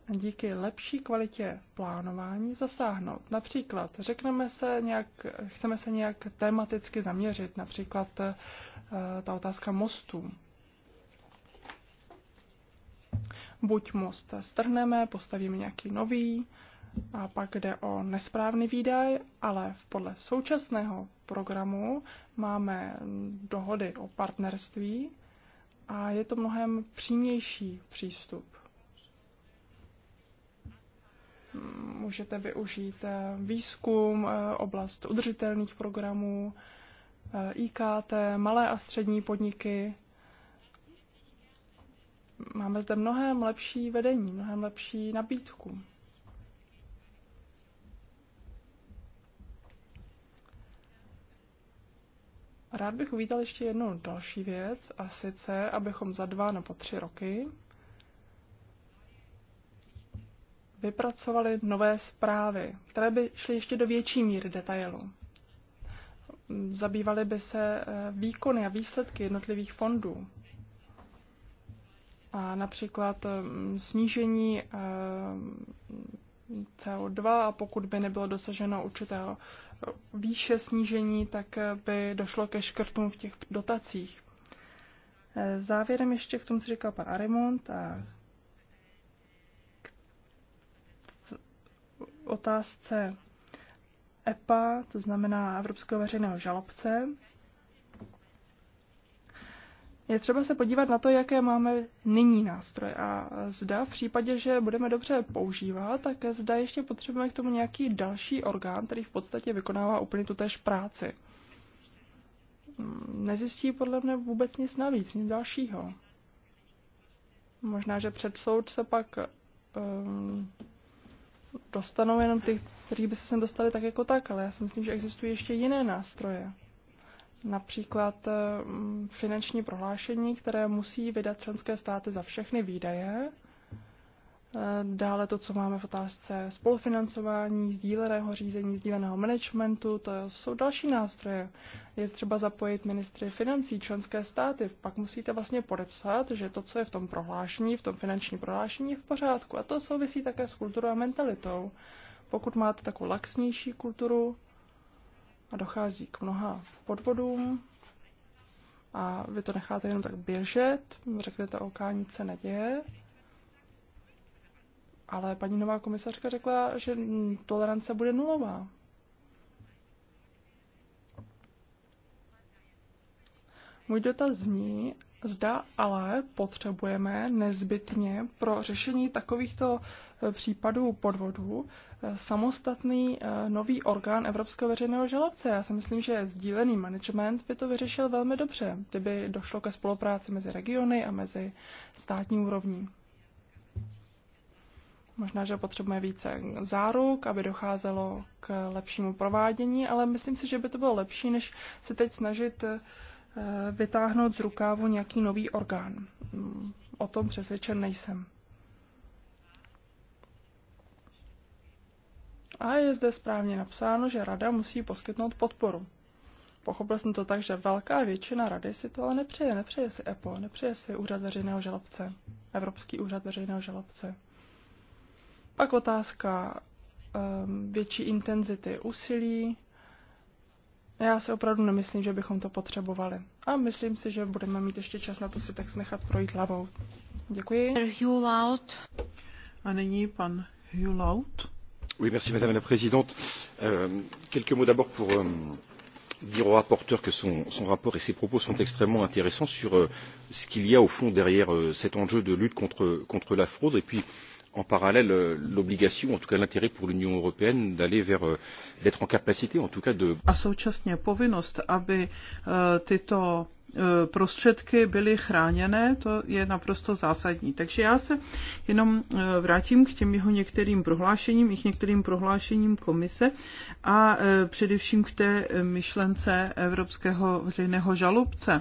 díky lepší kvalitě plánování zasáhnout. Například řekneme se nějak, chceme se nějak tematicky zaměřit, například eh, ta otázka mostů. Buď most strhneme, postavíme nějaký nový, a pak jde o nesprávný výdaj, ale podle současného programu máme dohody o partnerství a je to mnohem přímější přístup. Můžete využít eh, výzkum, eh, oblast udržitelných programů, eh, IKT, malé a střední podniky. Máme zde mnohem lepší vedení, mnohem lepší nabídku. Rád bych uvítal ještě jednu další věc, a sice, abychom za dva nebo tři roky vypracovali nové zprávy, které by šly ještě do větší míry detailu. Zabývaly by se eh, výkony a výsledky jednotlivých fondů. A například mm, snížení eh, mm, CO2 a pokud by nebylo dosaženo určitého výše snížení, tak by došlo ke škrtům v těch dotacích. Závěrem ještě k tomu, co říkal pan Arimont a k otázce EPA, to znamená Evropského veřejného žalobce. Je třeba se podívat na to, jaké máme nyní nástroje a zda v případě, že budeme dobře používat, tak zda ještě potřebujeme k tomu nějaký další orgán, který v podstatě vykonává úplně tu též práci. Hmm, nezjistí podle mne vůbec nic navíc, nic dalšího. Možná, že před soud se pak um, dostanou jenom ty, kteří by se sem dostali tak jako tak, ale já si myslím, že existují ještě jiné nástroje například eh, finanční prohlášení, které musí vydat členské státy za všechny výdaje, eh, Dále to, co máme v otázce spolufinancování, sdíleného řízení, sdíleného managementu, to jsou další nástroje. Je třeba zapojit ministry financí, členské státy. Pak musíte vlastně podepsat, že to, co je v tom prohlášení, v tom finančním prohlášení, je v pořádku. A to souvisí také s kulturou a mentalitou. Pokud máte takovou laxnější kulturu, a dochází k mnoha podvodům a vy to necháte jenom tak běžet, řeknete OK, nic se neděje, ale paní nová komisařka řekla, že tolerance bude nulová. Můj dotaz zní, Zda ale potřebujeme nezbytně pro řešení takovýchto eh, případů podvodů eh, samostatný eh, nový orgán Evropského veřejného žalobce. Já si myslím, že sdílený management by to vyřešil velmi dobře, kdyby došlo ke spolupráci mezi regiony a mezi státní úrovní. Možná, že potřebujeme více záruk, aby docházelo k lepšímu provádění, ale myslím si, že by to bylo lepší, než se teď snažit Eh, vytáhnout z rukávu nějaký nový orgán. O tom přesvědčen nejsem. A je zde správně napsáno, že rada musí poskytnout podporu. Pochopil jsem to tak, že velká většina rady si to ale nepřeje. Nepřeje si EPO, nepřeje si úřad veřejného žalobce, Evropský úřad veřejného žalobce. Pak otázka um, větší intenzity úsilí, já si opravdu nemyslím, že bychom to potřebovali. A myslím si, že budeme mít ještě čas na to si tak nechat projít hlavou. Děkuji. Hulaut. A nyní pan Hulaut. Oui, merci Madame la Présidente. Euh, quelques mots d'abord pour euh, dire au rapporteur que son, son rapport et ses propos sont extrêmement intéressants sur euh, ce qu'il y a au fond derrière euh, cet enjeu de lutte contre, contre la fraude et puis euh, en parallèle euh, l'obligation, en tout cas l'intérêt pour l'Union européenne d'aller vers euh, d'être en capacité en tout cas de a současně povinnost, aby eh, tyto eh, prostředky byly chráněné, to je naprosto zásadní. Takže já se jenom eh, vrátím k těm jeho některým prohlášením, jich některým prohlášením komise a především k té myšlence Evropského veřejného žalobce.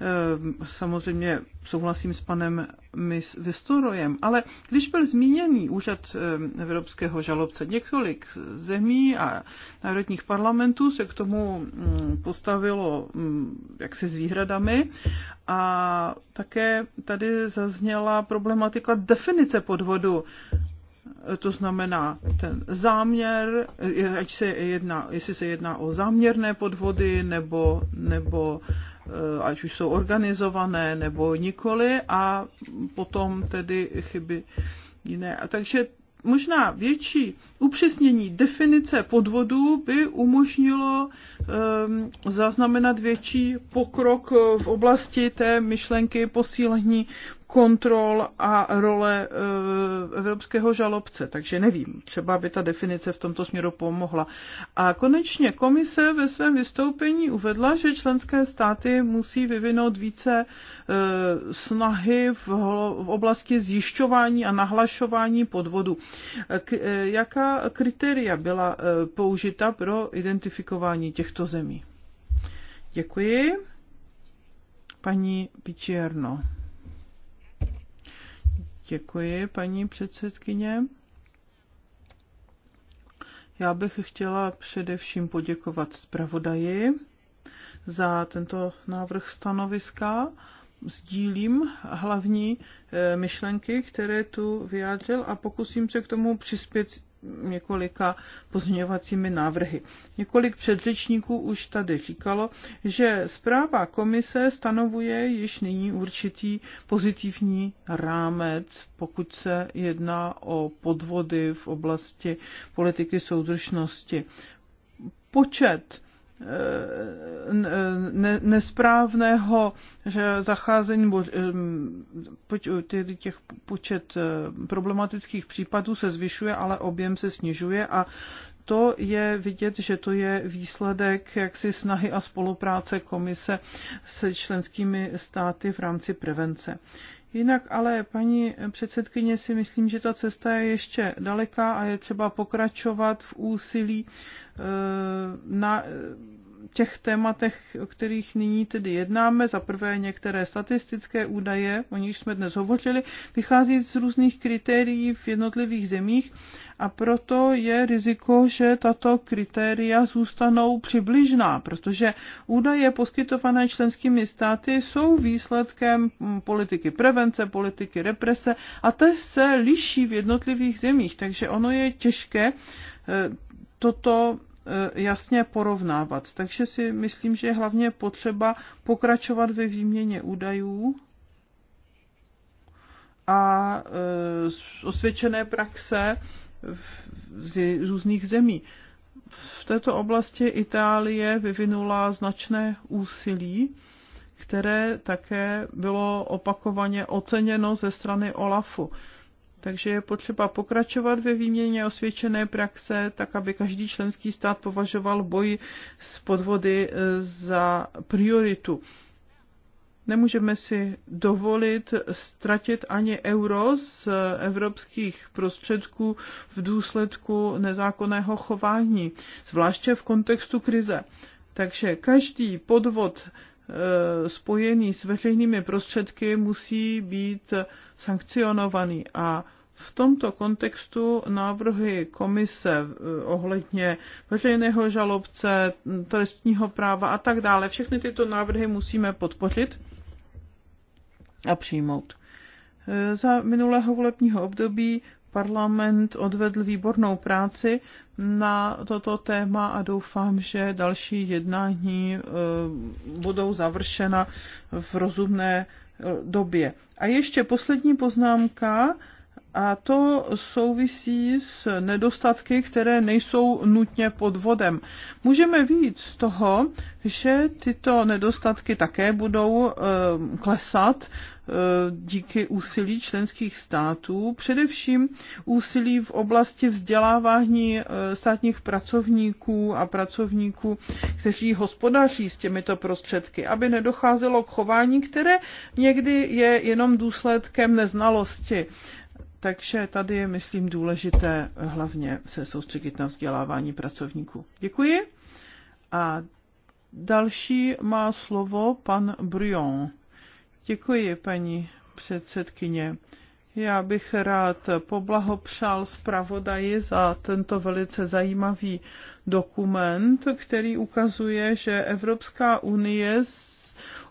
Ehm, samozřejmě souhlasím s panem Miss Vestorojem, ale když byl zmíněný úřad ehm, evropského žalobce, několik zemí a národních parlamentů se k tomu mm, postavilo mm, jaksi s výhradami a také tady zazněla problematika definice podvodu to znamená ten záměr, ať se jedná, jestli se jedná o záměrné podvody nebo, nebo Eh, ať už jsou organizované nebo nikoli, a potom tedy chyby jiné. A takže možná větší upřesnění definice podvodů by umožnilo um, zaznamenat větší pokrok v oblasti té myšlenky posílení kontrol a role eh, evropského žalobce, takže nevím, třeba by ta definice v tomto směru pomohla. A konečně komise ve svém vystoupení uvedla, že členské státy musí vyvinout více eh, snahy v oblasti zjišťování a nahlašování podvodu. Eh, jaká kritéria byla použita pro identifikování těchto zemí? Děkuji. Paní Pičierno. Děkuji, paní předsedkyně. Já bych chtěla především poděkovat zpravodaji za tento návrh stanoviska. Sdílím hlavní eh, myšlenky, které tu vyjádřil a pokusím se k tomu přispět několika pozměňovacími návrhy. Několik předřečníků už tady říkalo, že zpráva komise stanovuje již nyní určitý pozitivní rámec, pokud se jedná o podvody v oblasti politiky soudržnosti. Počet Eh, ne, nesprávného že zacházení eh, těch počet eh, problematických případů se zvyšuje, ale objem se snižuje a to je vidět, že to je výsledek jaksi snahy a spolupráce komise se členskými státy v rámci prevence. Jinak ale, paní předsedkyně, si myslím, že ta cesta je ještě daleká a je třeba pokračovat v úsilí eh, na těch tématech, o kterých nyní tedy jednáme, za prvé některé statistické údaje, o nich jsme dnes hovořili, vychází z různých kritérií v jednotlivých zemích a proto je riziko, že tato kritéria zůstanou přibližná, protože údaje poskytované členskými státy jsou výsledkem hm, politiky prevence, politiky represe a te se liší v jednotlivých zemích, takže ono je těžké eh, toto Eh, jasně porovnávat. Takže si myslím, že je hlavně potřeba pokračovat ve výměně údajů a eh, osvědčené praxe z různých zemí. V této oblasti Itálie vyvinula značné úsilí, které také bylo opakovaně oceněno ze strany OLAFu. Takže je potřeba pokračovat ve výměně osvědčené praxe, tak aby každý členský stát považoval boj s podvody eh, za prioritu. Nemůžeme si dovolit ztratit ani euro z evropských prostředků v důsledku nezákonného chování, zvláště v kontextu krize. Takže každý podvod eh, spojený s veřejnými prostředky musí být sankcionovaný. A v tomto kontextu návrhy komise eh, ohledně veřejného žalobce, trestního práva a tak dále, všechny tyto návrhy musíme podpořit a přijmout. Eh, za minulého volebního období parlament odvedl výbornou práci na toto téma a doufám, že další jednání eh, budou završena v rozumné době. A ještě poslední poznámka a to souvisí s nedostatky, které nejsou nutně pod vodem. Můžeme víc z toho, že tyto nedostatky také budou eh, klesat eh, díky úsilí členských států, především úsilí v oblasti vzdělávání eh, státních pracovníků a pracovníků, kteří hospodaří s těmito prostředky, aby nedocházelo k chování, které někdy je jenom důsledkem neznalosti takže tady je, myslím, důležité hlavně se soustředit na vzdělávání pracovníků. Děkuji. A další má slovo pan Brion. Děkuji, paní předsedkyně. Já bych rád poblahopřál zpravodaji za tento velice zajímavý dokument, který ukazuje, že Evropská unie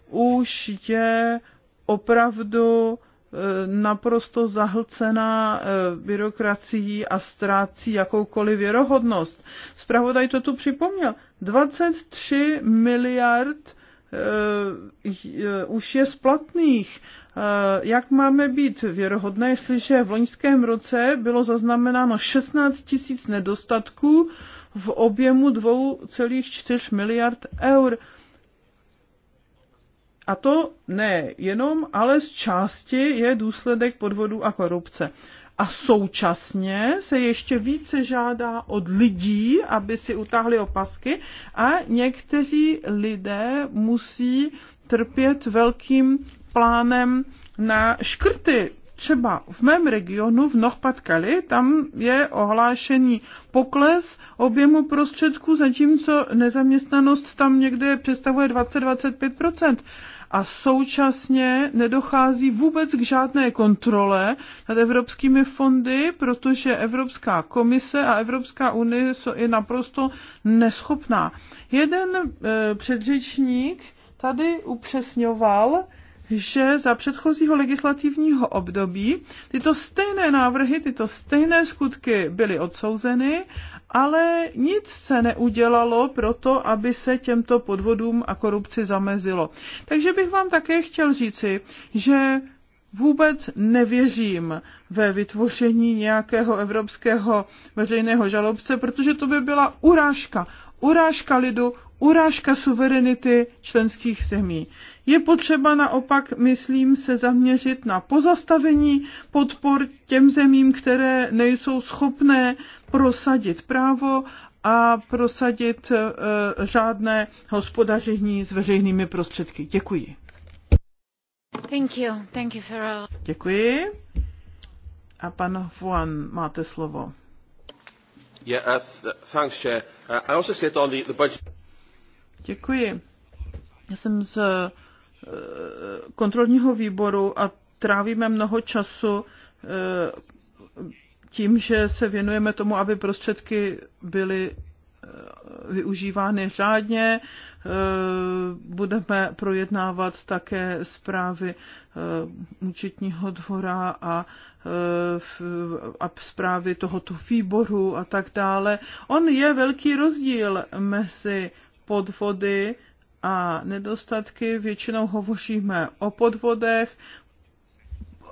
už je opravdu Eh, naprosto zahlcená eh, byrokracií a ztrácí jakoukoliv věrohodnost. Zpravodaj to tu připomněl. 23 miliard eh, už je splatných. Jak máme být věrohodné, jestliže v loňském roce bylo zaznamenáno 16 tisíc nedostatků v objemu 2,4 miliard eur? A to ne jenom, ale z části je důsledek podvodu a korupce. A současně se ještě více žádá od lidí, aby si utáhli opasky a někteří lidé musí trpět velkým plánem na škrty. Třeba v mém regionu, v Nohpatkali, tam je ohlášený pokles objemu prostředků, zatímco nezaměstnanost tam někde představuje 20-25% a současně nedochází vůbec k žádné kontrole nad evropskými fondy, protože Evropská komise a Evropská unie jsou i naprosto neschopná. Jeden e, předřečník tady upřesňoval, že za předchozího legislativního období tyto stejné návrhy, tyto stejné skutky byly odsouzeny, ale nic se neudělalo pro to, aby se těmto podvodům a korupci zamezilo. Takže bych vám také chtěl říci, že vůbec nevěřím ve vytvoření nějakého evropského veřejného žalobce, protože to by byla urážka. Urážka lidu, urážka suverenity členských zemí. Je potřeba naopak, myslím, se zaměřit na pozastavení podpor těm zemím, které nejsou schopné prosadit právo a prosadit uh, řádné hospodaření s veřejnými prostředky. Děkuji. Thank you. Thank you, for all. Děkuji. A pan Juan, máte slovo. Yeah, uh, th- thanks, Chair. Uh, I also said on the, the budget... Děkuji. Já jsem z eh, kontrolního výboru a trávíme mnoho času eh, tím, že se věnujeme tomu, aby prostředky byly eh, využívány řádně. Budeme projednávat také zprávy účetního dvora a, a zprávy tohoto výboru a tak dále. On je velký rozdíl mezi podvody a nedostatky. Většinou hovoříme o podvodech. E,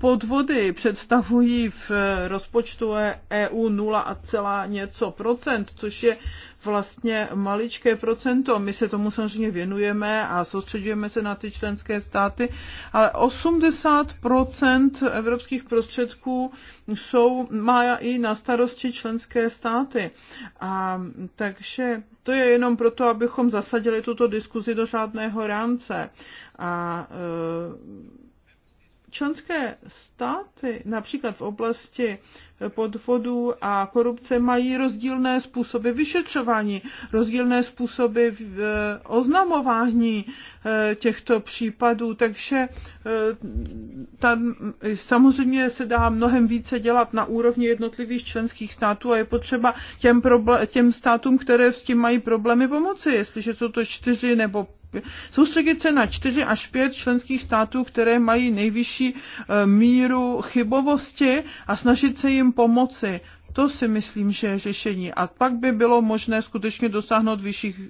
podvody představují v rozpočtu e- EU 0, celá něco procent, což je vlastně maličké procento. My se tomu samozřejmě věnujeme a soustředujeme se na ty členské státy, ale 80% evropských prostředků jsou, má i na starosti členské státy. A, takže to je jenom proto, abychom zasadili tuto diskuzi do řádného rámce. A e, Členské státy například v oblasti podvodů a korupce mají rozdílné způsoby vyšetřování, rozdílné způsoby eh, oznamování eh, těchto případů, takže eh, tam samozřejmě se dá mnohem více dělat na úrovni jednotlivých členských států a je potřeba těm, těm státům, které s tím mají problémy, pomoci, jestliže jsou to čtyři nebo soustředit se na čtyři až pět členských států, které mají nejvyšší e, míru chybovosti a snažit se jim pomoci. To si myslím, že je řešení. A pak by bylo možné skutečně dosáhnout vyšších e,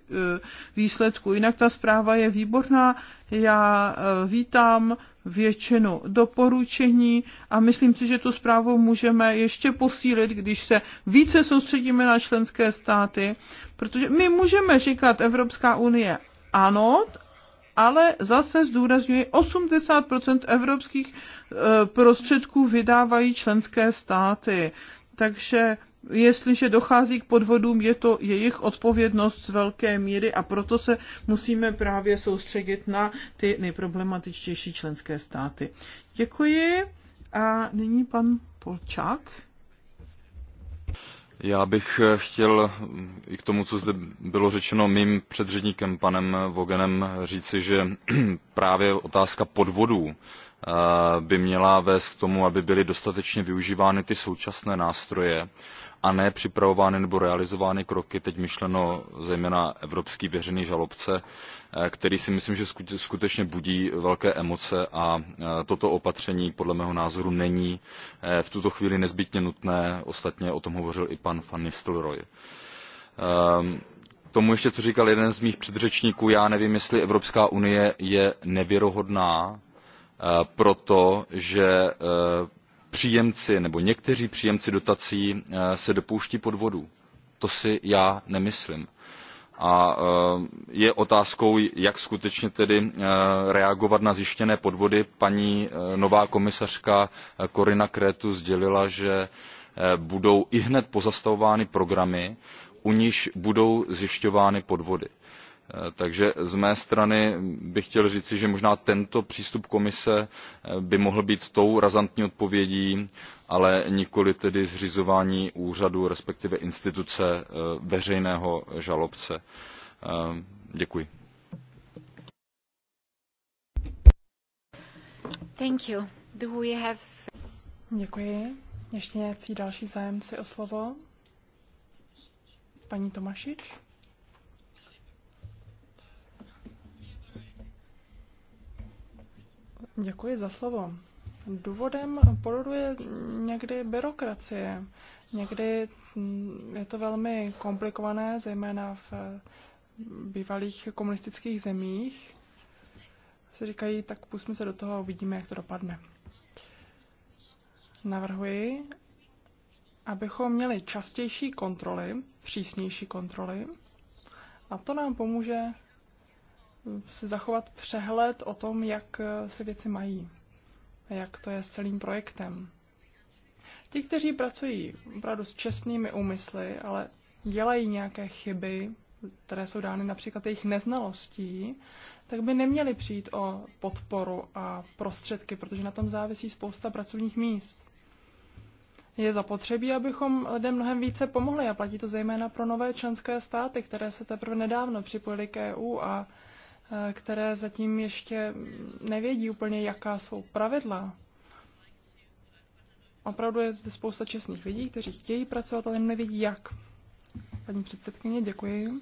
výsledků. Jinak ta zpráva je výborná. Já e, vítám většinu doporučení a myslím si, že tu zprávu můžeme ještě posílit, když se více soustředíme na členské státy, protože my můžeme říkat Evropská unie ano, ale zase zdůrazňuje, 80% evropských e, prostředků vydávají členské státy. Takže jestliže dochází k podvodům, je to jejich odpovědnost z velké míry a proto se musíme právě soustředit na ty nejproblematičtější členské státy. Děkuji a nyní pan Polčák já bych eh, chtěl hm, i k tomu co zde bylo řečeno mým předřečníkem panem Vogenem říci že právě otázka podvodů eh, by měla vést k tomu aby byly dostatečně využívány ty současné nástroje a ne připravovány nebo realizovány kroky teď myšleno zejména evropský veřejný žalobce eh, který si myslím že skutečně budí velké emoce a eh, toto opatření podle mého názoru není eh, v tuto chvíli nezbytně nutné ostatně o tom hovořil i pan van nistelrooij. Ehm, k tomu ještě co říkal jeden z mých předřečníků já nevím jestli evropská unie je nevěrohodná proto že příjemci nebo někteří příjemci dotací eh, se dopouští podvodů. to si já nemyslím a eh, je otázkou jak skutečně tedy eh, reagovat na zjištěné podvody. paní nová komisařka corina cretu sdělila že budou ihned pozastavovány programy u nichž budou zjišťovány podvody. Eh, takže z mé strany bych chtěl říci že možná tento přístup komise eh, by mohl být tou razantní odpovědí ale nikoli tedy zřizování úřadu respektive instituce eh, veřejného žalobce. děkuji. Thank you. Do we have... Děkuji. Ještě nějací další zájemci o slovo? Paní Tomašič? Děkuji za slovo. Důvodem porodu je někdy byrokracie. Někdy je to velmi komplikované, zejména v bývalých komunistických zemích. Se říkají, tak pusme se do toho a uvidíme, jak to dopadne. Navrhuji, abychom měli častější kontroly, přísnější kontroly, a to nám pomůže si zachovat přehled o tom, jak eh, se věci mají a jak to je s celým projektem. Ti, kteří pracují opravdu s čestnými úmysly, ale dělají nějaké chyby, které jsou dány například jejich neznalostí, tak by neměli přijít o podporu a prostředky, protože na tom závisí spousta pracovních míst. Je zapotřebí, abychom lidem mnohem více pomohli a platí to zejména pro nové členské státy, které se teprve nedávno připojily k EU a Eh, které zatím ještě nevědí úplně, jaká jsou pravidla. Opravdu je zde spousta čestných lidí, kteří chtějí pracovat, ale nevědí jak. Paní předsedkyně, děkuji.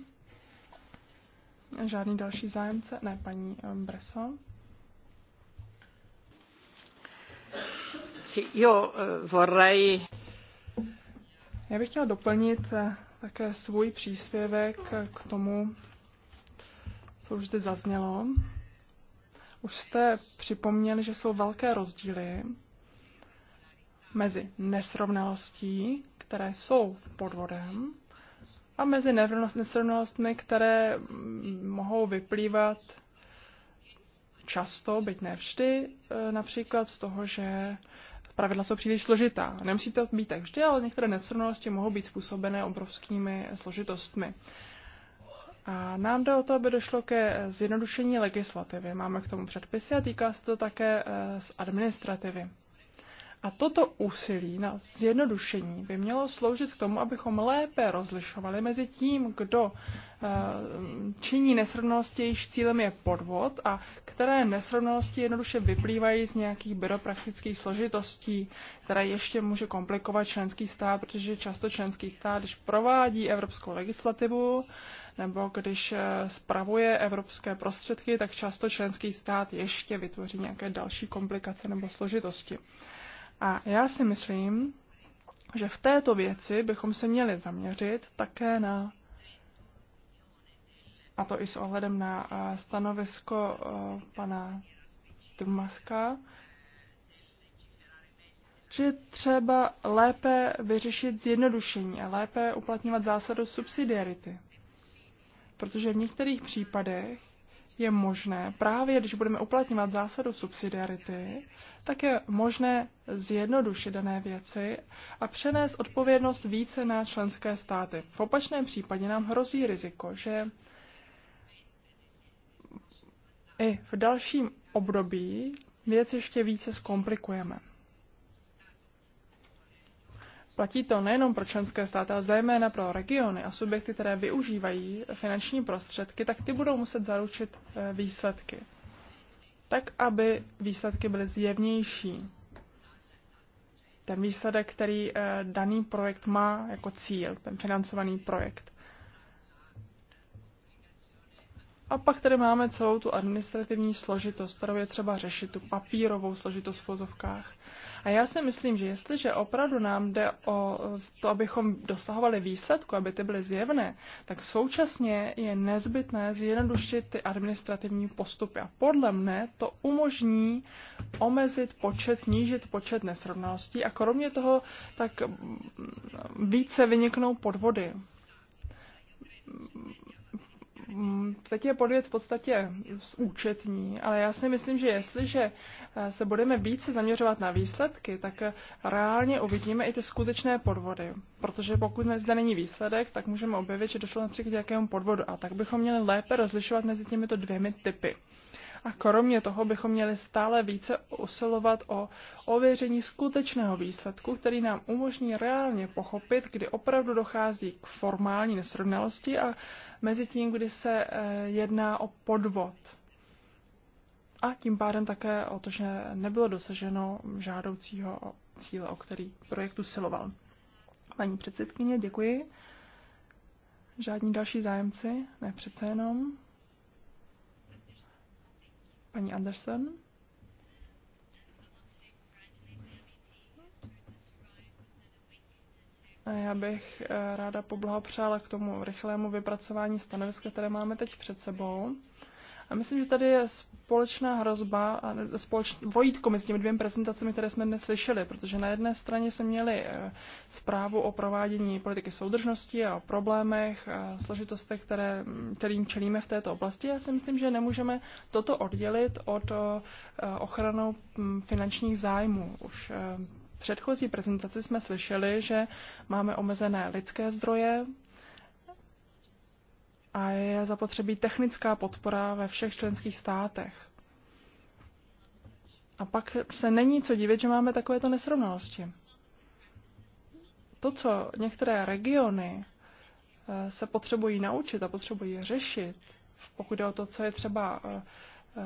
Žádný další zájemce? Ne, paní eh, Breso. Jo, eh, Vorej. Já bych chtěla doplnit také svůj příspěvek k tomu, to už zde zaznělo. Už jste připomněli, že jsou velké rozdíly mezi nesrovnalostí, které jsou podvodem, a mezi nesrovnalostmi, které mohou vyplývat často, byť ne vždy, e, například z toho, že pravidla jsou příliš složitá. Nemusí to být tak vždy, ale některé nesrovnalosti mohou být způsobené obrovskými složitostmi. A nám jde o to, aby došlo ke zjednodušení legislativy. Máme k tomu předpisy a týká se to také eh, z administrativy. A toto úsilí na zjednodušení by mělo sloužit k tomu, abychom lépe rozlišovali mezi tím, kdo eh, činí nesrovnalosti, jejichž cílem je podvod a které nesrovnalosti jednoduše vyplývají z nějakých byrokratických složitostí, které ještě může komplikovat členský stát, protože často členský stát, když provádí evropskou legislativu nebo když eh, spravuje evropské prostředky, tak často členský stát ještě vytvoří nějaké další komplikace nebo složitosti. A já si myslím, že v této věci bychom se měli zaměřit také na, a to i s ohledem na stanovisko pana Tumaska, či třeba lépe vyřešit zjednodušení a lépe uplatňovat zásadu subsidiarity. Protože v některých případech je možné, právě když budeme uplatňovat zásadu subsidiarity, tak je možné zjednodušit dané věci a přenést odpovědnost více na členské státy. V opačném případě nám hrozí riziko, že i v dalším období věc ještě více zkomplikujeme. Platí to nejenom pro členské státy, ale zejména pro regiony a subjekty, které využívají finanční prostředky, tak ty budou muset zaručit eh, výsledky. Tak, aby výsledky byly zjevnější. Ten výsledek, který eh, daný projekt má jako cíl, ten financovaný projekt. A pak tady máme celou tu administrativní složitost, kterou je třeba řešit, tu papírovou složitost v vozovkách. A já si myslím, že jestliže opravdu nám jde o to, abychom dosahovali výsledku, aby ty byly zjevné, tak současně je nezbytné zjednodušit ty administrativní postupy. A podle mne to umožní omezit počet, snížit počet nesrovnalostí a kromě toho tak více vyniknou podvody Mm, teď je podvěd v podstatě účetní, ale já si myslím, že jestliže eh, se budeme více zaměřovat na výsledky, tak eh, reálně uvidíme i ty skutečné podvody. Protože pokud zde není výsledek, tak můžeme objevit, že došlo například k jakému podvodu. A tak bychom měli lépe rozlišovat mezi těmito dvěmi typy. A kromě toho bychom měli stále více usilovat o ověření skutečného výsledku, který nám umožní reálně pochopit, kdy opravdu dochází k formální nesrovnalosti a mezi tím, kdy se eh, jedná o podvod. A tím pádem také o to, že nebylo dosaženo žádoucího cíle, o který projekt usiloval. Paní předsedkyně, děkuji. Žádní další zájemci? Ne, přece jenom. Paní Anderson. Já bych eh, ráda poblahopřála k tomu rychlému vypracování stanoviska, které máme teď před sebou. A myslím, že tady je společná hrozba a společ, vojítko mezi těmi dvěmi prezentacemi, které jsme dnes slyšeli, protože na jedné straně jsme měli eh, zprávu o provádění politiky soudržnosti a o problémech a složitostech, které, mm, kterým čelíme v této oblasti. Já si myslím, že nemůžeme toto oddělit od eh, ochranou mm, finančních zájmů. Už eh, předchozí prezentaci jsme slyšeli, že máme omezené lidské zdroje, a je zapotřebí technická podpora ve všech členských státech. A pak se není co divit, že máme takovéto nesrovnalosti. To, co některé regiony eh, se potřebují naučit a potřebují řešit, pokud jde o to, co je třeba eh, eh,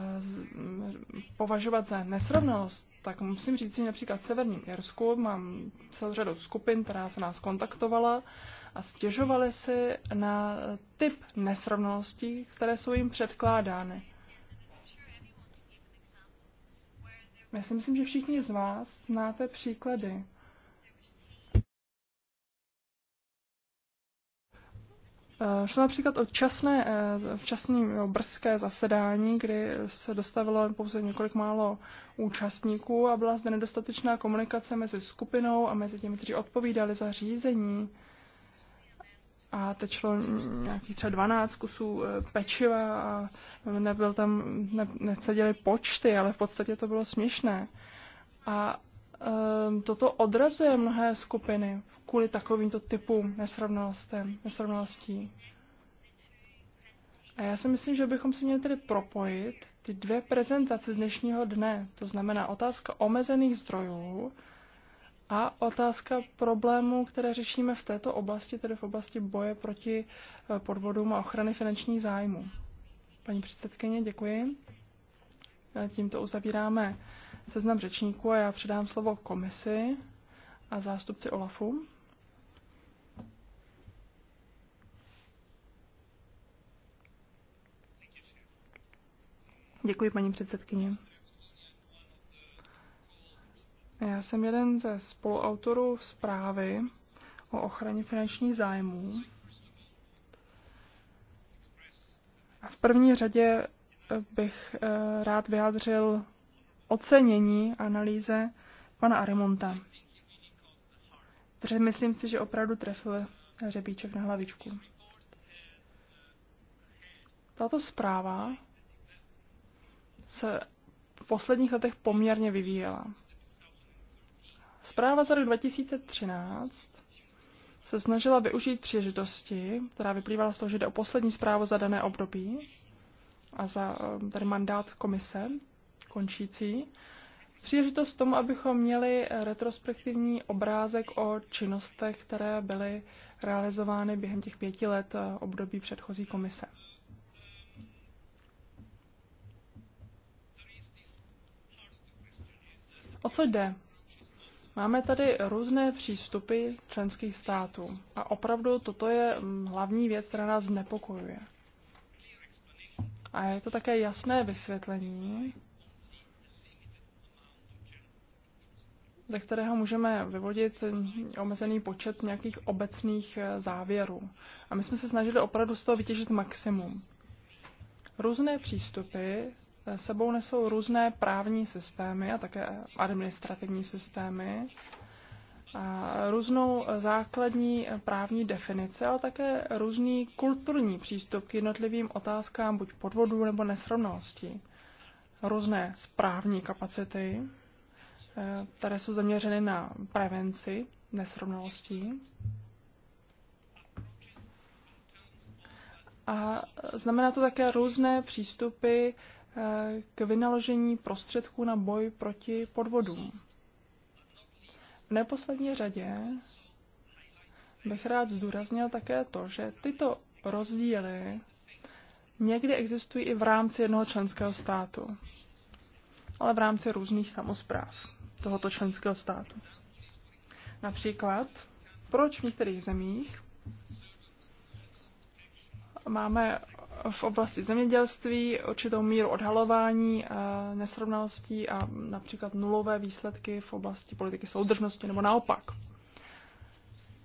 mm, považovat za nesrovnalost, tak musím říct, že například v Severním Jirsku mám celou řadu skupin, která se nás kontaktovala a stěžovali si na typ nesrovnalostí, které jsou jim předkládány. Já si myslím, že všichni z vás znáte příklady. Eh, šlo například o časné, eh, včasné brzké zasedání, kdy se dostavilo pouze několik málo účastníků a byla zde nedostatečná komunikace mezi skupinou a mezi těmi, kteří odpovídali za řízení a tečlo nějaký nějakých třeba 12 kusů eh, pečiva a nebyl tam, ne, neseděly počty, ale v podstatě to bylo směšné. A um, toto odrazuje mnohé skupiny kvůli takovýmto typům nesrovnalostí. A já si myslím, že bychom si měli tedy propojit ty dvě prezentace dnešního dne. To znamená otázka omezených zdrojů, a otázka problémů, které řešíme v této oblasti, tedy v oblasti boje proti eh, podvodům a ochrany finančních zájmů. Paní předsedkyně, děkuji. Eh, tímto uzavíráme seznam řečníků a já předám slovo komisi a zástupci OLAFu. Děkuji, paní předsedkyně. Já jsem jeden ze spoluautorů zprávy o ochraně finančních zájmů. A v první řadě eh, bych eh, rád vyjádřil ocenění analýze pana Arimonta. Protože myslím si, že opravdu trefil řebíček na hlavičku. Tato zpráva se v posledních letech poměrně vyvíjela. Zpráva za rok 2013 se snažila využít příležitosti, která vyplývala z toho, že jde o poslední zprávu za dané období a za eh, tady mandát komise končící, příležitost tomu, abychom měli eh, retrospektivní obrázek o činnostech, které byly realizovány během těch pěti let eh, období předchozí komise. O co jde Máme tady různé přístupy členských států a opravdu toto je mm, hlavní věc, která nás nepokojuje. A je to také jasné vysvětlení, ze kterého můžeme vyvodit mm, omezený počet nějakých obecných eh, závěrů. A my jsme se snažili opravdu z toho vytěžit maximum. Různé přístupy sebou nesou různé právní systémy a také administrativní systémy, a různou základní právní definici, ale také různý kulturní přístup k jednotlivým otázkám buď podvodů nebo nesrovnalostí. Různé správní kapacity, eh, které jsou zaměřeny na prevenci nesrovnalostí. A znamená to také různé přístupy k vynaložení prostředků na boj proti podvodům. V neposlední řadě bych rád zdůraznil také to, že tyto rozdíly někdy existují i v rámci jednoho členského státu, ale v rámci různých samozpráv tohoto členského státu. Například, proč v některých zemích máme v oblasti zemědělství určitou míru odhalování eh, nesrovnalostí a například nulové výsledky v oblasti politiky soudržnosti nebo naopak.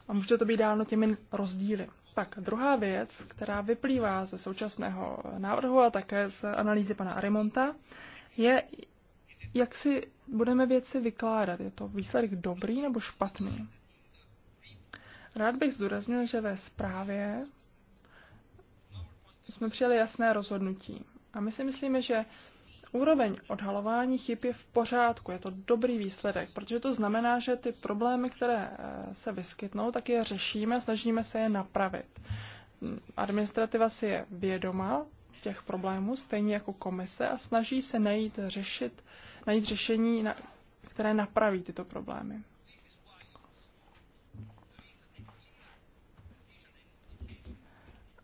A může to být dáno těmi rozdíly. Tak, druhá věc, která vyplývá ze současného návrhu a také z analýzy pana Arimonta, je, jak si budeme věci vykládat. Je to výsledek dobrý nebo špatný? Rád bych zdůraznil, že ve zprávě jsme přijali jasné rozhodnutí. A my si myslíme, že úroveň odhalování chyb je v pořádku, je to dobrý výsledek, protože to znamená, že ty problémy, které eh, se vyskytnou, tak je řešíme, snažíme se je napravit. Administrativa si je vědoma těch problémů, stejně jako komise, a snaží se najít, řešit, najít řešení, na, které napraví tyto problémy.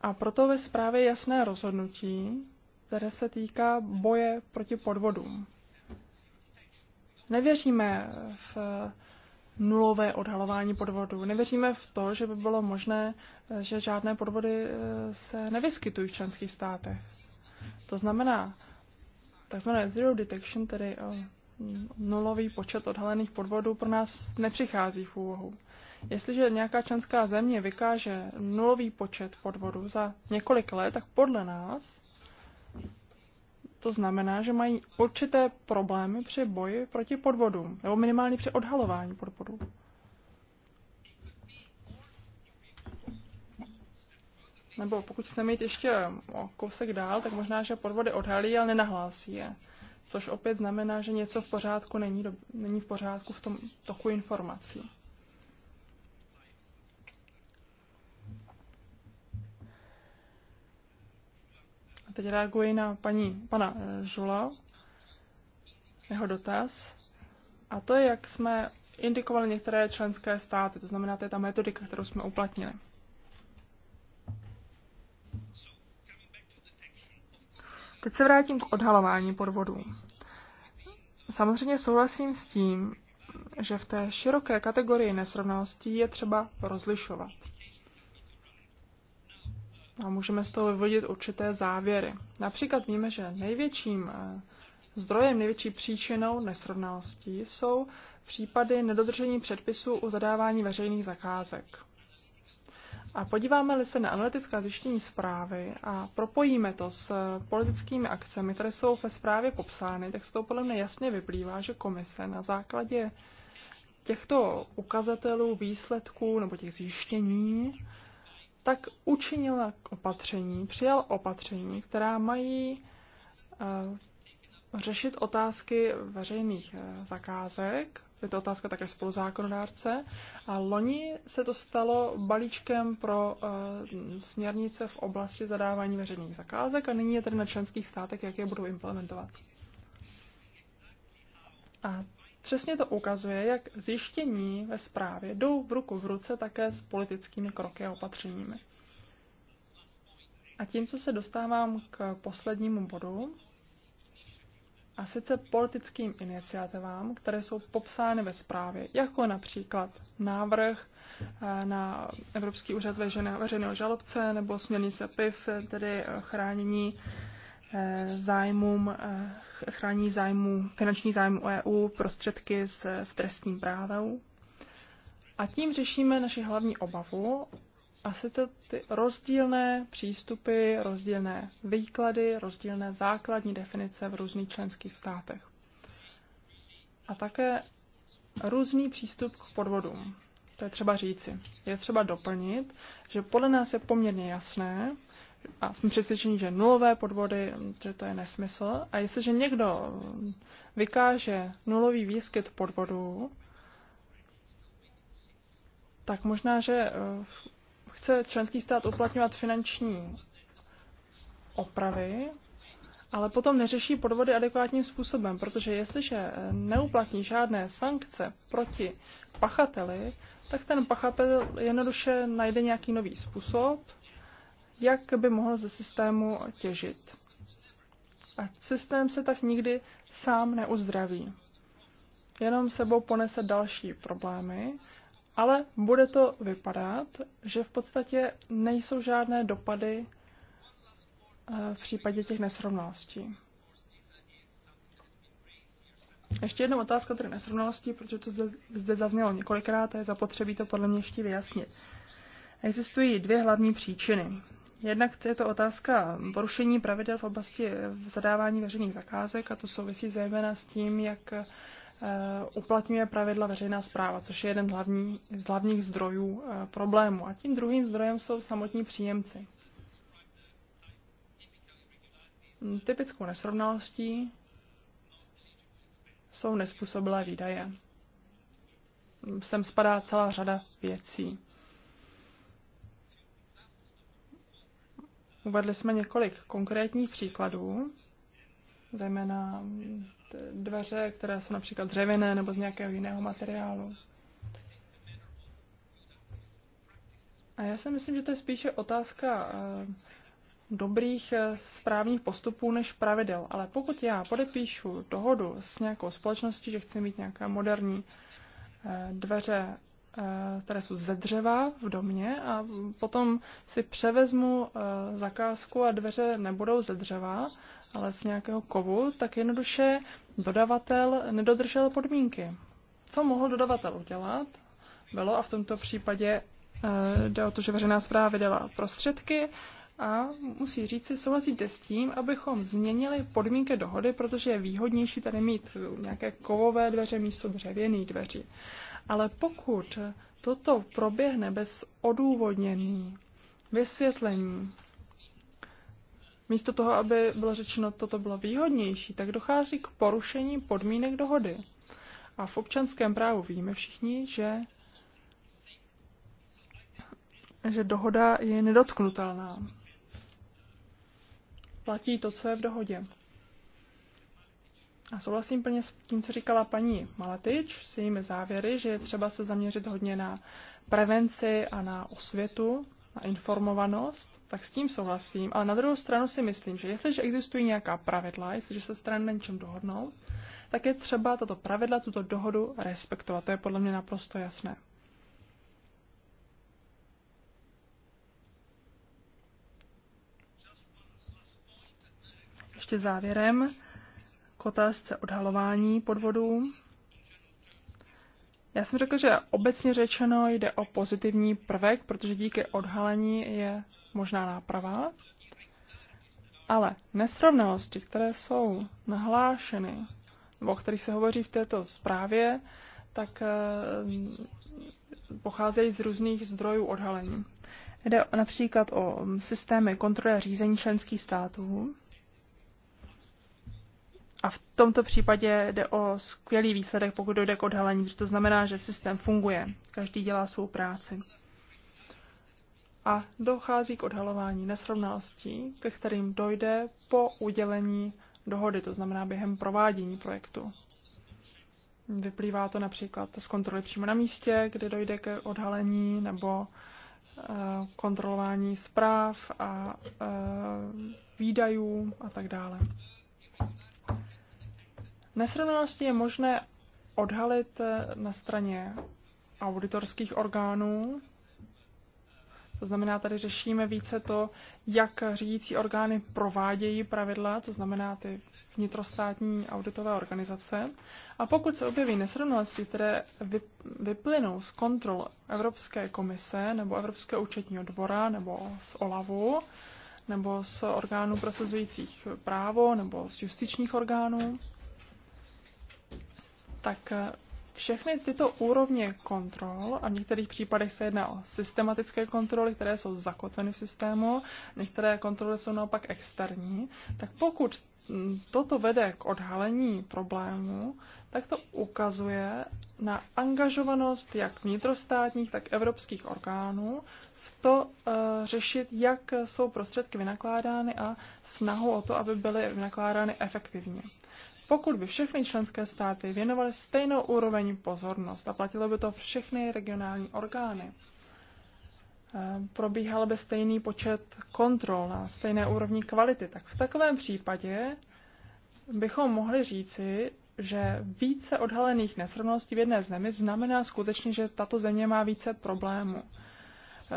A proto ve zprávě je jasné rozhodnutí, které se týká boje proti podvodům. Nevěříme v nulové odhalování podvodů. Nevěříme v to, že by bylo možné, že žádné podvody eh, se nevyskytují v členských státech. To znamená, takzvané zero detection, tedy eh, nulový počet odhalených podvodů, pro nás nepřichází v úvahu. Jestliže nějaká členská země vykáže nulový počet podvodů za několik let, tak podle nás to znamená, že mají určité problémy při boji proti podvodům, nebo minimálně při odhalování podvodů. Nebo pokud chceme jít ještě o kousek dál, tak možná, že podvody odhalí, ale nenahlásí je. Což opět znamená, že něco v pořádku není, do, není v pořádku v tom toku informací. Teď reaguji na paní, pana eh, Žula, jeho dotaz. A to je, jak jsme indikovali některé členské státy, to znamená, to je ta metodika, kterou jsme uplatnili. Teď se vrátím k odhalování podvodů. Samozřejmě souhlasím s tím, že v té široké kategorii nesrovnalostí je třeba rozlišovat a můžeme z toho vyvodit určité závěry. Například víme, že největším eh, zdrojem, největší příčinou nesrovnalostí jsou případy nedodržení předpisů u zadávání veřejných zakázek. A podíváme-li se na analytická zjištění zprávy a propojíme to s eh, politickými akcemi, které jsou ve zprávě popsány, tak z toho podle mě jasně vyplývá, že komise na základě těchto ukazatelů, výsledků nebo těch zjištění tak učinil opatření, přijal opatření, která mají eh, řešit otázky veřejných eh, zakázek. Je to otázka také spoluzákonodárce. A loni se to stalo balíčkem pro eh, směrnice v oblasti zadávání veřejných zakázek a nyní je tedy na členských státech, jak je budou implementovat. A Přesně to ukazuje, jak zjištění ve zprávě jdou v ruku v ruce také s politickými kroky a opatřeními. A tím, co se dostávám k poslednímu bodu, a sice politickým iniciativám, které jsou popsány ve zprávě, jako například návrh eh, na Evropský úřad veřejného žalobce nebo směrnice PIF, tedy eh, chránění Eh, zájmům, eh, chrání zájmu, finanční zájmu EU, prostředky v trestním právu. A tím řešíme naši hlavní obavu, a sice ty rozdílné přístupy, rozdílné výklady, rozdílné základní definice v různých členských státech. A také různý přístup k podvodům. To je třeba říci. Je třeba doplnit, že podle nás je poměrně jasné, a jsme přesvědčeni, že nulové podvody, že to je nesmysl. A jestliže někdo vykáže nulový výskyt podvodů, tak možná, že eh, chce členský stát uplatňovat finanční opravy, ale potom neřeší podvody adekvátním způsobem, protože jestliže eh, neuplatní žádné sankce proti pachateli, tak ten pachatel jednoduše najde nějaký nový způsob, jak by mohl ze systému těžit. A systém se tak nikdy sám neuzdraví. Jenom sebou ponese další problémy, ale bude to vypadat, že v podstatě nejsou žádné dopady eh, v případě těch nesrovnalostí. Ještě jedna otázka tedy nesrovnalosti. protože to zde, zde zaznělo několikrát a je zapotřebí to podle mě ještě vyjasnit. Existují dvě hlavní příčiny. Jednak je to otázka porušení pravidel v oblasti zadávání veřejných zakázek a to souvisí zejména s tím, jak eh, uplatňuje pravidla veřejná zpráva, což je jeden hlavní, z hlavních zdrojů eh, problému. A tím druhým zdrojem jsou samotní příjemci. Typickou nesrovnalostí jsou nespůsobilé výdaje. Sem spadá celá řada věcí. Uvedli jsme několik konkrétních příkladů, zejména dveře, které jsou například dřevěné nebo z nějakého jiného materiálu. A já si myslím, že to je spíše otázka eh, dobrých eh, správných postupů než pravidel. Ale pokud já podepíšu dohodu s nějakou společností, že chci mít nějaké moderní eh, dveře Eh, které jsou ze dřeva v domě a potom si převezmu eh, zakázku a dveře nebudou ze dřeva, ale z nějakého kovu, tak jednoduše dodavatel nedodržel podmínky. Co mohl dodavatel udělat? Bylo a v tomto případě eh, jde o to, že veřejná zpráva vydala prostředky a musí říct si, souhlasíte s tím, abychom změnili podmínky dohody, protože je výhodnější tady mít nějaké kovové dveře místo dřevěných dveří. Ale pokud toto proběhne bez odůvodnění, vysvětlení, místo toho, aby bylo řečeno, toto bylo výhodnější, tak dochází k porušení podmínek dohody. A v občanském právu víme všichni, že, že dohoda je nedotknutelná. Platí to, co je v dohodě. A souhlasím plně s tím, co říkala paní Maletič, s jejími závěry, že je třeba se zaměřit hodně na prevenci a na osvětu, na informovanost, tak s tím souhlasím. Ale na druhou stranu si myslím, že jestliže existují nějaká pravidla, jestliže se strany na něčem dohodnou, tak je třeba tato pravidla, tuto dohodu respektovat. To je podle mě naprosto jasné. Ještě závěrem otázce odhalování podvodů. Já jsem řekl, že obecně řečeno jde o pozitivní prvek, protože díky odhalení je možná náprava, ale nesrovnalosti, které jsou nahlášeny, nebo o kterých se hovoří v této zprávě, tak eh, pocházejí z různých zdrojů odhalení. Jde například o systémy kontroly a řízení členských států, a v tomto případě jde o skvělý výsledek, pokud dojde k odhalení, protože to znamená, že systém funguje, každý dělá svou práci. A dochází k odhalování nesrovnalostí, ke kterým dojde po udělení dohody, to znamená během provádění projektu. Vyplývá to například z kontroly přímo na místě, kde dojde k odhalení nebo eh, kontrolování zpráv a eh, výdajů a tak dále. Nesrovnalosti je možné odhalit eh, na straně auditorských orgánů. To znamená, tady řešíme více to, jak řídící orgány provádějí pravidla, to znamená ty vnitrostátní auditové organizace. A pokud se objeví nesrovnalosti, které vyplynou z kontrol Evropské komise nebo Evropského účetního dvora nebo z OLAVu, nebo z orgánů prosazujících právo nebo z justičních orgánů, tak eh, všechny tyto úrovně kontrol, a v některých případech se jedná o systematické kontroly, které jsou zakotveny v systému, některé kontroly jsou naopak externí, tak pokud mm, toto vede k odhalení problému, tak to ukazuje na angažovanost jak vnitrostátních, tak evropských orgánů v to uh, řešit, jak jsou prostředky vynakládány a snahu o to, aby byly vynakládány efektivně pokud by všechny členské státy věnovaly stejnou úroveň pozornost a platilo by to všechny regionální orgány, eh, probíhal by stejný počet kontrol na stejné úrovni kvality, tak v takovém případě bychom mohli říci, že více odhalených nesrovnalostí v jedné zemi znamená skutečně, že tato země má více problémů.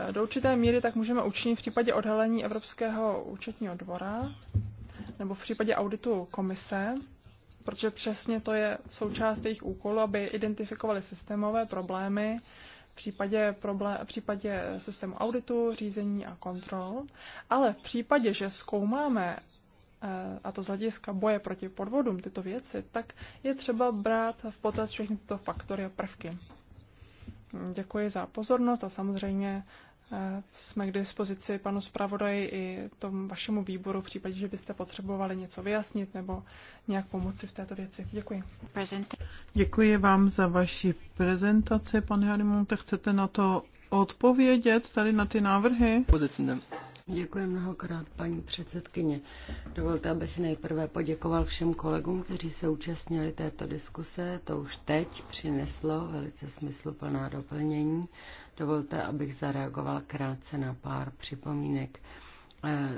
Eh, do určité míry tak můžeme učinit v případě odhalení Evropského účetního dvora nebo v případě auditu komise, protože přesně to je součást jejich úkolu, aby identifikovali systémové problémy v případě, problé- v případě systému auditu, řízení a kontrol. Ale v případě, že zkoumáme eh, a to z hlediska boje proti podvodům tyto věci, tak je třeba brát v potaz všechny tyto faktory a prvky. Děkuji za pozornost a samozřejmě Eh, jsme k dispozici panu zpravodaji i tomu vašemu výboru, v případě, že byste potřebovali něco vyjasnit nebo nějak pomoci v této věci. Děkuji. Děkuji vám za vaši prezentaci, pane Harimonte. Chcete na to odpovědět tady na ty návrhy? Děkuji mnohokrát, paní předsedkyně. Dovolte, abych nejprve poděkoval všem kolegům, kteří se účastnili této diskuse. To už teď přineslo velice smysluplná doplnění Dovolte, abych zareagoval krátce na pár připomínek. Eh,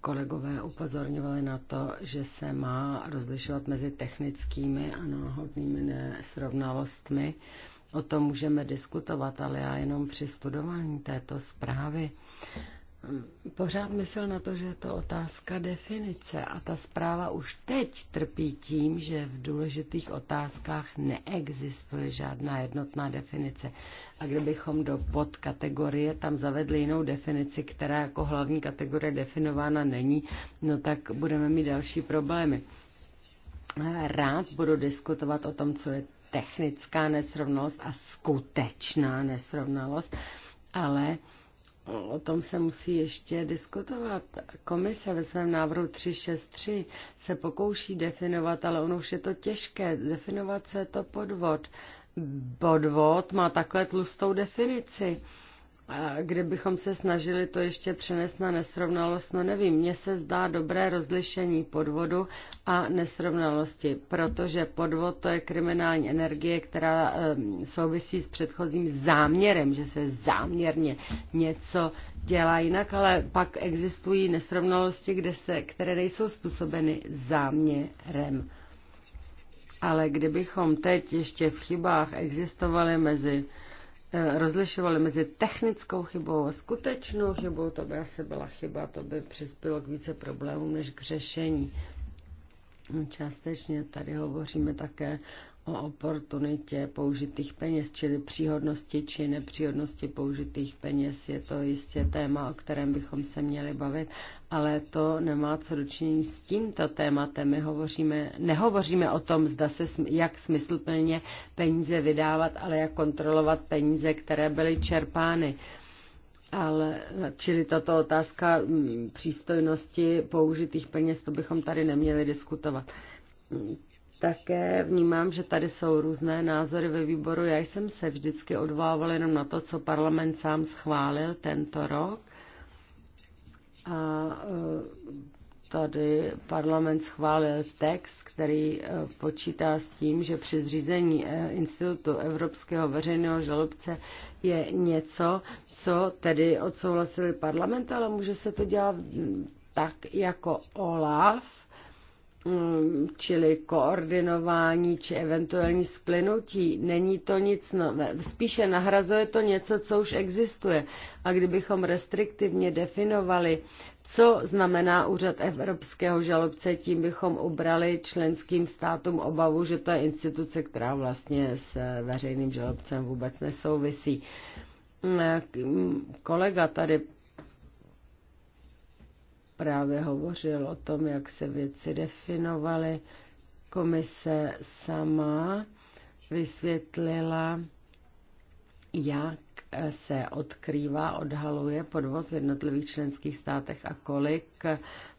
kolegové upozorňovali na to, že se má rozlišovat mezi technickými a náhodnými nesrovnalostmi. O tom můžeme diskutovat, ale já jenom při studování této zprávy pořád myslel na to, že je to otázka definice a ta zpráva už teď trpí tím, že v důležitých otázkách neexistuje žádná jednotná definice. A kdybychom do podkategorie tam zavedli jinou definici, která jako hlavní kategorie definována není, no tak budeme mít další problémy. Rád budu diskutovat o tom, co je technická nesrovnalost a skutečná nesrovnalost, ale O tom se musí ještě diskutovat. Komise ve svém návrhu 363 se pokouší definovat, ale ono už je to těžké. Definovat se to podvod. Podvod má takhle tlustou definici. A kdybychom se snažili to ještě přenést na nesrovnalost, no nevím, mně se zdá dobré rozlišení podvodu a nesrovnalosti, protože podvod to je kriminální energie, která souvisí s předchozím záměrem, že se záměrně něco dělá jinak, ale pak existují nesrovnalosti, kde se, které nejsou způsobeny záměrem. Ale kdybychom teď ještě v chybách existovali mezi Eh, rozlišovali mezi technickou chybou a skutečnou chybou, to by asi byla chyba, to by přispělo k více problémům než k řešení. Částečně tady hovoříme také o oportunitě použitých peněz, čili příhodnosti či nepříhodnosti použitých peněz. Je to jistě téma, o kterém bychom se měli bavit, ale to nemá co dočinění s tímto tématem. My hovoříme, nehovoříme o tom, zda se, jak smysluplně peníze vydávat, ale jak kontrolovat peníze, které byly čerpány. Ale, čili tato otázka mm, přístojnosti použitých peněz, to bychom tady neměli diskutovat také vnímám, že tady jsou různé názory ve výboru. Já jsem se vždycky odvolávala jenom na to, co parlament sám schválil tento rok. A e, tady parlament schválil text, který e, počítá s tím, že při zřízení e, Institutu Evropského veřejného žalobce je něco, co tedy odsouhlasili parlament, ale může se to dělat tak jako OLAF, Mm, čili koordinování či eventuální splynutí, není to nic nové. Spíše nahrazuje to něco, co už existuje. A kdybychom restriktivně definovali, co znamená úřad evropského žalobce, tím bychom ubrali členským státům obavu, že to je instituce, která vlastně s veřejným žalobcem vůbec nesouvisí. Mm, kolega tady právě hovořil o tom, jak se věci definovaly. Komise sama vysvětlila, jak se odkrývá, odhaluje podvod v jednotlivých členských státech a kolik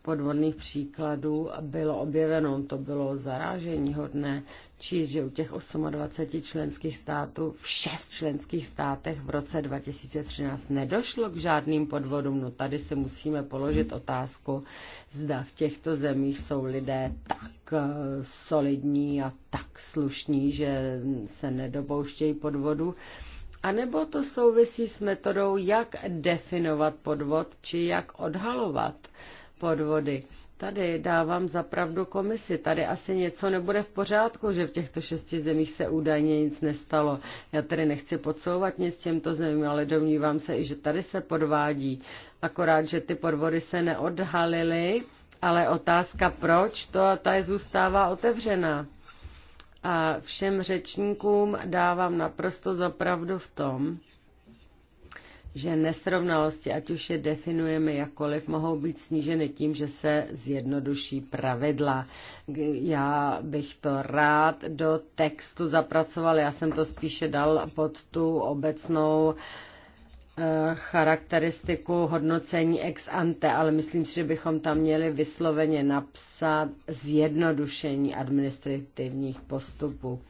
podvodných příkladů bylo objeveno. To bylo zarážení hodné číst, že u těch 28 členských států v 6 členských státech v roce 2013 nedošlo k žádným podvodům. No tady si musíme položit otázku, zda v těchto zemích jsou lidé tak eh, solidní a tak slušní, že se nedopouštějí podvodu. A nebo to souvisí s metodou, jak definovat podvod, či jak odhalovat podvody. Tady dávám zapravdu komisi. Tady asi něco nebude v pořádku, že v těchto šesti zemích se údajně nic nestalo. Já tady nechci podsouvat nic těmto zemím, ale domnívám se i, že tady se podvádí. Akorát, že ty podvody se neodhalily, ale otázka proč, to ta je zůstává otevřená. A všem řečníkům dávám naprosto zapravdu v tom, že nesrovnalosti, ať už je definujeme jakkoliv, mohou být sníženy tím, že se zjednoduší pravidla. Já bych to rád do textu zapracoval, já jsem to spíše dal pod tu obecnou uh, Eh, charakteristiku hodnocení ex ante, ale myslím si, že bychom tam měli vysloveně napsat zjednodušení administrativních postupů,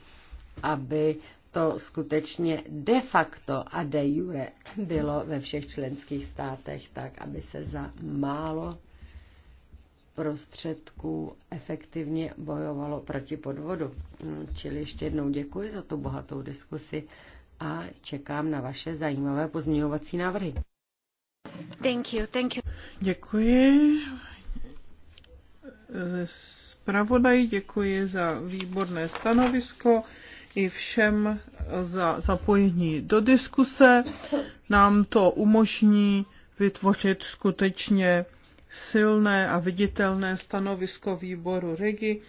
aby to skutečně de facto a de jure bylo ve všech členských státech tak, aby se za málo prostředků efektivně bojovalo proti podvodu. Hm, čili ještě jednou děkuji za tu bohatou diskusi a čekám na vaše zajímavé pozměňovací návrhy. Thank you, thank you. Děkuji. Zpravodaj děkuji za výborné stanovisko i všem za zapojení do diskuse. Nám to umožní vytvořit skutečně silné a viditelné stanovisko výboru REGI,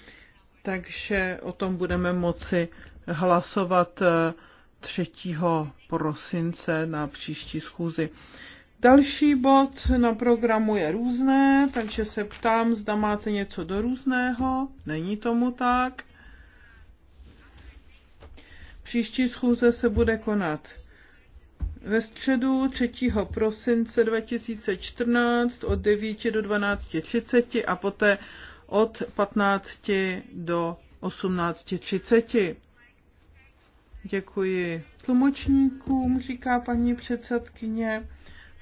takže o tom budeme moci hlasovat eh, 3. prosince na příští schůzi. Další bod na programu je různé, takže se ptám, zda máte něco do různého. Není tomu tak. Příští schůze se bude konat ve středu 3. prosince 2014 od 9 do 12.30 a poté od 15 do 18.30. Děkuji tlumočníkům, říká paní předsedkyně,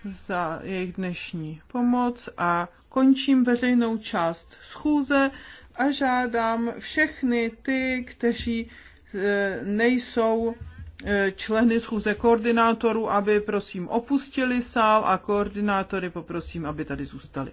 za jejich dnešní pomoc a končím veřejnou část schůze a žádám všechny ty, kteří e, nejsou e, členy schůze koordinátorů, aby prosím opustili sál a koordinátory poprosím, aby tady zůstali.